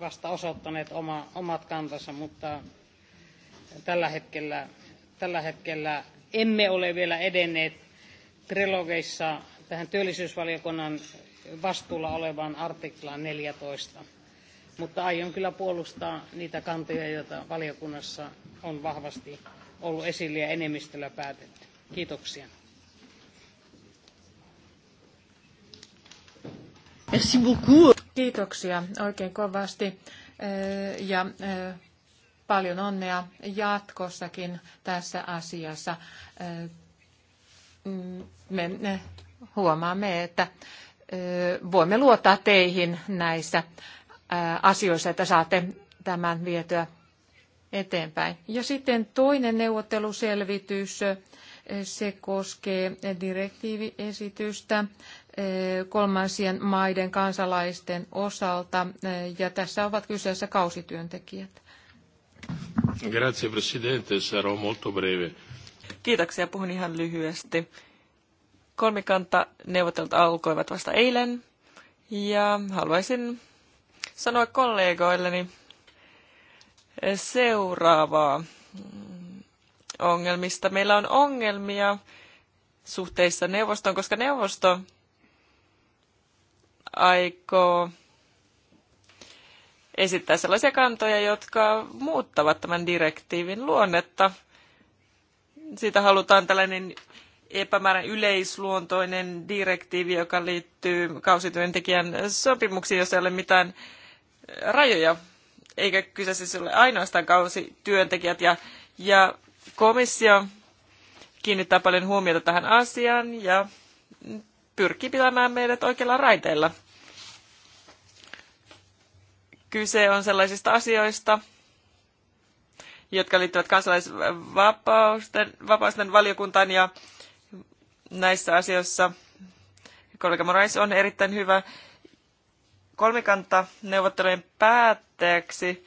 vasta osoittaneet oma, omat kantansa, mutta tällä hetkellä, tällä hetkellä emme ole vielä edenneet trilogeissa tähän työllisyysvaliokunnan vastuulla olevaan artiklaan 14. Mutta aion kyllä puolustaa niitä kantoja, joita valiokunnassa on vahvasti ollut esillä ja enemmistöllä päätetty. Kiitoksia. Kiitoksia oikein kovasti. Ja paljon onnea jatkossakin tässä asiassa. Me huomaamme, että voimme luottaa teihin näissä asioissa, että saatte tämän vietyä eteenpäin. Ja sitten toinen neuvotteluselvitys, se koskee direktiiviesitystä kolmansien maiden kansalaisten osalta, ja tässä ovat kyseessä kausityöntekijät. Grazie Presidente, sarò molto breve. Kiitoksia, puhun ihan lyhyesti. Kolmikanta neuvottelut alkoivat vasta eilen ja haluaisin sanoa kollegoilleni seuraavaa ongelmista. Meillä on ongelmia suhteissa neuvostoon, koska neuvosto aikoo esittää sellaisia kantoja, jotka muuttavat tämän direktiivin luonnetta. Siitä halutaan tällainen epämääräinen yleisluontoinen direktiivi, joka liittyy kausityöntekijän sopimuksiin, jos ei ole mitään rajoja, eikä kyse siis ole ainoastaan kausityöntekijät. Ja, ja komissio kiinnittää paljon huomiota tähän asiaan ja pyrkii pitämään meidät oikeilla raiteilla. Kyse on sellaisista asioista, jotka liittyvät kansalaisvapausten valiokuntaan ja näissä asioissa kollega Morais on erittäin hyvä kolmikanta neuvottelujen päätteeksi.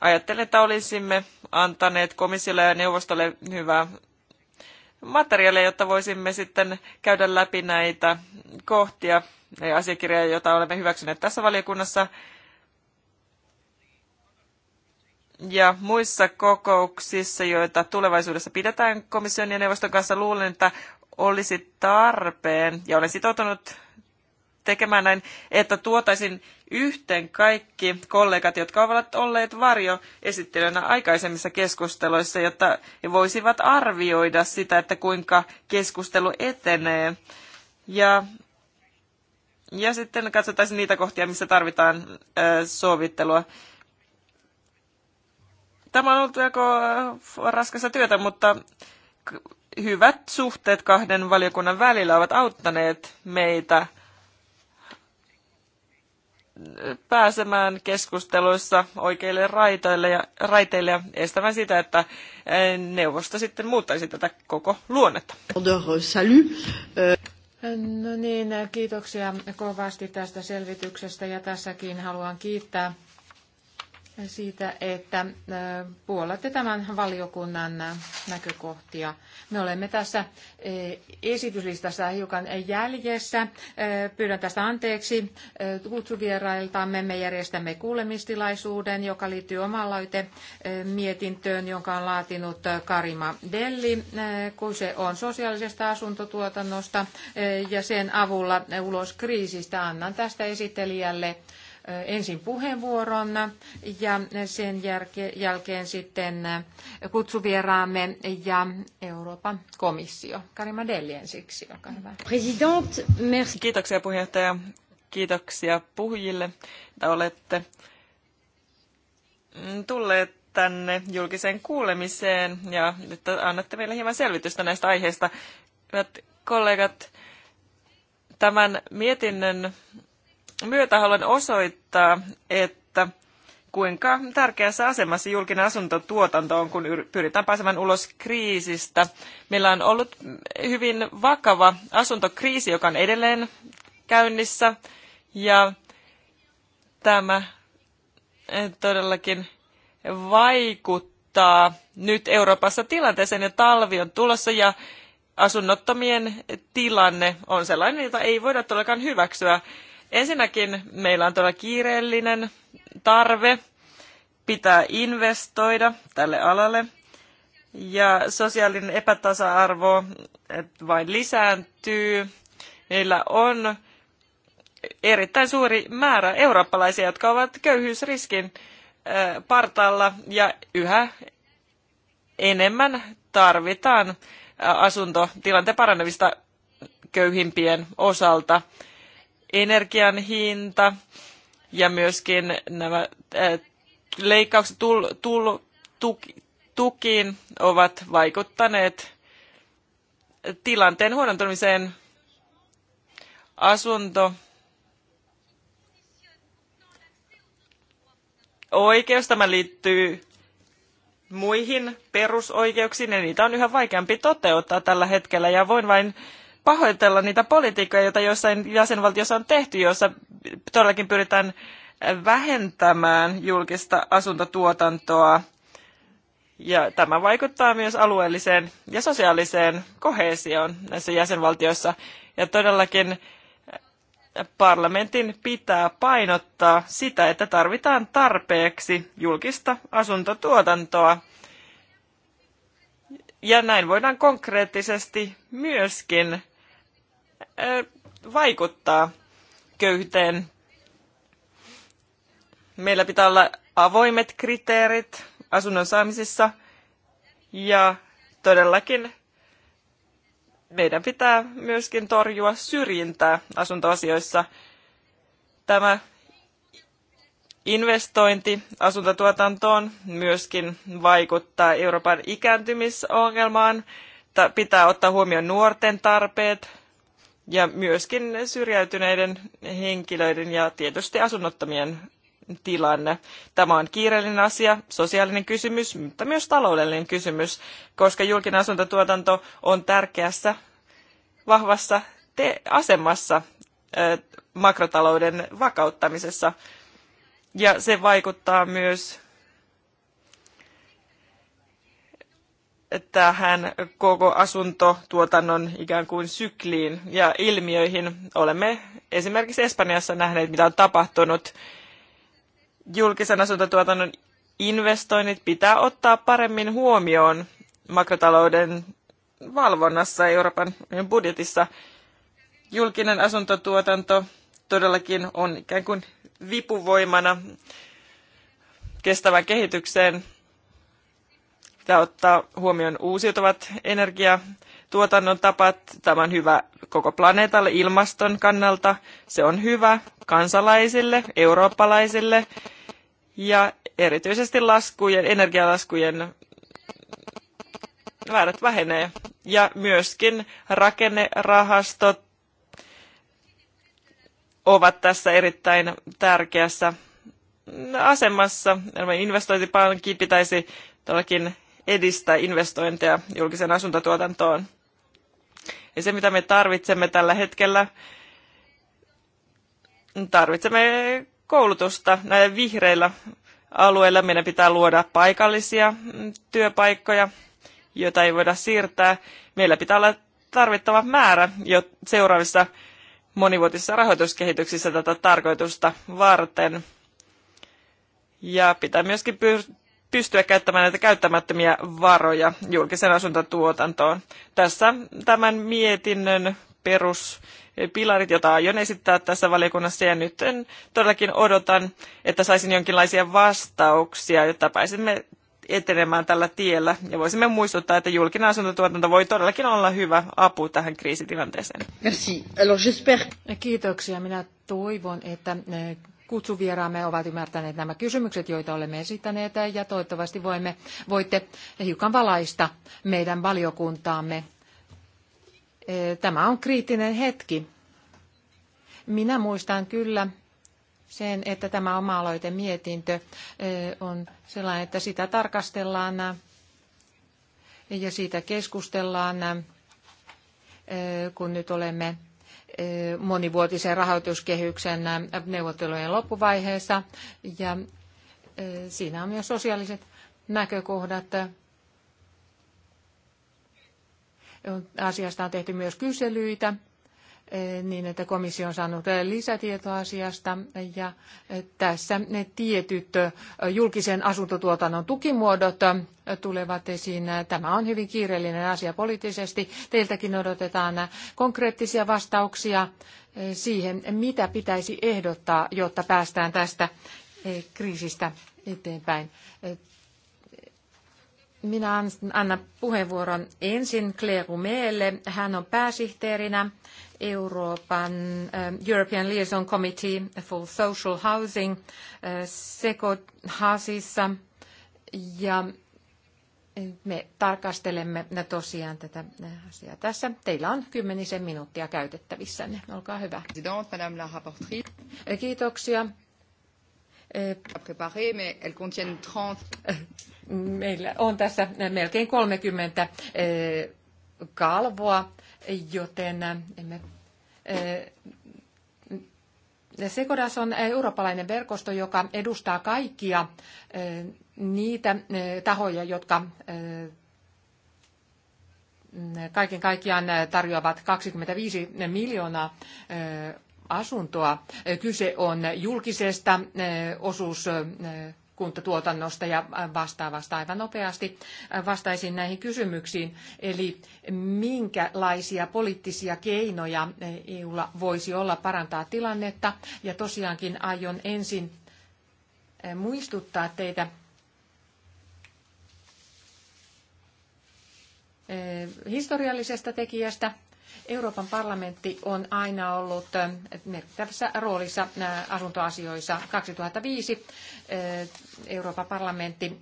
Ajattelen, että olisimme antaneet komissiolle ja neuvostolle hyvää materiaalia, jotta voisimme sitten käydä läpi näitä kohtia ja asiakirjoja, joita olemme hyväksyneet tässä valiokunnassa ja muissa kokouksissa, joita tulevaisuudessa pidetään komission ja neuvoston kanssa, luulen, että olisi tarpeen, ja olen sitoutunut tekemään näin, että tuotaisin yhteen kaikki kollegat, jotka ovat olleet varjoesittelijänä aikaisemmissa keskusteluissa, jotta he voisivat arvioida sitä, että kuinka keskustelu etenee. Ja, ja sitten katsotaan niitä kohtia, missä tarvitaan sovittelua. Tämä on ollut joko äh, raskasta työtä, mutta hyvät suhteet kahden valiokunnan välillä ovat auttaneet meitä pääsemään keskusteluissa oikeille raiteille ja, raiteille ja estämään sitä, että äh, neuvosto sitten muuttaisi tätä koko luonnetta. Äh, no niin, kiitoksia kovasti tästä selvityksestä ja tässäkin haluan kiittää siitä, että äh, puolatte tämän valiokunnan näkökohtia. Me olemme tässä äh, esityslistassa hiukan jäljessä. Äh, pyydän tästä anteeksi kutsuvierailtamme. Me järjestämme kuulemistilaisuuden, joka liittyy omalaite mietintöön, jonka on laatinut Karima Delli, kun se on sosiaalisesta asuntotuotannosta ja sen avulla ulos kriisistä. Annan tästä esittelijälle ensin puheenvuoron ja sen jälkeen sitten kutsuvieraamme ja Euroopan komissio. Karima Delli ensiksi, olkaa hyvä. President, merci. Kiitoksia puheenjohtaja. Kiitoksia puhujille, että olette tulleet tänne julkiseen kuulemiseen ja nyt annatte meille hieman selvitystä näistä aiheista. Hyvät kollegat, tämän mietinnön myötä haluan osoittaa, että kuinka tärkeässä asemassa julkinen asuntotuotanto on, kun pyritään pääsemään ulos kriisistä. Meillä on ollut hyvin vakava asuntokriisi, joka on edelleen käynnissä, ja tämä eh, todellakin vaikuttaa nyt Euroopassa tilanteeseen, ja talvi on tulossa, ja asunnottomien tilanne on sellainen, jota ei voida todellakaan hyväksyä. Ensinnäkin meillä on todella kiireellinen tarve pitää investoida tälle alalle. Ja sosiaalinen epätasa-arvo vain lisääntyy. Meillä on erittäin suuri määrä eurooppalaisia, jotka ovat köyhyysriskin partalla ja yhä enemmän tarvitaan asuntotilanteen parannevista köyhimpien osalta energian hinta ja myöskin nämä äh, leikkaukset tul, tul, tukiin ovat vaikuttaneet tilanteen huonontumiseen asunto oikeus. Tämä liittyy muihin perusoikeuksiin ja niitä on yhä vaikeampi toteuttaa tällä hetkellä ja voin vain pahoitella niitä politiikkoja, joita joissain jäsenvaltiossa on tehty, joissa todellakin pyritään vähentämään julkista asuntotuotantoa. Ja tämä vaikuttaa myös alueelliseen ja sosiaaliseen kohesioon näissä jäsenvaltioissa. Ja todellakin parlamentin pitää painottaa sitä, että tarvitaan tarpeeksi julkista asuntotuotantoa. Ja näin voidaan konkreettisesti myöskin vaikuttaa köyhyyteen. Meillä pitää olla avoimet kriteerit asunnon saamisessa ja todellakin meidän pitää myöskin torjua syrjintää asuntoasioissa. Tämä investointi asuntotuotantoon myöskin vaikuttaa Euroopan ikääntymisongelmaan. Pitää ottaa huomioon nuorten tarpeet, ja myöskin syrjäytyneiden henkilöiden ja tietysti asunnottomien tilanne. Tämä on kiireellinen asia, sosiaalinen kysymys, mutta myös taloudellinen kysymys, koska julkinen asuntotuotanto on tärkeässä vahvassa asemassa makrotalouden vakauttamisessa. Ja se vaikuttaa myös tähän koko asuntotuotannon ikään kuin sykliin ja ilmiöihin. Olemme esimerkiksi Espanjassa nähneet, mitä on tapahtunut. Julkisen asuntotuotannon investoinnit pitää ottaa paremmin huomioon makrotalouden valvonnassa Euroopan budjetissa. Julkinen asuntotuotanto todellakin on ikään kuin vipuvoimana kestävän kehitykseen pitää ottaa huomioon uusiutuvat energiatuotannon tapat. Tämä on hyvä koko planeetalle ilmaston kannalta. Se on hyvä kansalaisille, eurooppalaisille ja erityisesti laskujen, energialaskujen väärät vähenee. Ja myöskin rakennerahastot ovat tässä erittäin tärkeässä asemassa. Investointipankki pitäisi todellakin edistää investointeja julkisen asuntotuotantoon. Ja se, mitä me tarvitsemme tällä hetkellä, tarvitsemme koulutusta näillä vihreillä alueilla. Meidän pitää luoda paikallisia työpaikkoja, joita ei voida siirtää. Meillä pitää olla tarvittava määrä jo seuraavissa monivuotisissa rahoituskehityksissä tätä tarkoitusta varten. Ja pitää myöskin pystyä käyttämään näitä käyttämättömiä varoja julkisen asuntotuotantoon. Tässä tämän mietinnön peruspilarit, joita aion esittää tässä valiokunnassa ja nyt en todellakin odotan, että saisin jonkinlaisia vastauksia, jotta pääsimme etenemään tällä tiellä ja voisimme muistuttaa, että julkinen asuntotuotanto voi todellakin olla hyvä apu tähän kriisitilanteeseen. Merci. Alors, Kiitoksia. Minä toivon, että kutsuvieraamme ovat ymmärtäneet nämä kysymykset, joita olemme esittäneet, ja toivottavasti voimme, voitte hiukan valaista meidän valiokuntaamme. E, tämä on kriittinen hetki. Minä muistan kyllä sen, että tämä oma-aloitemietintö e, on sellainen, että sitä tarkastellaan ja siitä keskustellaan, e, kun nyt olemme Eh, monivuotisen rahoituskehyksen eh, neuvottelujen loppuvaiheessa. Ja eh, siinä on myös sosiaaliset näkökohdat. Asiasta on tehty myös kyselyitä Eh, niin, että komissio on saanut eh, lisätietoa asiasta ja eh, tässä ne tietyt julkisen asuntotuotannon tukimuodot tulevat esiin. Tämä on hyvin kiireellinen asia poliittisesti. Teiltäkin odotetaan konkreettisia vastauksia siihen, mitä pitäisi ehdottaa, jotta päästään tästä kriisistä eteenpäin. Minä annan puheenvuoron ensin Claire Rumeelle. Hän on pääsihteerinä Euroopan ähm, European Liaison Committee for Social Housing äh, Sekohasissa. Ja me tarkastelemme tosiaan tätä äh, asiaa tässä. Teillä on kymmenisen minuuttia käytettävissänne. Olkaa hyvä. Kiitoksia Euh, euh, Meillä on tässä melkein 30 euh, kalvoa, joten äh, emme äh, Sekodas on äh, eurooppalainen verkosto, joka edustaa kaikkia niitä tahoja, jotka kaiken kaikkiaan tarjoavat 25 miljoonaa asuntoa. Kyse on julkisesta osuus kuntatuotannosta ja vastaavasta aivan nopeasti vastaisin näihin kysymyksiin. Eli minkälaisia poliittisia keinoja EUlla voisi olla parantaa tilannetta. Ja tosiaankin aion ensin muistuttaa teitä historiallisesta tekijästä, Euroopan parlamentti on aina ollut äh, merkittävässä roolissa äh, asuntoasioissa. 2005 äh, Euroopan parlamentti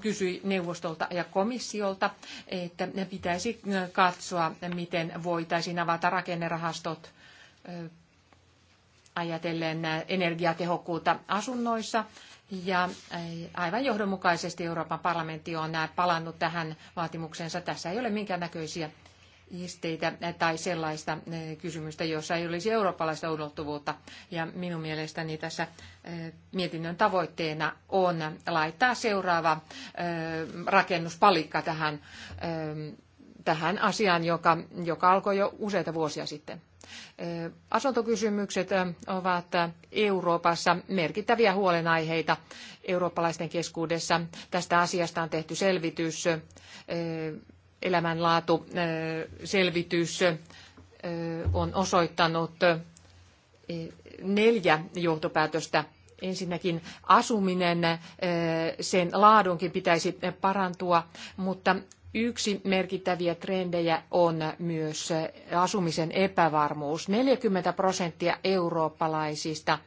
kysyi neuvostolta ja komissiolta, että pitäisi katsoa, miten voitaisiin avata rakennerahastot ajatellen energiatehokkuutta asunnoissa. Ja aivan johdonmukaisesti Euroopan parlamentti on palannut tähän vaatimukseensa. Tässä ei ole minkäännäköisiä esteitä tai sellaista eh, kysymystä, jossa ei olisi eurooppalaista ulottuvuutta. Ja minun mielestäni tässä eh, mietinnön tavoitteena on laittaa seuraava eh, rakennuspalikka tähän, tähän asiaan, joka, joka alkoi jo useita vuosia sitten. Asuntokysymykset ovat Euroopassa merkittäviä huolenaiheita eurooppalaisten keskuudessa. Tästä asiasta on tehty selvitys Elämänlaatu selvitys on osoittanut neljä johtopäätöstä. Ensinnäkin asuminen, sen laadunkin pitäisi parantua, mutta yksi merkittäviä trendejä on myös asumisen epävarmuus. 40 prosenttia eurooppalaisista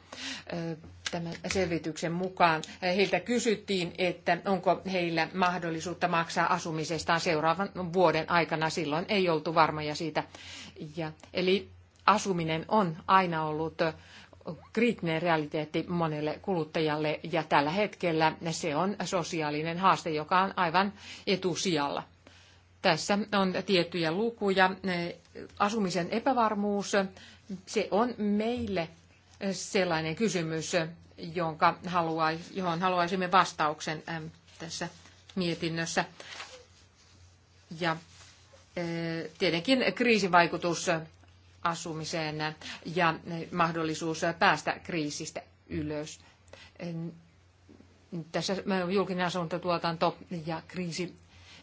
tämän selvityksen mukaan heiltä kysyttiin, että onko heillä mahdollisuutta maksaa asumisestaan seuraavan vuoden aikana. Silloin ei oltu varmoja siitä. Ja, eli asuminen on aina ollut kriittinen realiteetti monelle kuluttajalle ja tällä hetkellä se on sosiaalinen haaste, joka on aivan etusijalla. Tässä on tiettyjä lukuja. Asumisen epävarmuus, se on meille sellainen kysymys, jonka haluaa, johon haluaisimme vastauksen tässä mietinnössä. Ja tietenkin kriisin vaikutus asumiseen ja mahdollisuus päästä kriisistä ylös. Tässä julkinen asuntotuotanto ja kriisi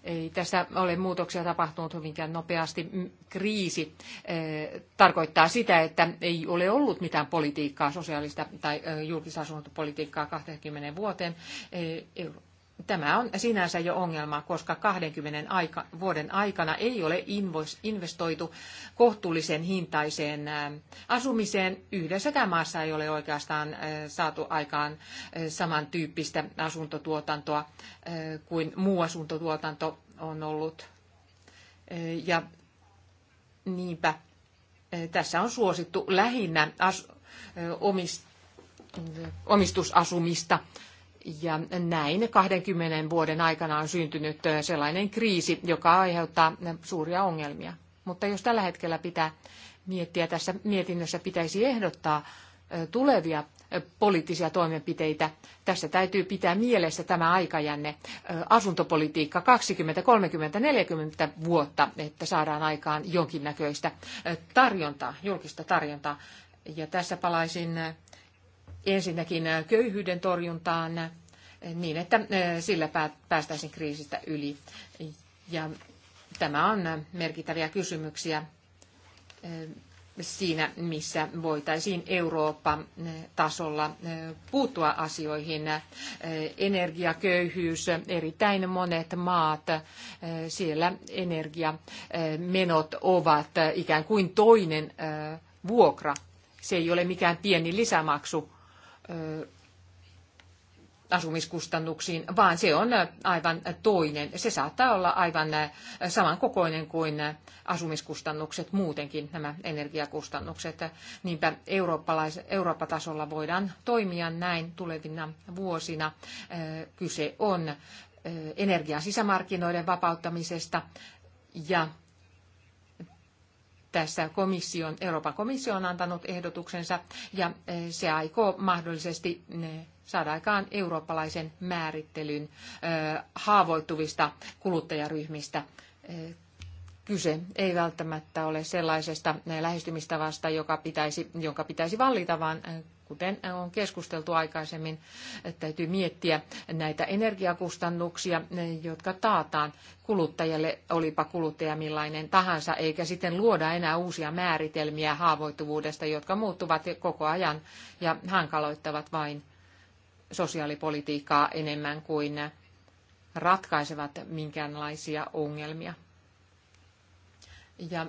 ei tässä ole muutoksia tapahtunut hyvinkään nopeasti. Kriisi eh, tarkoittaa sitä, että ei ole ollut mitään politiikkaa, sosiaalista tai eh, julkisasuntopolitiikkaa 20 vuoteen. Eh, Eurooppa Tämä on sinänsä jo ongelma, koska 20 aika, vuoden aikana ei ole investoitu kohtuullisen hintaiseen asumiseen. Yhdessäkään maassa ei ole oikeastaan saatu aikaan samantyyppistä asuntotuotantoa kuin muu asuntotuotanto on ollut. Ja niinpä tässä on suosittu lähinnä as, omistusasumista ja näin 20 vuoden aikana on syntynyt sellainen kriisi, joka aiheuttaa suuria ongelmia. Mutta jos tällä hetkellä pitää miettiä, tässä mietinnössä pitäisi ehdottaa tulevia poliittisia toimenpiteitä. Tässä täytyy pitää mielessä tämä aikajänne asuntopolitiikka 20, 30, 40 vuotta, että saadaan aikaan jonkinnäköistä tarjontaa, julkista tarjontaa. Ja tässä palaisin ensinnäkin äh, köyhyyden torjuntaan äh, niin, että äh, sillä päästäisiin kriisistä yli. Ja tämä on merkittäviä kysymyksiä siinä, missä voitaisiin Euroopan tasolla puuttua asioihin. Energiaköyhyys, erittäin monet maat, siellä energiamenot ovat ikään kuin toinen vuokra. Se ei ole mikään pieni lisämaksu, asumiskustannuksiin, vaan se on aivan toinen. Se saattaa olla aivan samankokoinen kuin asumiskustannukset muutenkin, nämä energiakustannukset. Niinpä Eurooppa-tasolla voidaan toimia näin tulevina vuosina. Kyse on energian sisämarkkinoiden vapauttamisesta ja tässä komission, Euroopan komissio on antanut ehdotuksensa ja eh, se aikoo mahdollisesti saada aikaan eurooppalaisen määrittelyn eh, haavoittuvista kuluttajaryhmistä. Eh, kyse ei välttämättä ole sellaisesta lähestymistavasta, joka pitäisi, jonka pitäisi vallita, vaan kuten on keskusteltu aikaisemmin, täytyy miettiä näitä energiakustannuksia, jotka taataan kuluttajalle, olipa kuluttaja millainen tahansa, eikä sitten luoda enää uusia määritelmiä haavoittuvuudesta, jotka muuttuvat koko ajan ja hankaloittavat vain sosiaalipolitiikkaa enemmän kuin ratkaisevat minkäänlaisia ongelmia. Ja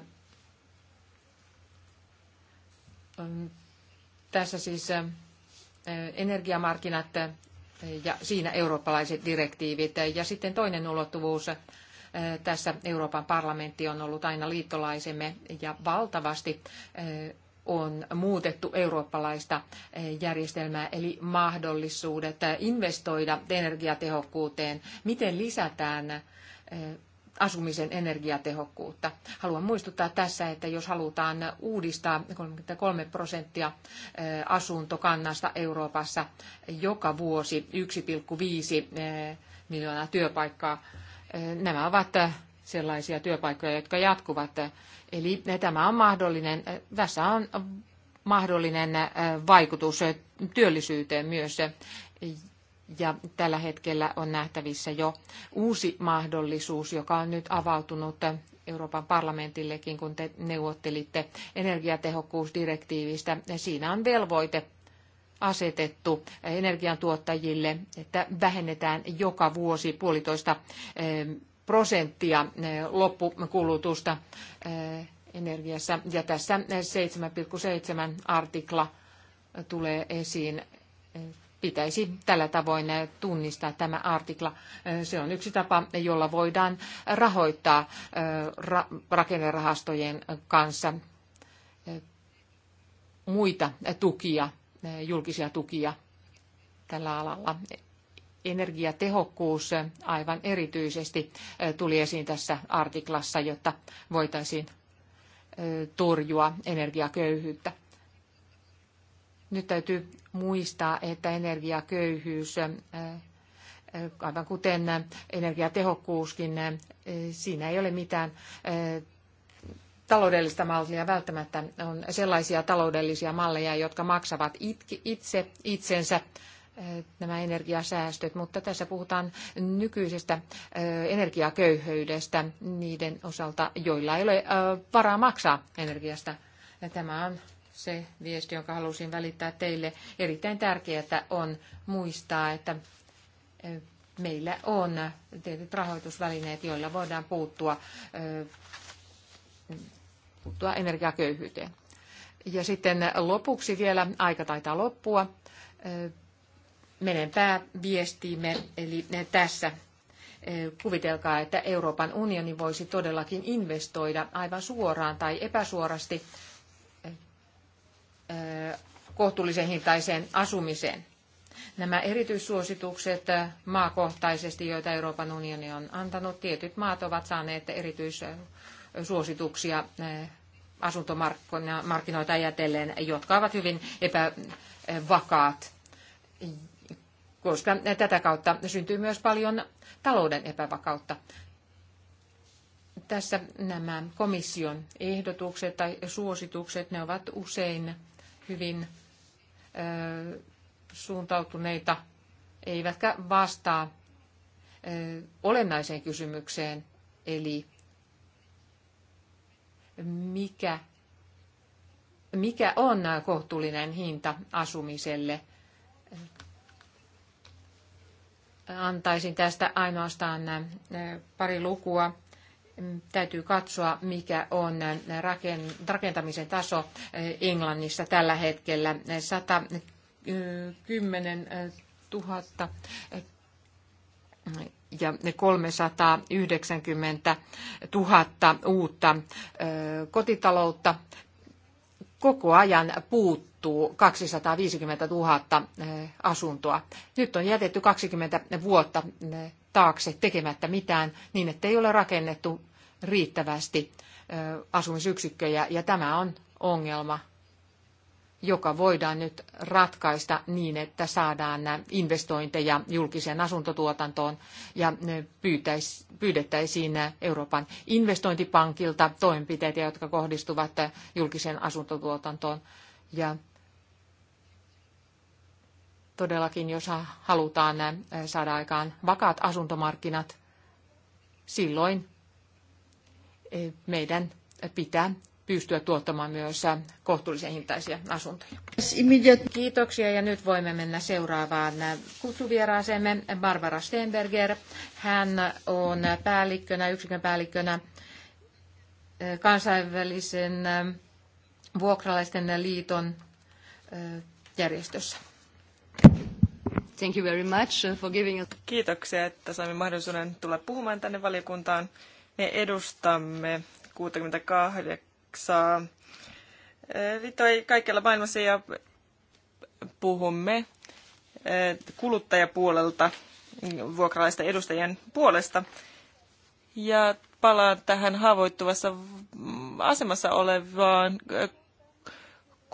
tässä siis energiamarkkinat ja siinä eurooppalaiset direktiivit. Ja sitten toinen ulottuvuus, tässä Euroopan parlamentti on ollut aina liittolaisemme ja valtavasti on muutettu eurooppalaista järjestelmää, eli mahdollisuudet investoida energiatehokkuuteen, miten lisätään asumisen energiatehokkuutta. Haluan muistuttaa tässä, että jos halutaan uudistaa 33 prosenttia eh, asuntokannasta Euroopassa joka vuosi 1,5 eh, miljoonaa työpaikkaa, eh, nämä ovat sellaisia työpaikkoja, jotka jatkuvat. Eli tämä on mahdollinen, tässä on mahdollinen vaikutus työllisyyteen myös ja tällä hetkellä on nähtävissä jo uusi mahdollisuus, joka on nyt avautunut Euroopan parlamentillekin, kun te neuvottelitte energiatehokkuusdirektiivistä. Siinä on velvoite asetettu energiantuottajille, että vähennetään joka vuosi puolitoista eh, prosenttia eh, loppukulutusta eh, energiassa. Ja tässä 7,7 artikla tulee esiin pitäisi tällä tavoin tunnistaa tämä artikla. Se on yksi tapa, jolla voidaan rahoittaa rakennerahastojen kanssa muita tukia, julkisia tukia tällä alalla. Energiatehokkuus aivan erityisesti tuli esiin tässä artiklassa, jotta voitaisiin torjua energiaköyhyyttä. Nyt täytyy muistaa, että energiaköyhyys, äh, äh, aivan kuten energiatehokkuuskin, äh, siinä ei ole mitään taloudellista mallia välttämättä on sellaisia taloudellisia malleja, jotka maksavat itse itsensä nämä energiasäästöt, mutta tässä puhutaan nykyisestä energiaköyhyydestä niiden osalta, joilla ei ole varaa maksaa energiasta. Ja tämä on se viesti, jonka halusin välittää teille. Erittäin tärkeää on muistaa, että meillä on tietyt rahoitusvälineet, joilla voidaan puuttua, puuttua energiaköyhyyteen. Ja sitten lopuksi vielä, aika taitaa loppua, menen pääviestiimme, eli tässä kuvitelkaa, että Euroopan unioni voisi todellakin investoida aivan suoraan tai epäsuorasti kohtuullisen hintaiseen asumiseen. Nämä erityissuositukset maakohtaisesti, joita Euroopan unioni on antanut, tietyt maat ovat saaneet erityissuosituksia asuntomarkkinoita ajatellen, jotka ovat hyvin epävakaat, koska tätä kautta syntyy myös paljon talouden epävakautta. Tässä nämä komission ehdotukset tai suositukset, ne ovat usein hyvin suuntautuneita, eivätkä vastaa olennaiseen kysymykseen, eli mikä, mikä on kohtuullinen hinta asumiselle. Antaisin tästä ainoastaan pari lukua täytyy katsoa, mikä on rakentamisen taso eh, Englannissa tällä hetkellä. 110 000 eh, ja 390 000 uutta eh, kotitaloutta. Koko ajan puuttuu 250 000 asuntoa. Nyt on jätetty 20 vuotta taakse tekemättä mitään niin, että ei ole rakennettu riittävästi asumisyksikköjä ja tämä on ongelma joka voidaan nyt ratkaista niin, että saadaan investointeja julkiseen asuntotuotantoon ja pyydettäisiin Euroopan investointipankilta toimenpiteitä, jotka kohdistuvat julkiseen asuntotuotantoon. Ja Todellakin, jos halutaan eh, saada aikaan vakaat asuntomarkkinat, silloin eh, meidän pitää pystyä tuottamaan myös eh, kohtuullisen hintaisia asuntoja. Kiitoksia ja nyt voimme mennä seuraavaan kutsuvieraaseemme Barbara Steinberger, Hän on päällikkönä, yksikön päällikkönä kansainvälisen vuokralaisten liiton järjestössä. Thank you very much for giving us... Kiitoksia, että saimme mahdollisuuden tulla puhumaan tänne valiokuntaan. Me edustamme 68 liittoi kaikkialla maailmassa ja puhumme kuluttajapuolelta vuokralaisten edustajien puolesta. Ja palaan tähän haavoittuvassa mm, asemassa olevaan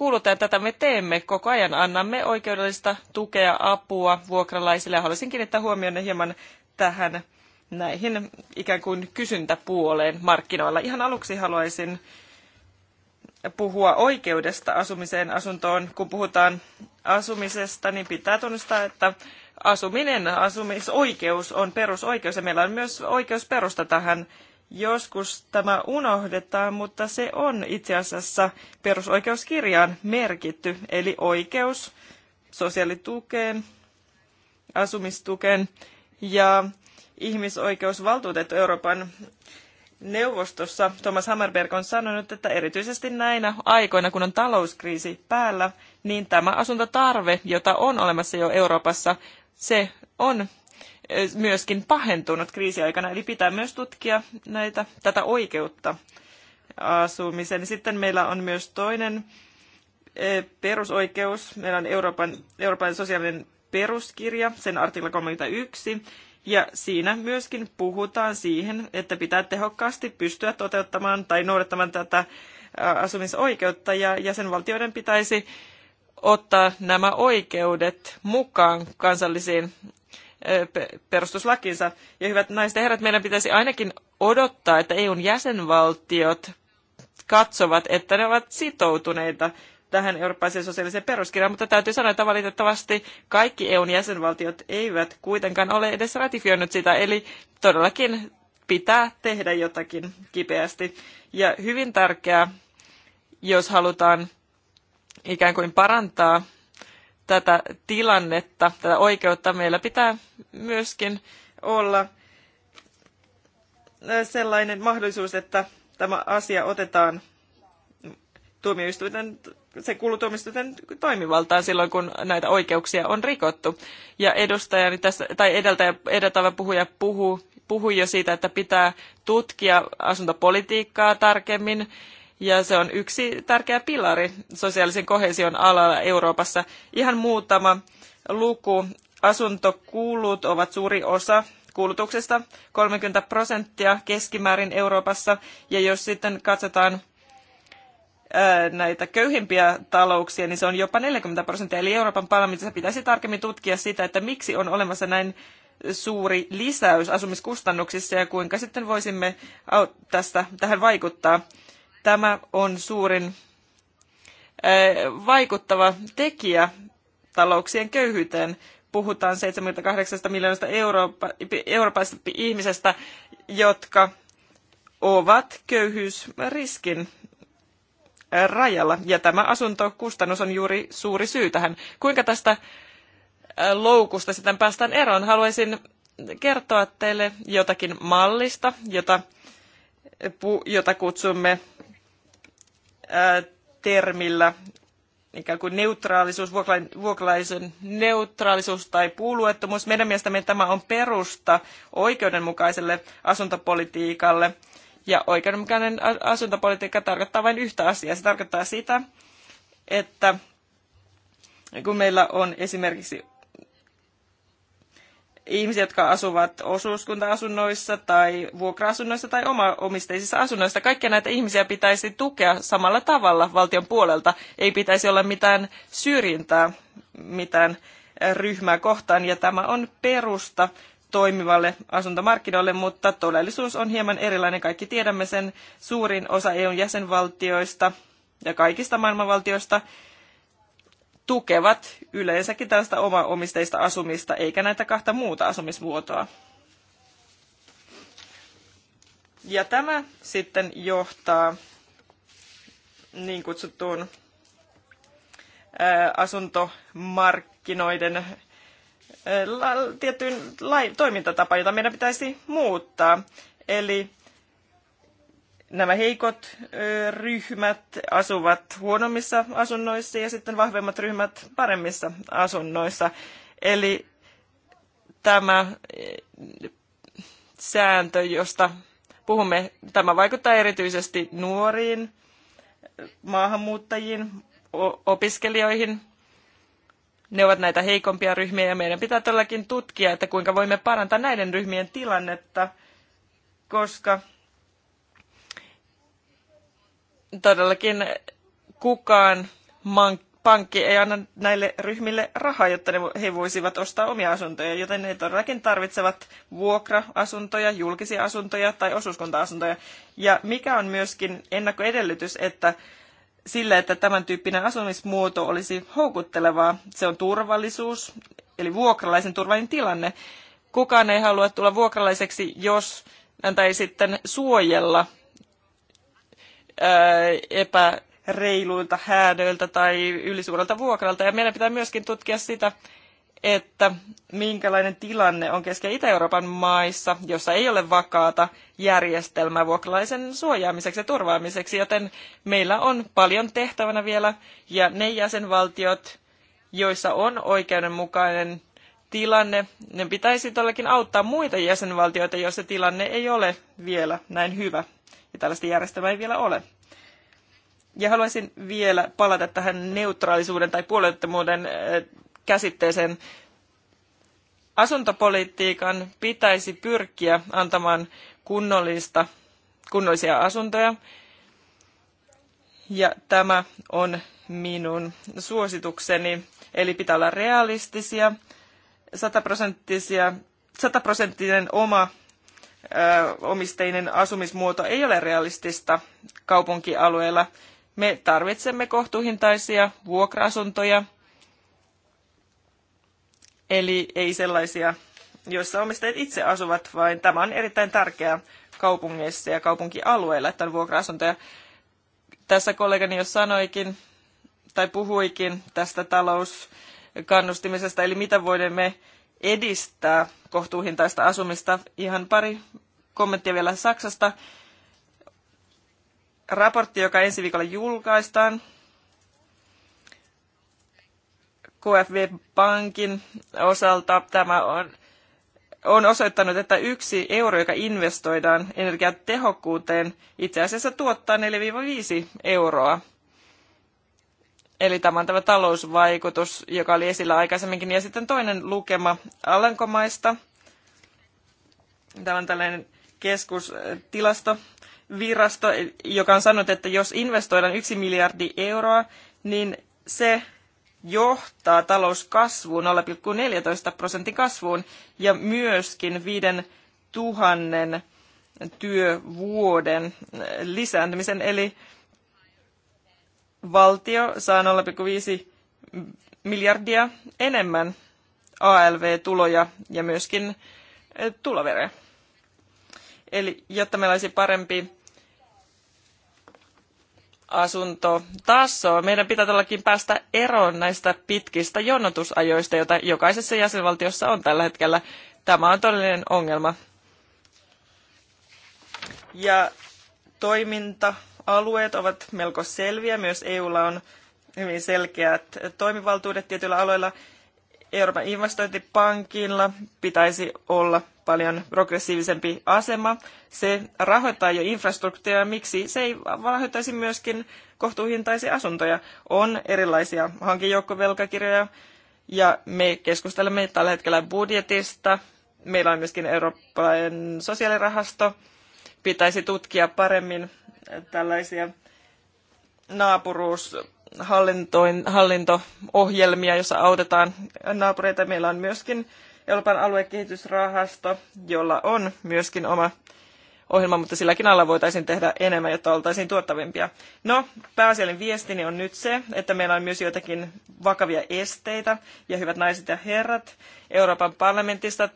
kuulutaan tätä me teemme koko ajan. Annamme oikeudellista tukea, apua vuokralaisille ja haluaisin kiinnittää huomioon hieman tähän näihin ikään kuin kysyntäpuoleen markkinoilla. Ihan aluksi haluaisin puhua oikeudesta asumiseen asuntoon. Kun puhutaan asumisesta, niin pitää tunnistaa, että asuminen, asumisoikeus on perusoikeus ja meillä on myös oikeus perusta tähän Joskus tämä unohdetaan, mutta se on itse asiassa perusoikeuskirjaan merkitty, eli oikeus sosiaalitukeen, asumistukeen ja ihmisoikeusvaltuutettu Euroopan neuvostossa Thomas Hammerberg on sanonut, että erityisesti näinä aikoina, kun on talouskriisi päällä, niin tämä asuntotarve, jota on olemassa jo Euroopassa, se on myöskin pahentunut kriisiaikana, eli pitää myös tutkia näitä, tätä oikeutta asumiseen. Sitten meillä on myös toinen e, perusoikeus. Meillä on Euroopan, Euroopan sosiaalinen peruskirja, sen artikla 31, ja siinä myöskin puhutaan siihen, että pitää tehokkaasti pystyä toteuttamaan tai noudattamaan tätä asumisoikeutta, ja jäsenvaltioiden pitäisi ottaa nämä oikeudet mukaan kansallisiin perustuslakinsa. Ja hyvät naiset ja herrat, meidän pitäisi ainakin odottaa, että EUn jäsenvaltiot katsovat, että ne ovat sitoutuneita tähän eurooppalaisen sosiaaliseen peruskirjaan, mutta täytyy sanoa, että valitettavasti kaikki EUn jäsenvaltiot eivät kuitenkaan ole edes ratifioinut sitä, eli todellakin pitää tehdä jotakin kipeästi. Ja hyvin tärkeää, jos halutaan ikään kuin parantaa tätä tilannetta, tätä oikeutta. Meillä pitää myöskin olla sellainen mahdollisuus, että tämä asia otetaan tuomioistuinten, se kuuluu tuomioistuinten toimivaltaan silloin, kun näitä oikeuksia on rikottu. Ja edustajani tässä, tai edeltäjä, edeltävä puhuja puhuu, puhui jo siitä, että pitää tutkia asuntopolitiikkaa tarkemmin ja se on yksi tärkeä pilari sosiaalisen kohesion alalla Euroopassa. Ihan muutama luku. Asuntokulut ovat suuri osa kulutuksesta, 30 prosenttia keskimäärin Euroopassa. Ja jos sitten katsotaan näitä köyhimpiä talouksia, niin se on jopa 40 prosenttia. Eli Euroopan parlamentissa pitäisi tarkemmin tutkia sitä, että miksi on olemassa näin suuri lisäys asumiskustannuksissa ja kuinka sitten voisimme tästä, tähän vaikuttaa. Tämä on suurin eh, vaikuttava tekijä talouksien köyhyyteen. Puhutaan 78 miljoonasta Eurooppa, Euroopasta ihmisestä, jotka ovat köyhyysriskin eh, rajalla. Ja tämä asuntokustannus on juuri suuri syy tähän. Kuinka tästä eh, loukusta sitten päästään eroon? Haluaisin kertoa teille jotakin mallista, jota, jota kutsumme termillä, ikään kuin neutraalisuus, vuokralaisen neutraalisuus tai puolueettomuus. Meidän mielestämme tämä on perusta oikeudenmukaiselle asuntopolitiikalle. Ja oikeudenmukainen asuntopolitiikka tarkoittaa vain yhtä asiaa. Se tarkoittaa sitä, että kun meillä on esimerkiksi ihmisiä, jotka asuvat osuuskunta-asunnoissa tai vuokra-asunnoissa tai oma-omisteisissa asunnoissa. Kaikkia näitä ihmisiä pitäisi tukea samalla tavalla valtion puolelta. Ei pitäisi olla mitään syrjintää, mitään ryhmää kohtaan, ja tämä on perusta toimivalle asuntomarkkinoille, mutta todellisuus on hieman erilainen. Kaikki tiedämme sen. Suurin osa eu jäsenvaltioista ja kaikista maailmanvaltioista tukevat yleensäkin tällaista omaomisteista asumista, eikä näitä kahta muuta asumismuotoa. Ja tämä sitten johtaa niin kutsuttuun asuntomarkkinoiden tiettyyn toimintatapaan, jota meidän pitäisi muuttaa. Eli nämä heikot ryhmät asuvat huonommissa asunnoissa ja sitten vahvemmat ryhmät paremmissa asunnoissa. Eli tämä sääntö, josta puhumme, tämä vaikuttaa erityisesti nuoriin, maahanmuuttajiin, opiskelijoihin. Ne ovat näitä heikompia ryhmiä ja meidän pitää todellakin tutkia, että kuinka voimme parantaa näiden ryhmien tilannetta, koska todellakin kukaan pankki ei anna näille ryhmille rahaa, jotta ne, he voisivat ostaa omia asuntoja, joten ne todellakin tarvitsevat vuokra-asuntoja, julkisia asuntoja tai osuuskunta-asuntoja. Ja mikä on myöskin ennakkoedellytys, että sillä, että tämän tyyppinen asumismuoto olisi houkuttelevaa, se on turvallisuus, eli vuokralaisen turvallinen tilanne. Kukaan ei halua tulla vuokralaiseksi, jos häntä ei sitten suojella epäreiluilta häädöiltä tai ylisuurelta vuokralta. Ja meidän pitää myöskin tutkia sitä, että minkälainen tilanne on kesken Itä-Euroopan maissa, jossa ei ole vakaata järjestelmää vuokralaisen suojaamiseksi ja turvaamiseksi, joten meillä on paljon tehtävänä vielä, ja ne jäsenvaltiot, joissa on oikeudenmukainen tilanne, ne pitäisi todellakin auttaa muita jäsenvaltioita, joissa tilanne ei ole vielä näin hyvä ja tällaista järjestelmää ei vielä ole. Ja haluaisin vielä palata tähän neutraalisuuden tai puolueettomuuden äh, käsitteeseen. Asuntopolitiikan pitäisi pyrkiä antamaan kunnollista, kunnollisia asuntoja. Ja tämä on minun suositukseni. Eli pitää olla realistisia, sataprosenttinen oma omisteinen asumismuoto ei ole realistista kaupunkialueella. Me tarvitsemme kohtuuhintaisia vuokra-asuntoja, eli ei sellaisia, joissa omistajat itse asuvat, vaan tämä on erittäin tärkeää kaupungeissa ja kaupunkialueilla, että on vuokra-asuntoja. Tässä kollegani jo sanoikin tai puhuikin tästä talouskannustimisesta, eli mitä voimme edistää kohtuuhintaista asumista. Ihan pari kommenttia vielä Saksasta. Raportti, joka ensi viikolla julkaistaan, KFV-pankin osalta tämä on, on osoittanut, että yksi euro, joka investoidaan energiatehokkuuteen, itse asiassa tuottaa 4-5 euroa Eli tämä on tämä talousvaikutus, joka oli esillä aikaisemminkin. Ja sitten toinen lukema Alankomaista. Tämä on tällainen keskustilasto, virasto, joka on sanonut, että jos investoidaan yksi miljardi euroa, niin se johtaa talouskasvuun 0,14 prosentin kasvuun ja myöskin 5000 työvuoden lisääntymisen. Eli valtio saa 0,5 miljardia enemmän ALV-tuloja ja myöskin eh, tuloveroja. Eli jotta meillä olisi parempi asuntotaso, Meidän pitää todellakin päästä eroon näistä pitkistä jonotusajoista, joita jokaisessa jäsenvaltiossa on tällä hetkellä. Tämä on todellinen ongelma. Ja toiminta alueet ovat melko selviä. Myös EUlla on hyvin selkeät toimivaltuudet tietyillä aloilla. Euroopan investointipankilla pitäisi olla paljon progressiivisempi asema. Se rahoittaa jo infrastruktuuria, miksi se ei rahoittaisi myöskin kohtuuhintaisia asuntoja. On erilaisia hankejoukkovelkakirjoja ja me keskustelemme tällä hetkellä budjetista. Meillä on myöskin Euroopan sosiaalirahasto. Pitäisi tutkia paremmin tällaisia naapuruushallinto-ohjelmia, jossa autetaan naapureita. Meillä on myöskin Euroopan aluekehitysrahasto, jolla on myöskin oma ohjelma, mutta silläkin alla voitaisiin tehdä enemmän, jotta oltaisiin tuottavimpia. No, pääasiallinen viestini on nyt se, että meillä on myös joitakin vakavia esteitä. Ja hyvät naiset ja herrat, Euroopan parlamentista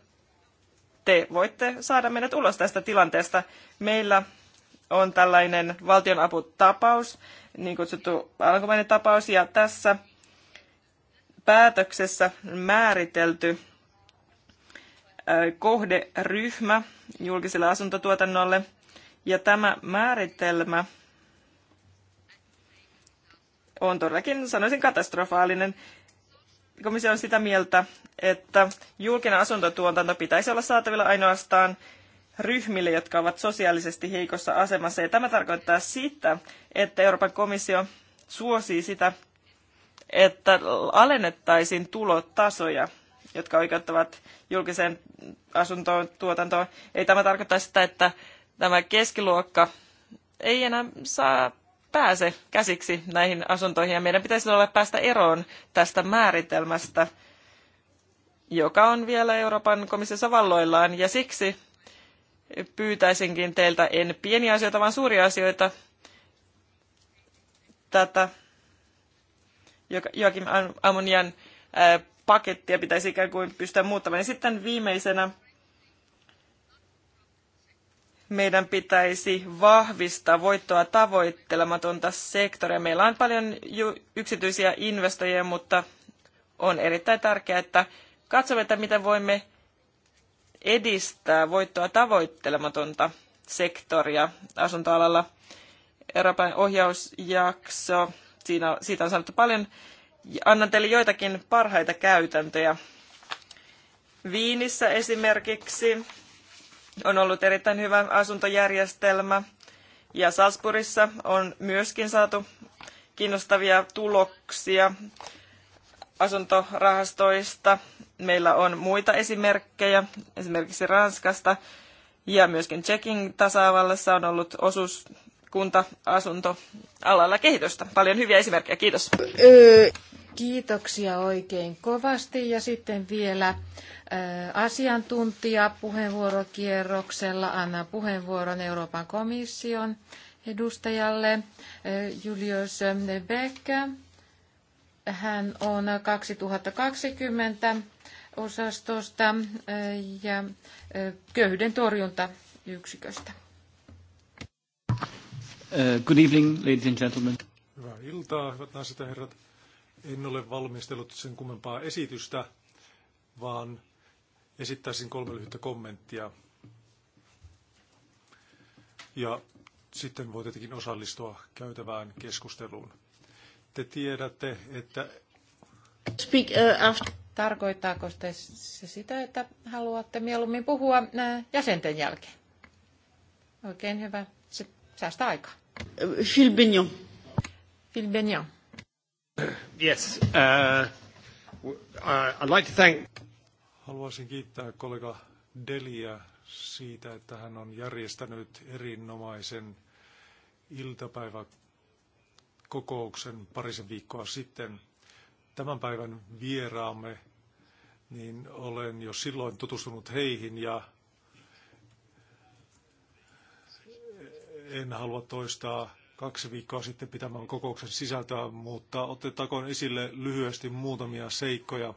te voitte saada meidät ulos tästä tilanteesta. Meillä on tällainen valtionaputapaus, niin kutsuttu alkuperäinen tapaus, ja tässä päätöksessä määritelty kohderyhmä julkiselle asuntotuotannolle, ja tämä määritelmä on todellakin, sanoisin, katastrofaalinen. Komissio on sitä mieltä, että julkinen asuntotuotanto pitäisi olla saatavilla ainoastaan ryhmille, jotka ovat sosiaalisesti heikossa asemassa. Ja tämä tarkoittaa sitä, että Euroopan komissio suosii sitä, että alennettaisiin tulotasoja, jotka oikeuttavat julkiseen asuntoon, tuotantoon. Ei tämä tarkoittaa sitä, että tämä keskiluokka ei enää saa pääse käsiksi näihin asuntoihin ja meidän pitäisi olla päästä eroon tästä määritelmästä, joka on vielä Euroopan komissiossa valloillaan ja siksi pyytäisinkin teiltä en pieniä asioita, vaan suuria asioita. Tätä Joakim Ammonian pakettia pitäisi ikään kuin pystyä muuttamaan. Ja sitten viimeisenä meidän pitäisi vahvistaa voittoa tavoittelematonta sektoria. Meillä on paljon yksityisiä investoijia, mutta on erittäin tärkeää, että katsomme, että miten voimme edistää voittoa tavoittelematonta sektoria asuntoalalla. Euroopan ohjausjakso, siinä, siitä on sanottu paljon. Annan teille joitakin parhaita käytäntöjä. Viinissä esimerkiksi on ollut erittäin hyvä asuntojärjestelmä ja Salzburgissa on myöskin saatu kiinnostavia tuloksia asuntorahastoista. Meillä on muita esimerkkejä, esimerkiksi Ranskasta ja myöskin Tsekin tasavallassa on ollut osuuskunta asuntoalalla kehitystä. Paljon hyviä esimerkkejä, kiitos. Kiitoksia oikein kovasti ja sitten vielä asiantuntija puheenvuorokierroksella annan puheenvuoron Euroopan komission edustajalle Julius Becker. Hän on 2020 osastosta eh, ja eh, köyhyyden torjuntayksiköstä. Eh, good evening, ladies and gentlemen. Hyvää iltaa, hyvät naiset ja herrat. En ole valmistellut sen kummempaa esitystä, vaan esittäisin kolme lyhyttä kommenttia. Ja sitten voi tietenkin osallistua käytävään keskusteluun te tiedätte, että... Speak, uh, after. Tarkoittaako se sitä, että haluatte mieluummin puhua uh, jäsenten jälkeen? Oikein hyvä. Se säästää aikaa. Uh, Phil Benyon. Phil Benyon. Yes. Uh, uh, I'd like to thank... Haluaisin kiittää kollega Delia siitä, että hän on järjestänyt erinomaisen iltapäivän kokouksen parisen viikkoa sitten. Tämän päivän vieraamme, niin olen jo silloin tutustunut heihin ja en halua toistaa kaksi viikkoa sitten pitämään kokouksen sisältöä, mutta otettakoon esille lyhyesti muutamia seikkoja,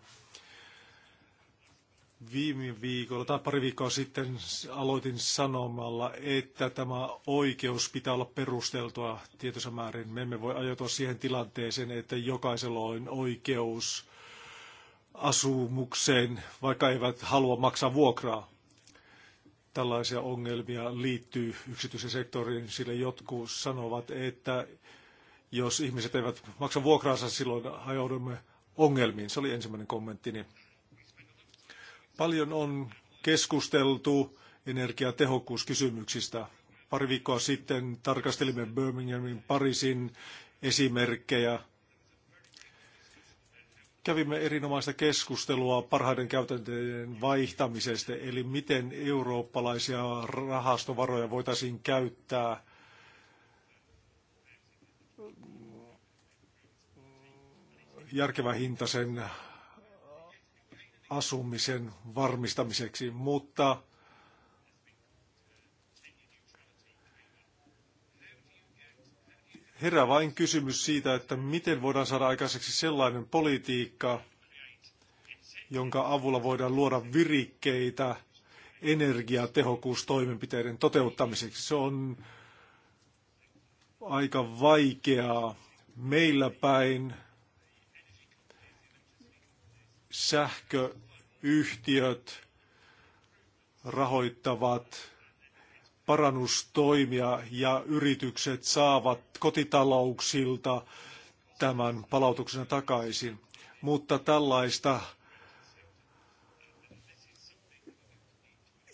Viime viikolla tai pari viikkoa sitten aloitin sanomalla, että tämä oikeus pitää olla perusteltua tietyssä määrin. Me emme voi ajoitua siihen tilanteeseen, että jokaisella on oikeus asumukseen, vaikka eivät halua maksaa vuokraa. Tällaisia ongelmia liittyy yksityisen sektoriin, sillä jotkut sanovat, että jos ihmiset eivät maksa vuokraansa, silloin hajoudumme ongelmiin. Se oli ensimmäinen kommenttini. Niin Paljon on keskusteltu energiatehokkuuskysymyksistä. Pari viikkoa sitten tarkastelimme Birminghamin, Pariisin esimerkkejä. Kävimme erinomaista keskustelua parhaiden käytäntöjen vaihtamisesta, eli miten eurooppalaisia rahastovaroja voitaisiin käyttää järkevähintaisen asumisen varmistamiseksi, mutta herää vain kysymys siitä, että miten voidaan saada aikaiseksi sellainen politiikka, jonka avulla voidaan luoda virikkeitä energiatehokkuustoimenpiteiden toteuttamiseksi. Se on aika vaikeaa meillä päin sähköyhtiöt rahoittavat parannustoimia ja yritykset saavat kotitalouksilta tämän palautuksena takaisin. Mutta tällaista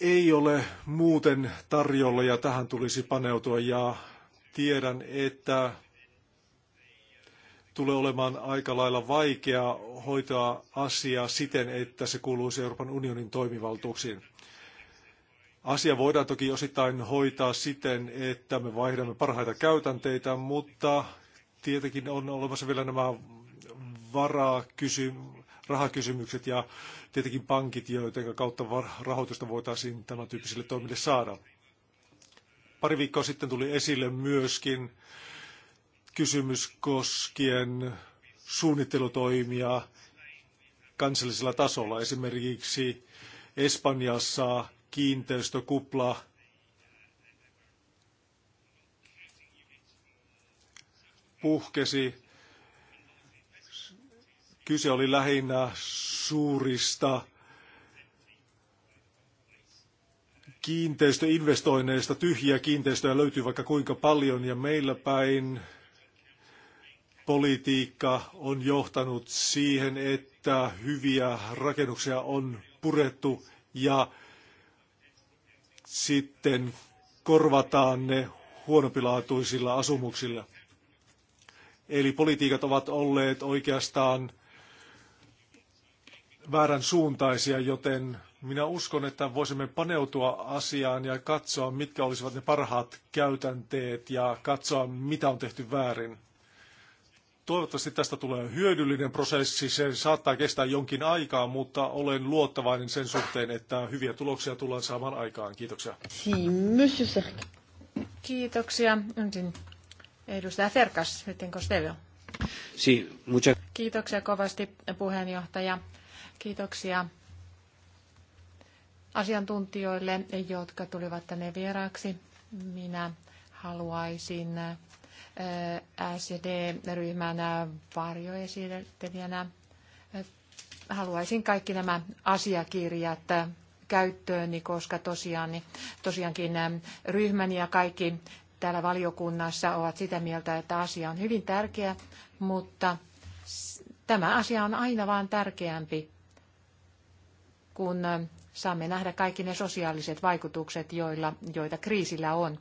ei ole muuten tarjolla ja tähän tulisi paneutua. Ja tiedän, että tulee olemaan aika lailla vaikea hoitaa asiaa siten, että se kuuluisi Euroopan unionin toimivaltuuksiin. Asia voidaan toki osittain hoitaa siten, että me vaihdamme parhaita käytänteitä, mutta tietenkin on olemassa vielä nämä varakysy, rahakysymykset ja tietenkin pankit, joiden kautta rahoitusta voitaisiin tämän tyyppisille toimille saada. Pari viikkoa sitten tuli esille myöskin kysymys koskien suunnittelutoimia kansallisella tasolla. Esimerkiksi Espanjassa kiinteistökupla puhkesi. Kyse oli lähinnä suurista kiinteistöinvestoinneista. Tyhjiä kiinteistöjä löytyy vaikka kuinka paljon ja meillä päin politiikka on johtanut siihen, että hyviä rakennuksia on purettu ja sitten korvataan ne huonopilaatuisilla asumuksilla. Eli politiikat ovat olleet oikeastaan väärän suuntaisia, joten minä uskon, että voisimme paneutua asiaan ja katsoa, mitkä olisivat ne parhaat käytänteet ja katsoa, mitä on tehty väärin. Toivottavasti tästä tulee hyödyllinen prosessi. Se saattaa kestää jonkin aikaa, mutta olen luottavainen sen suhteen, että hyviä tuloksia tullaan saamaan aikaan. Kiitoksia. Kiitoksia. Edustaja Serkas, Kiitoksia kovasti puheenjohtaja. Kiitoksia asiantuntijoille, jotka tulivat tänne vieraaksi. Minä haluaisin sd ryhmän varjoesittelijänä. Haluaisin kaikki nämä asiakirjat käyttööni, koska tosiaan, niin tosiaankin ryhmäni ja kaikki täällä valiokunnassa ovat sitä mieltä, että asia on hyvin tärkeä, mutta tämä asia on aina vaan tärkeämpi, kun saamme nähdä kaikki ne sosiaaliset vaikutukset, joilla, joita kriisillä on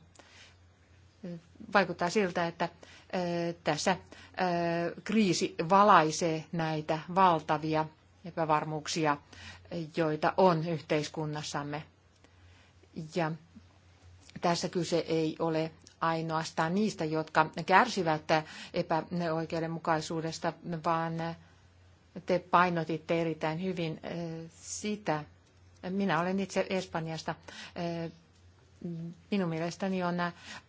vaikuttaa siltä, että tässä kriisi valaisee näitä valtavia epävarmuuksia, joita on yhteiskunnassamme. Ja tässä kyse ei ole ainoastaan niistä, jotka kärsivät epäoikeudenmukaisuudesta, vaan te painotitte erittäin hyvin sitä. Minä olen itse Espanjasta minun mielestäni on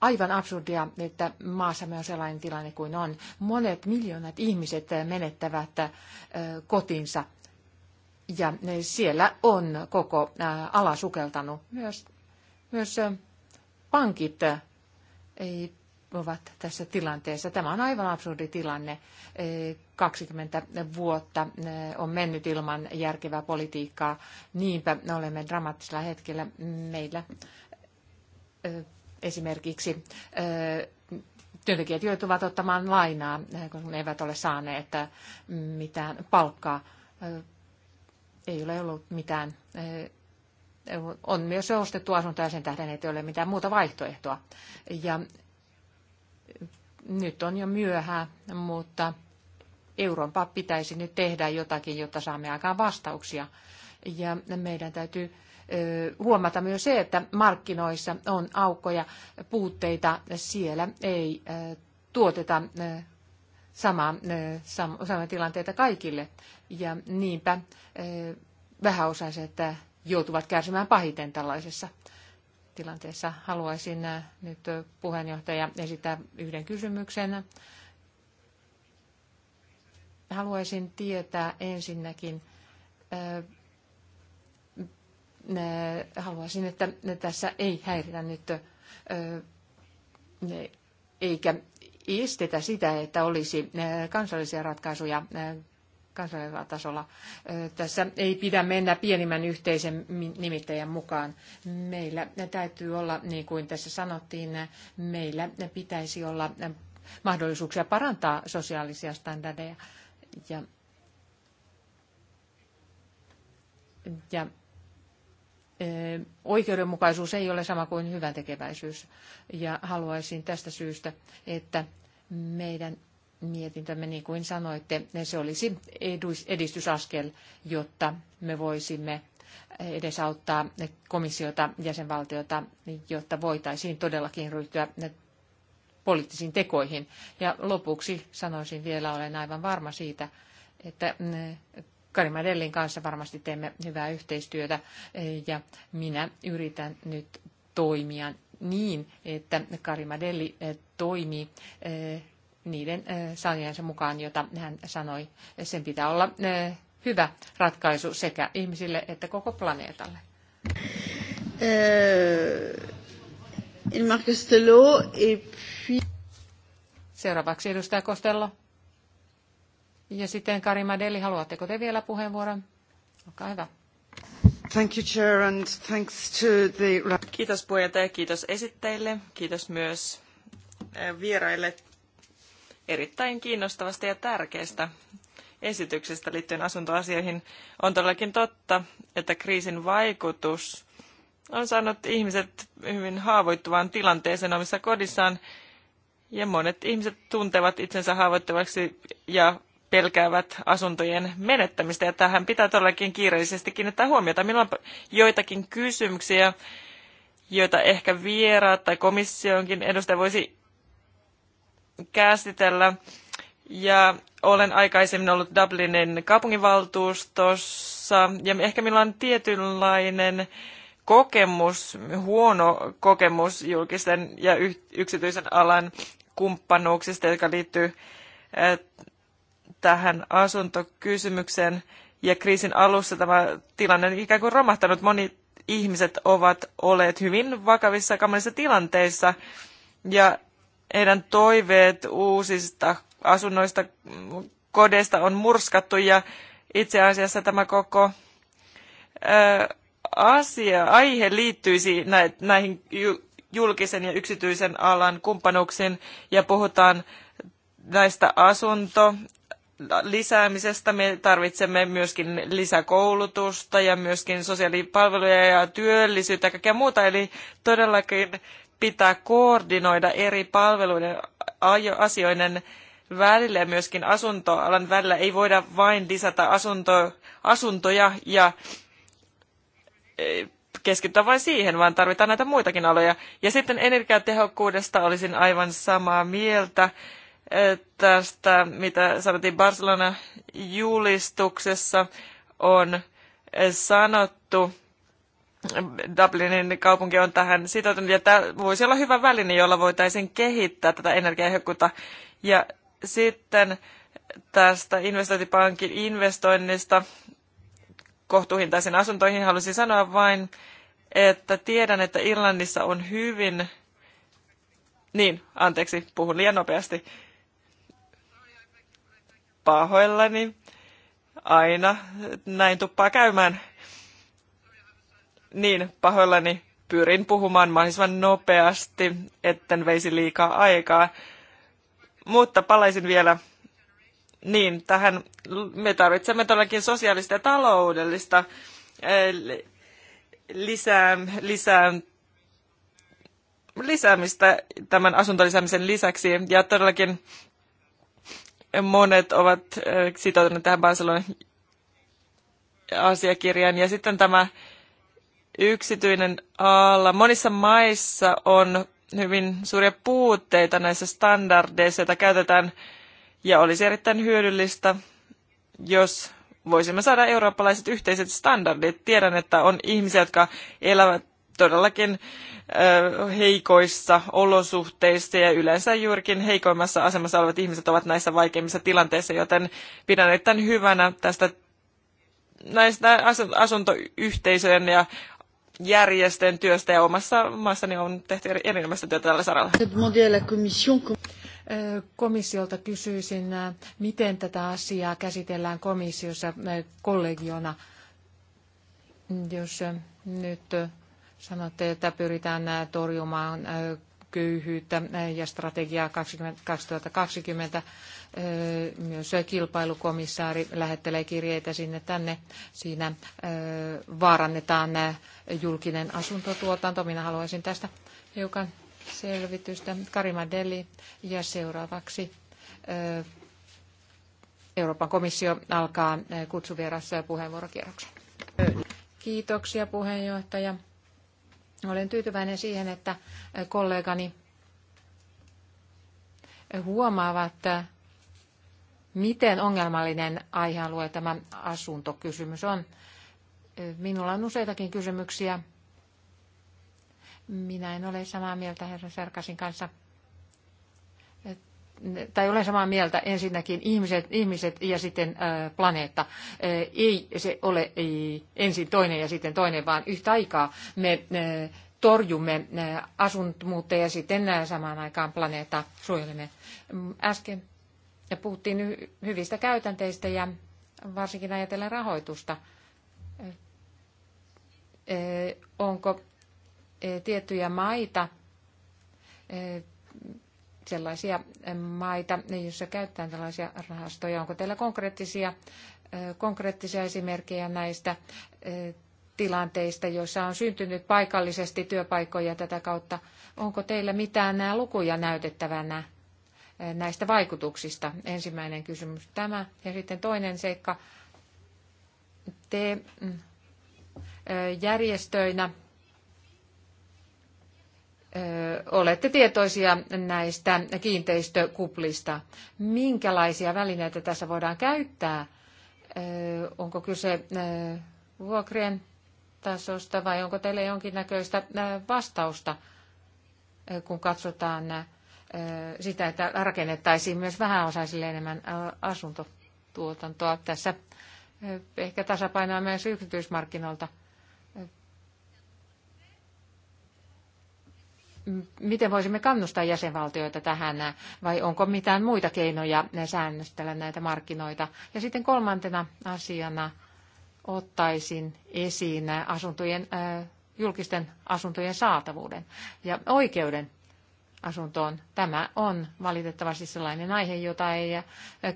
aivan absurdia, että maassamme on sellainen tilanne kuin on. Monet miljoonat ihmiset menettävät kotinsa ja siellä on koko ala sukeltanut. Myös, myös pankit ei, ovat tässä tilanteessa. Tämä on aivan absurdi tilanne. 20 vuotta on mennyt ilman järkevää politiikkaa. Niinpä olemme dramaattisella hetkellä. Meillä esimerkiksi työntekijät joutuvat ottamaan lainaa, kun ne eivät ole saaneet mitään palkkaa. Ei ole ollut mitään. On myös ostettu ja sen tähden, että ei ole mitään muuta vaihtoehtoa. Ja nyt on jo myöhää, mutta Euroopan pitäisi nyt tehdä jotakin, jotta saamme aikaan vastauksia. Ja meidän täytyy huomata myös se, että markkinoissa on aukkoja, puutteita. Siellä ei tuoteta samaa sama tilanteita kaikille. Ja niinpä vähäosaiset joutuvat kärsimään pahiten tällaisessa tilanteessa. Haluaisin nyt puheenjohtaja esittää yhden kysymyksen. Haluaisin tietää ensinnäkin, haluaisin, että tässä ei häiritä nyt eikä estetä sitä, että olisi kansallisia ratkaisuja kansallisella tasolla. Tässä ei pidä mennä pienimmän yhteisen nimittäjän mukaan. Meillä täytyy olla, niin kuin tässä sanottiin, meillä pitäisi olla mahdollisuuksia parantaa sosiaalisia standardeja. Ja, ja oikeudenmukaisuus ei ole sama kuin hyväntekeväisyys. Ja haluaisin tästä syystä, että meidän mietintämme, niin kuin sanoitte, se olisi edistysaskel, jotta me voisimme edesauttaa komissiota, jäsenvaltiota, jotta voitaisiin todellakin ryhtyä poliittisiin tekoihin. Ja lopuksi sanoisin vielä, olen aivan varma siitä, että Karimadellin kanssa varmasti teemme hyvää yhteistyötä ja minä yritän nyt toimia niin, että Karimadelli Delli eh, toimii eh, niiden eh, sanojensa mukaan, jota hän sanoi. Sen pitää olla hyvä ratkaisu sekä ihmisille että koko planeetalle. Seuraavaksi edustaja Kostello. Ja sitten Karima Deli, haluatteko te vielä puheenvuoron? Olkaa hyvä. Thank you, Chair, and thanks to the... Kiitos puheenjohtaja, kiitos esitteille, kiitos myös eh, vieraille erittäin kiinnostavasta ja tärkeästä esityksestä liittyen asuntoasioihin. On todellakin totta, että kriisin vaikutus on saanut ihmiset hyvin haavoittuvaan tilanteeseen omissa kodissaan, ja monet ihmiset tuntevat itsensä haavoittuvaksi ja pelkäävät asuntojen menettämistä, ja tähän pitää todellakin kiireellisesti kiinnittää huomiota. Minulla on joitakin kysymyksiä, joita ehkä vieraat tai komissionkin edustaja voisi käsitellä. Ja olen aikaisemmin ollut Dublinin kaupunginvaltuustossa, ja ehkä minulla on tietynlainen kokemus, huono kokemus julkisten ja yksityisen alan kumppanuuksista, jotka liittyy äh, tähän asuntokysymykseen. Ja kriisin alussa tämä tilanne on ikään kuin romahtanut. Moni ihmiset ovat olleet hyvin vakavissa kamalissa tilanteissa ja heidän toiveet uusista asunnoista, kodeista on murskattu ja itse asiassa tämä koko ö, asia, aihe liittyisi näihin julkisen ja yksityisen alan kumppanuuksiin ja puhutaan näistä asunto- lisäämisestä. Me tarvitsemme myöskin lisäkoulutusta ja myöskin sosiaalipalveluja ja työllisyyttä ja kaikkea muuta. Eli todellakin pitää koordinoida eri palveluiden asioiden välillä ja myöskin asuntoalan välillä. Ei voida vain lisätä asunto, asuntoja ja e, keskittyä vain siihen, vaan tarvitaan näitä muitakin aloja. Ja sitten energiatehokkuudesta olisin aivan samaa mieltä tästä, mitä sanottiin Barcelona-julistuksessa, on sanottu. Dublinin kaupunki on tähän sitoutunut, ja tämä voisi olla hyvä väline, jolla voitaisiin kehittää tätä energiahökkyyttä. Ja sitten tästä investointipankin investoinnista kohtuuhintaisiin asuntoihin halusin sanoa vain, että tiedän, että Irlannissa on hyvin, niin anteeksi, puhun liian nopeasti, pahoillani. Aina näin tuppaa käymään. Niin, pahoillani pyrin puhumaan mahdollisimman nopeasti, etten veisi liikaa aikaa. Mutta palaisin vielä niin, tähän me tarvitsemme todellakin sosiaalista ja taloudellista eh, lisää, lisää, lisäämistä tämän asuntolisäämisen lisäksi. Ja todellakin monet ovat sitoutuneet tähän Barcelonan asiakirjaan. Ja sitten tämä yksityinen alla. Monissa maissa on hyvin suuria puutteita näissä standardeissa, joita käytetään, ja olisi erittäin hyödyllistä, jos voisimme saada eurooppalaiset yhteiset standardit. Tiedän, että on ihmisiä, jotka elävät todellakin heikoissa olosuhteissa ja yleensä juurikin heikoimmassa asemassa olevat ihmiset ovat näissä vaikeimmissa tilanteissa, joten pidän erittäin hyvänä tästä näistä asuntoyhteisöjen ja järjestöjen työstä ja omassa maassani on tehty erinomaista työtä tällä saralla. Komissiolta kysyisin, miten tätä asiaa käsitellään komissiossa kollegiona, jos nyt Sanoitte, että pyritään torjumaan köyhyyttä ja strategiaa 2020. Myös kilpailukomissaari lähettelee kirjeitä sinne tänne. Siinä vaarannetaan julkinen asuntotuotanto. Minä haluaisin tästä hiukan selvitystä. Karima Deli ja seuraavaksi Euroopan komissio alkaa kutsuvierassa puheenvuorokierroksen. Kiitoksia puheenjohtaja. Olen tyytyväinen siihen, että kollegani huomaavat, miten ongelmallinen aihealue tämä asuntokysymys on. Minulla on useitakin kysymyksiä. Minä en ole samaa mieltä herra Serkasin kanssa tai olen samaa mieltä ensinnäkin ihmiset, ihmiset ja sitten planeetta. Ei se ole ensin toinen ja sitten toinen, vaan yhtä aikaa me torjumme asuntomuutta ja sitten samaan aikaan planeetta suojelemme. Mm, äsken puhuttiin hyvistä käytänteistä ja varsinkin ajatellen rahoitusta. Onko tiettyjä maita, sellaisia maita, joissa käytetään tällaisia rahastoja. Onko teillä konkreettisia, konkreettisia esimerkkejä näistä tilanteista, joissa on syntynyt paikallisesti työpaikkoja tätä kautta? Onko teillä mitään nämä lukuja näytettävänä näistä vaikutuksista? Ensimmäinen kysymys tämä. Ja sitten toinen seikka. Te mm, järjestöinä olette tietoisia näistä kiinteistökuplista. Minkälaisia välineitä tässä voidaan käyttää? Onko kyse vuokrien tasosta vai onko teillä jonkinnäköistä vastausta, kun katsotaan sitä, että rakennettaisiin myös vähäosaisille enemmän asuntotuotantoa tässä ehkä tasapainoa myös yksityismarkkinoilta? miten voisimme kannustaa jäsenvaltioita tähän, vai onko mitään muita keinoja säännöstellä näitä markkinoita. Ja sitten kolmantena asiana ottaisin esiin asuntojen, julkisten asuntojen saatavuuden ja oikeuden asuntoon. Tämä on valitettavasti sellainen aihe, jota ei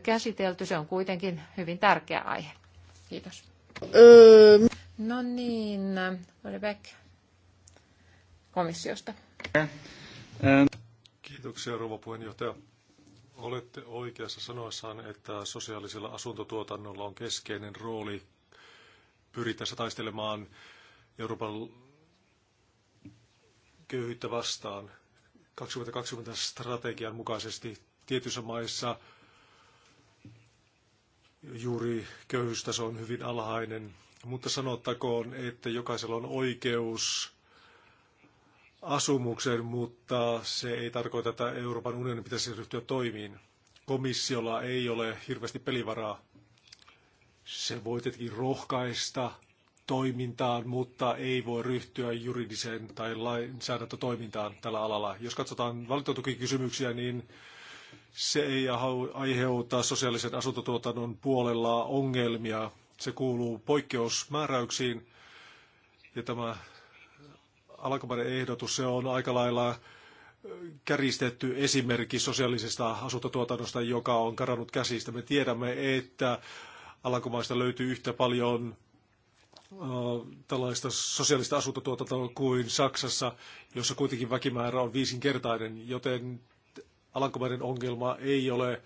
käsitelty. Se on kuitenkin hyvin tärkeä aihe. Kiitos. Öö. No niin, Rebecca komissiosta. Kiitoksia, rouva puheenjohtaja. Olette oikeassa sanoessaan, että sosiaalisella asuntotuotannolla on keskeinen rooli pyrittäessä taistelemaan Euroopan köyhyyttä vastaan. 2020 strategian mukaisesti tietyissä maissa juuri köyhyystaso on hyvin alhainen, mutta sanottakoon, että jokaisella on oikeus asumuksen, mutta se ei tarkoita, että Euroopan unionin pitäisi ryhtyä toimiin. Komissiolla ei ole hirveästi pelivaraa. Se voi tietenkin rohkaista toimintaan, mutta ei voi ryhtyä juridiseen tai lainsäädäntötoimintaan tällä alalla. Jos katsotaan valintotukikysymyksiä, niin se ei aiheuta sosiaalisen asuntotuotannon puolella ongelmia. Se kuuluu poikkeusmääräyksiin ja tämä alkuperäinen ehdotus, se on aika lailla äh, käristetty esimerkki sosiaalisesta asuntotuotannosta, joka on karannut käsistä. Me tiedämme, että Alankomaista löytyy yhtä paljon äh, tällaista sosiaalista asuntotuotantoa kuin Saksassa, jossa kuitenkin väkimäärä on viisinkertainen, joten Alankomaiden ongelma ei ole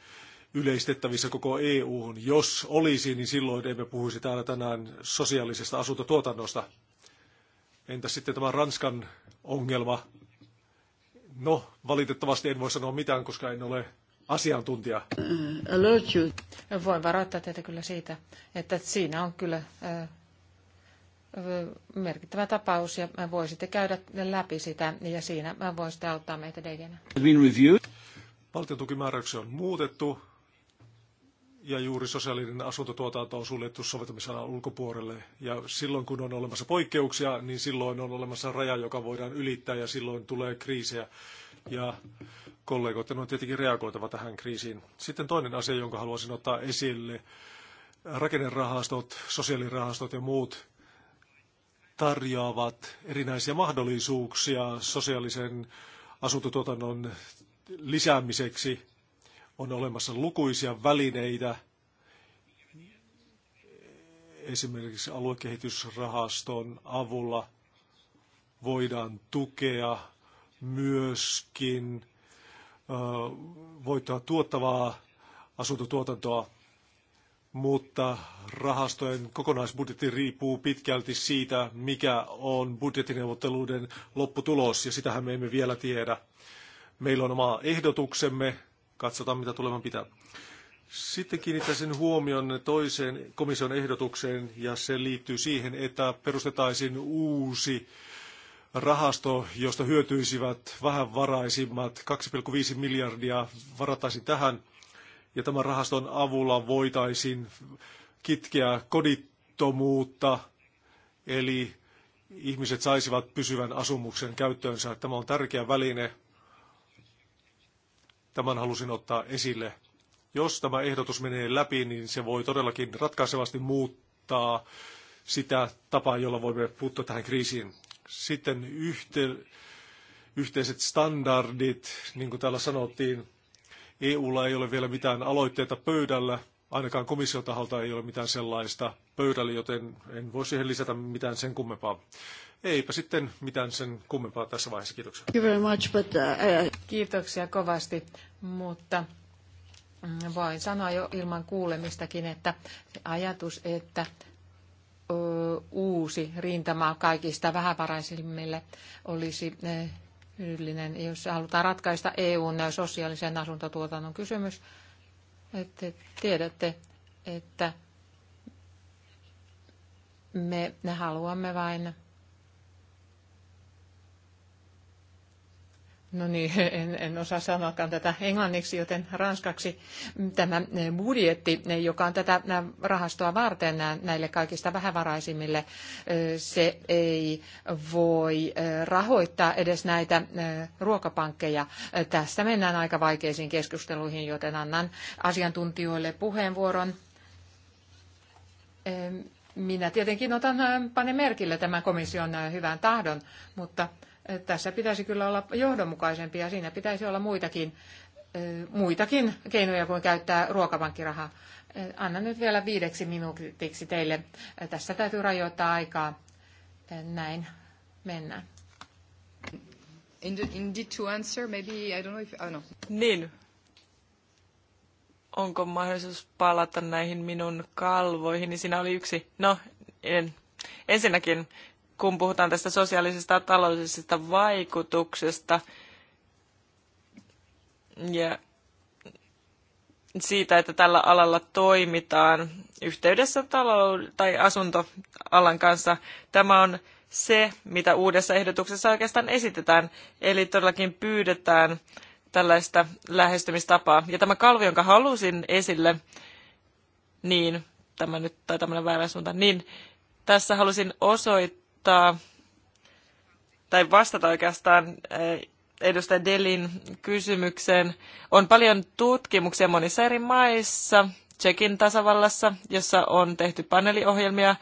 yleistettävissä koko EU-hun. Jos olisi, niin silloin emme puhuisi täällä tänään sosiaalisesta asuntotuotannosta. Entä sitten tämä Ranskan ongelma? No, valitettavasti en voi sanoa mitään, koska en ole asiantuntija. Voin varoittaa teitä kyllä siitä, että siinä on kyllä äh, äh, merkittävä tapaus ja voisitte käydä läpi sitä ja siinä voisitte auttaa meitä DGnä. Valtiontukimääräyksiä on muutettu ja juuri sosiaalinen asuntotuotanto on suljettu soveltamisalan ulkopuolelle. Ja silloin kun on olemassa poikkeuksia, niin silloin on olemassa raja, joka voidaan ylittää ja silloin tulee kriisejä. Ja kollegoiden on tietenkin reagoitava tähän kriisiin. Sitten toinen asia, jonka haluaisin ottaa esille, rakennerahastot, sosiaalirahastot ja muut tarjoavat erinäisiä mahdollisuuksia sosiaalisen asuntotuotannon lisäämiseksi on olemassa lukuisia välineitä, esimerkiksi aluekehitysrahaston avulla voidaan tukea myöskin voittoa tuottavaa asuntotuotantoa, mutta rahastojen kokonaisbudjetti riippuu pitkälti siitä, mikä on budjettineuvotteluiden lopputulos, ja sitähän me emme vielä tiedä. Meillä on oma ehdotuksemme katsotaan, mitä tulevan pitää. Sitten kiinnittäisin huomion toiseen komission ehdotukseen, ja se liittyy siihen, että perustetaisiin uusi rahasto, josta hyötyisivät vähän varaisimmat 2,5 miljardia varataisiin tähän, ja tämän rahaston avulla voitaisiin kitkeä kodittomuutta, eli ihmiset saisivat pysyvän asumuksen käyttöönsä. Tämä on tärkeä väline Tämän halusin ottaa esille. Jos tämä ehdotus menee läpi, niin se voi todellakin ratkaisevasti muuttaa sitä tapaa, jolla voimme puuttua tähän kriisiin. Sitten yhte, yhteiset standardit, niin kuin täällä sanottiin, EUlla ei ole vielä mitään aloitteita pöydällä, ainakaan komission taholta ei ole mitään sellaista pöydälle, joten en voi siihen lisätä mitään sen kummempaa. Eipä sitten mitään sen kummempaa tässä vaiheessa. Kiitoksia. Thank you very much, but, uh, Kiitoksia kovasti, mutta mm, voin sanoa jo ilman kuulemistakin, että ajatus, että uusi rintama kaikista vähävaraisimmille olisi hyödyllinen, jos halutaan ratkaista EUn sosiaalisen asuntotuotannon kysymys. että tiedätte, että me haluamme vain No niin, en, en osaa sanoakaan tätä englanniksi, joten ranskaksi tämä budjetti, joka on tätä rahastoa varten näille kaikista vähävaraisimmille, se ei voi rahoittaa edes näitä ruokapankkeja. Tässä mennään aika vaikeisiin keskusteluihin, joten annan asiantuntijoille puheenvuoron. Minä tietenkin otan panen merkille tämän komission hyvän tahdon, mutta tässä pitäisi kyllä olla johdonmukaisempi ja siinä pitäisi olla muitakin, muitakin keinoja kuin käyttää ruokapankkirahaa. Annan nyt vielä viideksi minuutiksi teille. Tässä täytyy rajoittaa aikaa. Näin mennään. Indeed to answer, maybe, I don't know if, oh no. Niin, onko mahdollisuus palata näihin minun kalvoihin, niin siinä oli yksi, no en. ensinnäkin kun puhutaan tästä sosiaalisesta ja taloudellisesta vaikutuksesta ja siitä, että tällä alalla toimitaan yhteydessä talou- tai asuntoalan kanssa. Tämä on se, mitä uudessa ehdotuksessa oikeastaan esitetään. Eli todellakin pyydetään tällaista lähestymistapaa. Ja tämä kalvi, jonka halusin esille, niin, tämä nyt, tai tämmöinen väärä suunta, niin tässä halusin osoittaa, tai vastata oikeastaan eh, edustaja Delin kysymykseen. On paljon tutkimuksia monissa eri maissa, Tsekin tasavallassa, jossa on tehty paneeliohjelmia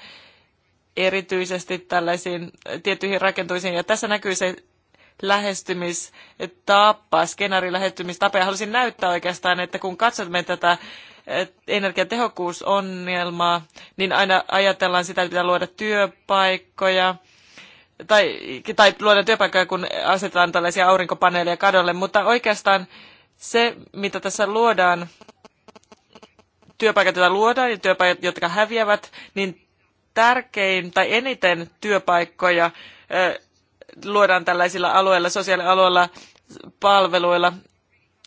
erityisesti tällaisiin eh, tiettyihin rakentuisiin. Ja tässä näkyy se lähestymistapa, skenaarin lähestymistapa. Ja haluaisin näyttää oikeastaan, että kun katsomme tätä energiatehokkuusongelmaa, niin aina ajatellaan sitä, että pitää luoda työpaikkoja, tai, tai luoda työpaikkoja, kun asetetaan tällaisia aurinkopaneeleja kadolle, mutta oikeastaan se, mitä tässä luodaan, työpaikat, joita luodaan ja työpaikat, jotka häviävät, niin tärkein tai eniten työpaikkoja luodaan tällaisilla alueilla, sosiaalialueilla, palveluilla.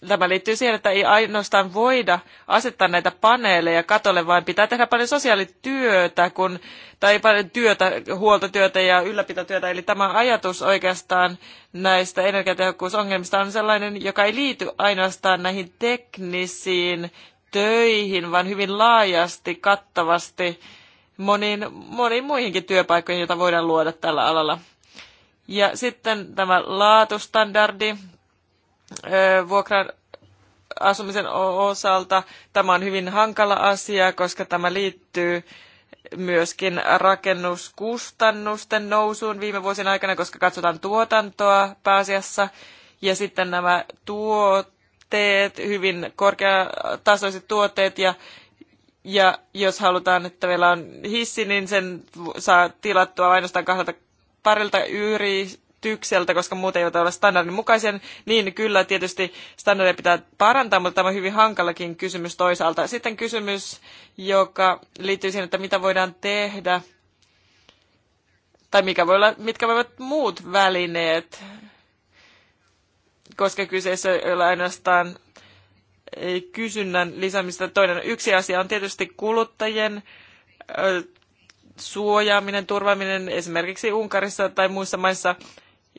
Tämä liittyy siihen, että ei ainoastaan voida asettaa näitä paneeleja katolle, vaan pitää tehdä paljon sosiaalityötä, kun, tai paljon työtä, huoltotyötä ja ylläpitotyötä. Eli tämä ajatus oikeastaan näistä energiatehokkuusongelmista on sellainen, joka ei liity ainoastaan näihin teknisiin töihin, vaan hyvin laajasti, kattavasti moniin, moniin muihinkin työpaikkoihin, joita voidaan luoda tällä alalla. Ja sitten tämä laatustandardi vuokran asumisen osalta. Tämä on hyvin hankala asia, koska tämä liittyy myöskin rakennuskustannusten nousuun viime vuosien aikana, koska katsotaan tuotantoa pääasiassa. Ja sitten nämä tuotteet, hyvin korkeatasoiset tuotteet ja ja jos halutaan, että meillä on hissi, niin sen saa tilattua ainoastaan kahdelta parilta yritykseltä, koska muuten ei ole standardin mukaisia, niin kyllä tietysti standardia pitää parantaa, mutta tämä on hyvin hankalakin kysymys toisaalta. Sitten kysymys, joka liittyy siihen, että mitä voidaan tehdä, tai mikä voi olla, mitkä voivat muut välineet, koska kyseessä ei ole ainoastaan kysynnän lisäämistä. Toinen yksi asia on tietysti kuluttajien suojaaminen, turvaaminen esimerkiksi Unkarissa tai muissa maissa,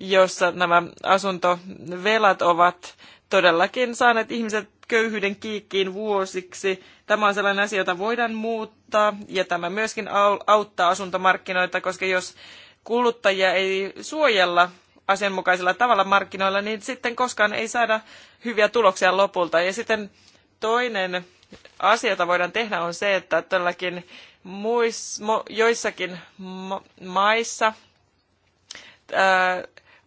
joissa nämä asuntovelat ovat todellakin saaneet ihmiset köyhyyden kiikkiin vuosiksi. Tämä on sellainen asia, jota voidaan muuttaa ja tämä myöskin auttaa asuntomarkkinoita, koska jos kuluttajia ei suojella asianmukaisella tavalla markkinoilla, niin sitten koskaan ei saada hyviä tuloksia lopulta. Ja sitten toinen asia, jota voidaan tehdä, on se, että todellakin muis, mo, joissakin maissa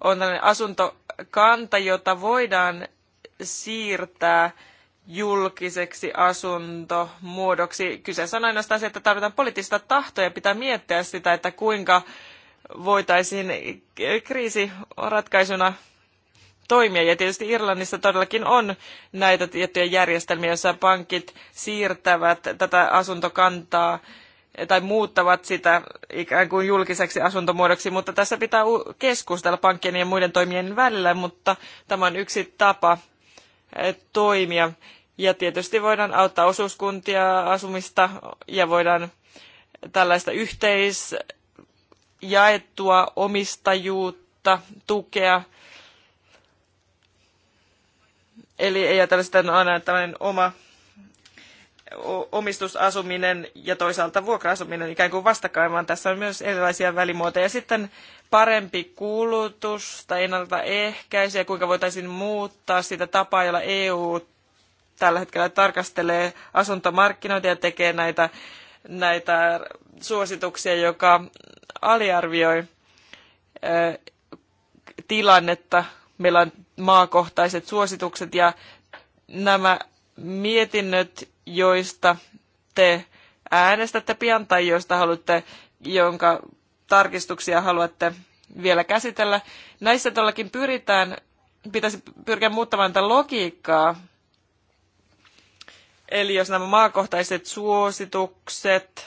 on tällainen asuntokanta, jota voidaan siirtää julkiseksi asuntomuodoksi. Kyseessä on ainoastaan se, että tarvitaan poliittista tahtoa ja pitää miettiä sitä, että kuinka voitaisiin kriisiratkaisuna toimia. Ja tietysti Irlannissa todellakin on näitä tiettyjä järjestelmiä, joissa pankit siirtävät tätä asuntokantaa tai muuttavat sitä ikään kuin julkiseksi asuntomuodoksi, mutta tässä pitää keskustella pankkien ja muiden toimien välillä, mutta tämä on yksi tapa eh, toimia. Ja tietysti voidaan auttaa osuuskuntia asumista ja voidaan tällaista yhteisjaettua omistajuutta tukea. Eli ei ajatella sitä aina tällainen oma omistusasuminen ja toisaalta vuokra-asuminen ikään kuin vastakkain, vaan tässä on myös erilaisia välimuotoja. Sitten parempi kulutus tai ennaltaehkäisyä, kuinka voitaisiin muuttaa sitä tapaa, jolla EU tällä hetkellä tarkastelee asuntomarkkinoita ja tekee näitä, näitä suosituksia, joka aliarvioi tilannetta. Meillä on maakohtaiset suositukset ja nämä mietinnöt joista te äänestätte pian tai joista haluatte, jonka tarkistuksia haluatte vielä käsitellä. Näissä todellakin pyritään, pitäisi pyrkiä muuttamaan tätä logiikkaa. Eli jos nämä maakohtaiset suositukset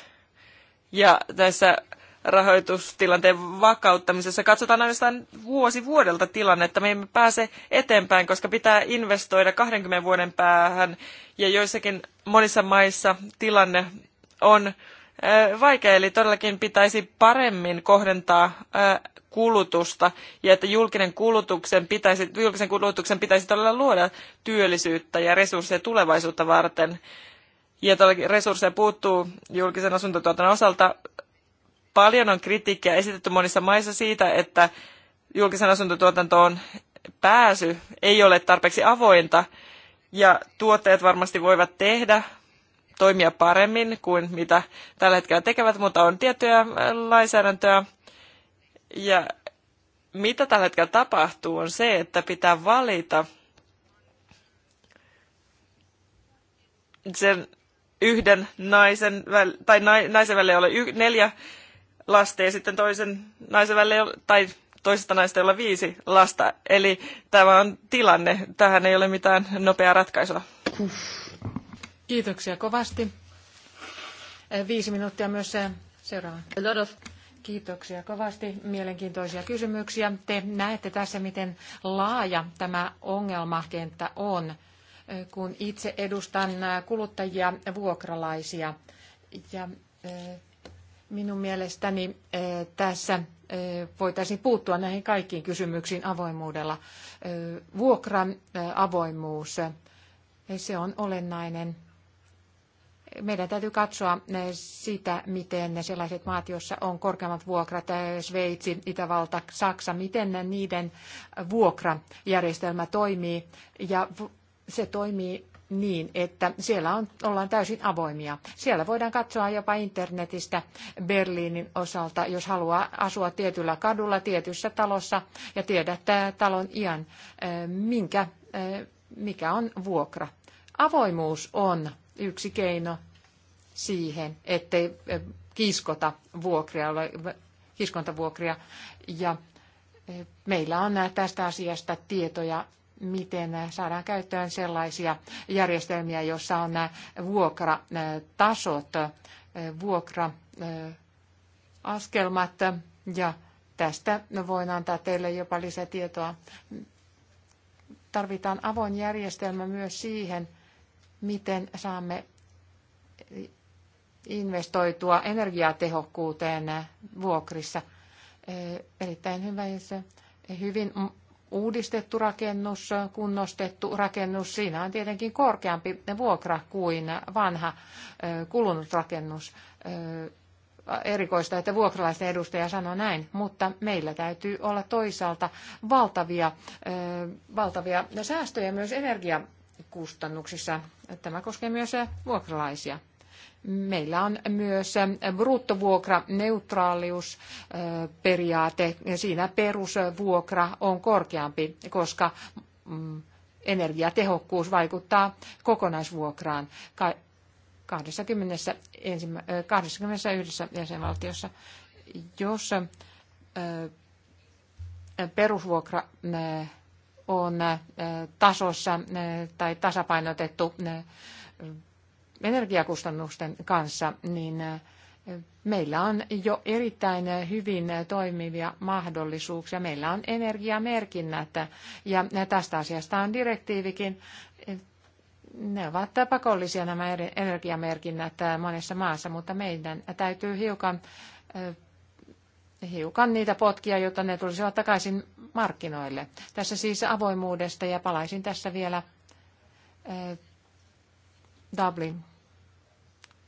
ja näissä rahoitustilanteen vakauttamisessa katsotaan ainoastaan vuosi vuodelta tilannetta. Me emme pääse eteenpäin, koska pitää investoida 20 vuoden päähän ja joissakin monissa maissa tilanne on vaikea, eli todellakin pitäisi paremmin kohdentaa kulutusta ja että julkinen kulutuksen pitäisi, julkisen kulutuksen pitäisi todella luoda työllisyyttä ja resursseja tulevaisuutta varten. Ja resursseja puuttuu julkisen asuntotuotannon osalta Paljon on kritiikkiä esitetty monissa maissa siitä, että julkisen asuntotuotantoon pääsy ei ole tarpeeksi avointa ja tuotteet varmasti voivat tehdä toimia paremmin kuin mitä tällä hetkellä tekevät, mutta on tiettyä äh, lainsäädäntöä. Ja mitä tällä hetkellä tapahtuu on se, että pitää valita sen yhden naisen, tai naisen välillä ei ole neljä lasta ja sitten toisen naisen välillä, tai toisesta naista, jolla viisi lasta. Eli tämä on tilanne. Tähän ei ole mitään nopeaa ratkaisua. Kiitoksia kovasti. Eh, viisi minuuttia myös eh, seuraavaan. Kiitoksia kovasti. Mielenkiintoisia kysymyksiä. Te näette tässä, miten laaja tämä ongelmakenttä on, eh, kun itse edustan kuluttajia, vuokralaisia. Ja Minun mielestäni eh, tässä eh, voitaisiin puuttua näihin kaikkiin kysymyksiin avoimuudella. Eh, vuokran avoimuus, se on olennainen. Meidän täytyy katsoa sitä, miten sellaiset maat, joissa on korkeammat vuokrat, Sveitsi, Itävalta, Saksa, miten niiden vuokrajärjestelmä toimii. Ja se toimii niin, että siellä on, ollaan täysin avoimia. Siellä voidaan katsoa jopa internetistä Berliinin osalta, jos haluaa asua tietyllä kadulla, tietyssä talossa ja tiedättää talon iän, minkä, mikä on vuokra. Avoimuus on yksi keino siihen, ettei kiskota vuokria, ole kiskontavuokria. Ja meillä on tästä asiasta tietoja miten saadaan käyttöön sellaisia järjestelmiä, joissa on vuokratasot, vuokraaskelmat ja tästä voin antaa teille jopa lisätietoa. Tarvitaan avoin järjestelmä myös siihen, miten saamme investoitua energiatehokkuuteen vuokrissa. Erittäin hyvä, jos hyvin uudistettu rakennus, kunnostettu rakennus, siinä on tietenkin korkeampi vuokra kuin vanha kulunut rakennus. Erikoista, että vuokralaisten edustaja sanoi näin, mutta meillä täytyy olla toisaalta valtavia, valtavia säästöjä myös energiakustannuksissa. Tämä koskee myös vuokralaisia. Meillä on myös ähm, bruttovuokraneutraaliusperiaate. Siinä perusvuokra on korkeampi, koska mm, energiatehokkuus vaikuttaa kokonaisvuokraan 21, äh, jäsenvaltiossa. Jos äh, perusvuokra äh, on tasossa tai tasapainotettu energiakustannusten kanssa, niin meillä on jo erittäin hyvin toimivia mahdollisuuksia. Meillä on energiamerkinnät ja tästä asiasta on direktiivikin. Ne ovat pakollisia nämä energiamerkinnät monessa maassa, mutta meidän täytyy hiukan, hiukan niitä potkia, jotta ne tulisivat takaisin markkinoille. Tässä siis avoimuudesta ja palaisin tässä vielä Dublin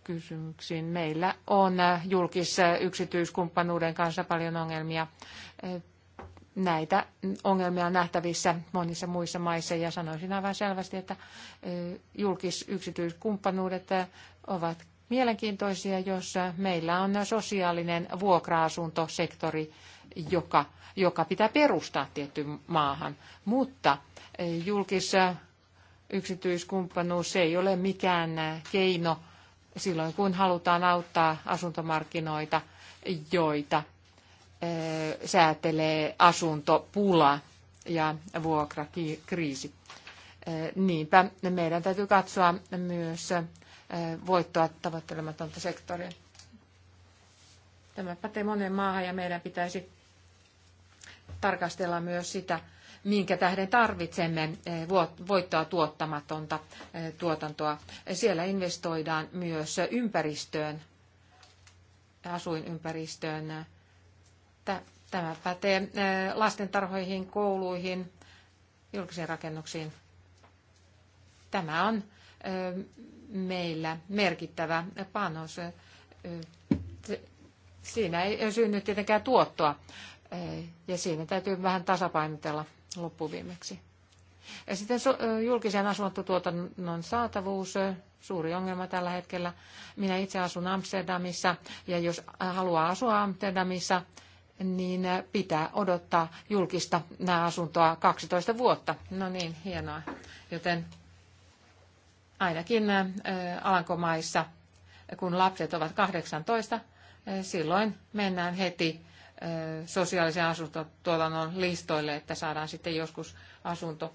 kysymyksiin. Meillä on äh, julkis- yksityiskumppanuuden kanssa paljon ongelmia. Äh, näitä ongelmia on nähtävissä monissa muissa maissa ja sanoisin aivan selvästi, että äh, julkis-yksityiskumppanuudet ovat mielenkiintoisia, jos meillä on sosiaalinen vuokra-asuntosektori, joka, joka pitää perustaa tiettyyn maahan. Mutta julkis yksityiskumppanuus ei ole mikään keino silloin, kun halutaan auttaa asuntomarkkinoita, joita säätelee asuntopula ja vuokrakriisi. Niinpä meidän täytyy katsoa myös voittoa tavoittelematonta sektoria. Tämä pätee moneen maahan ja meidän pitäisi tarkastella myös sitä, minkä tähden tarvitsemme eh, voittoa tuottamatonta eh, tuotantoa. Siellä investoidaan myös ympäristöön, asuinympäristöön. Tämä pätee eh, lastentarhoihin, kouluihin, julkisiin rakennuksiin. Tämä on meillä merkittävä panos. Siinä ei synny tietenkään tuottoa ja siinä täytyy vähän tasapainotella loppuviimeksi. Sitten julkisen asuntotuotannon saatavuus, suuri ongelma tällä hetkellä. Minä itse asun Amsterdamissa ja jos haluaa asua Amsterdamissa, niin pitää odottaa julkista nämä asuntoa 12 vuotta. No niin, hienoa. Joten ainakin Alankomaissa, kun lapset ovat 18, silloin mennään heti sosiaalisen asuntotuotannon listoille, että saadaan sitten joskus asunto.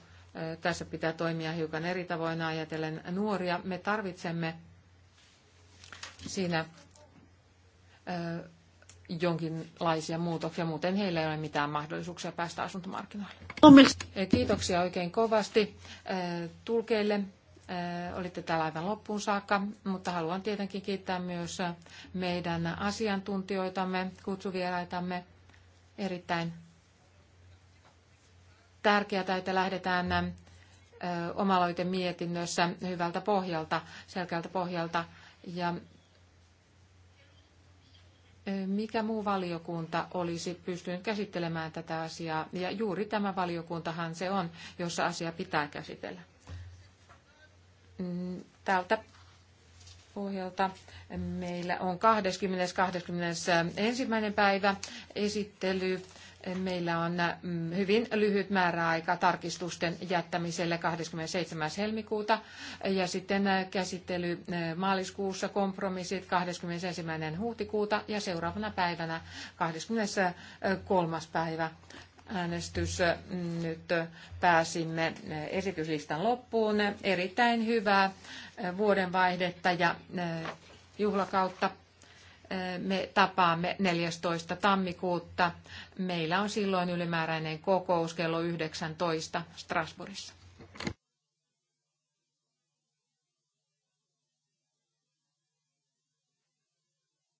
Tässä pitää toimia hiukan eri tavoin ajatellen nuoria. Me tarvitsemme siinä jonkinlaisia muutoksia, muuten heillä ei ole mitään mahdollisuuksia päästä asuntomarkkinoille. No, Kiitoksia oikein kovasti tulkeille olitte täällä aivan loppuun saakka, mutta haluan tietenkin kiittää myös meidän asiantuntijoitamme, kutsuvieraitamme. Erittäin tärkeää, että lähdetään omaloite mietinnössä hyvältä pohjalta, selkeältä pohjalta. Ja mikä muu valiokunta olisi pystynyt käsittelemään tätä asiaa, ja juuri tämä valiokuntahan se on, jossa asia pitää käsitellä tältä pohjalta meillä on 20.21. päivä esittely. Meillä on mm, hyvin lyhyt määräaika tarkistusten jättämiselle 27. helmikuuta ja sitten äh, käsittely äh, maaliskuussa kompromissit 21. huhtikuuta ja seuraavana päivänä 23. Äh, päivä äänestys. Äh, nyt pääsimme äh, esityslistan loppuun. Erittäin hyvää äh, vuodenvaihdetta ja juhlakautta. Me tapaamme 14. tammikuuta. Meillä on silloin ylimääräinen kokous kello 19 Strasbourgissa.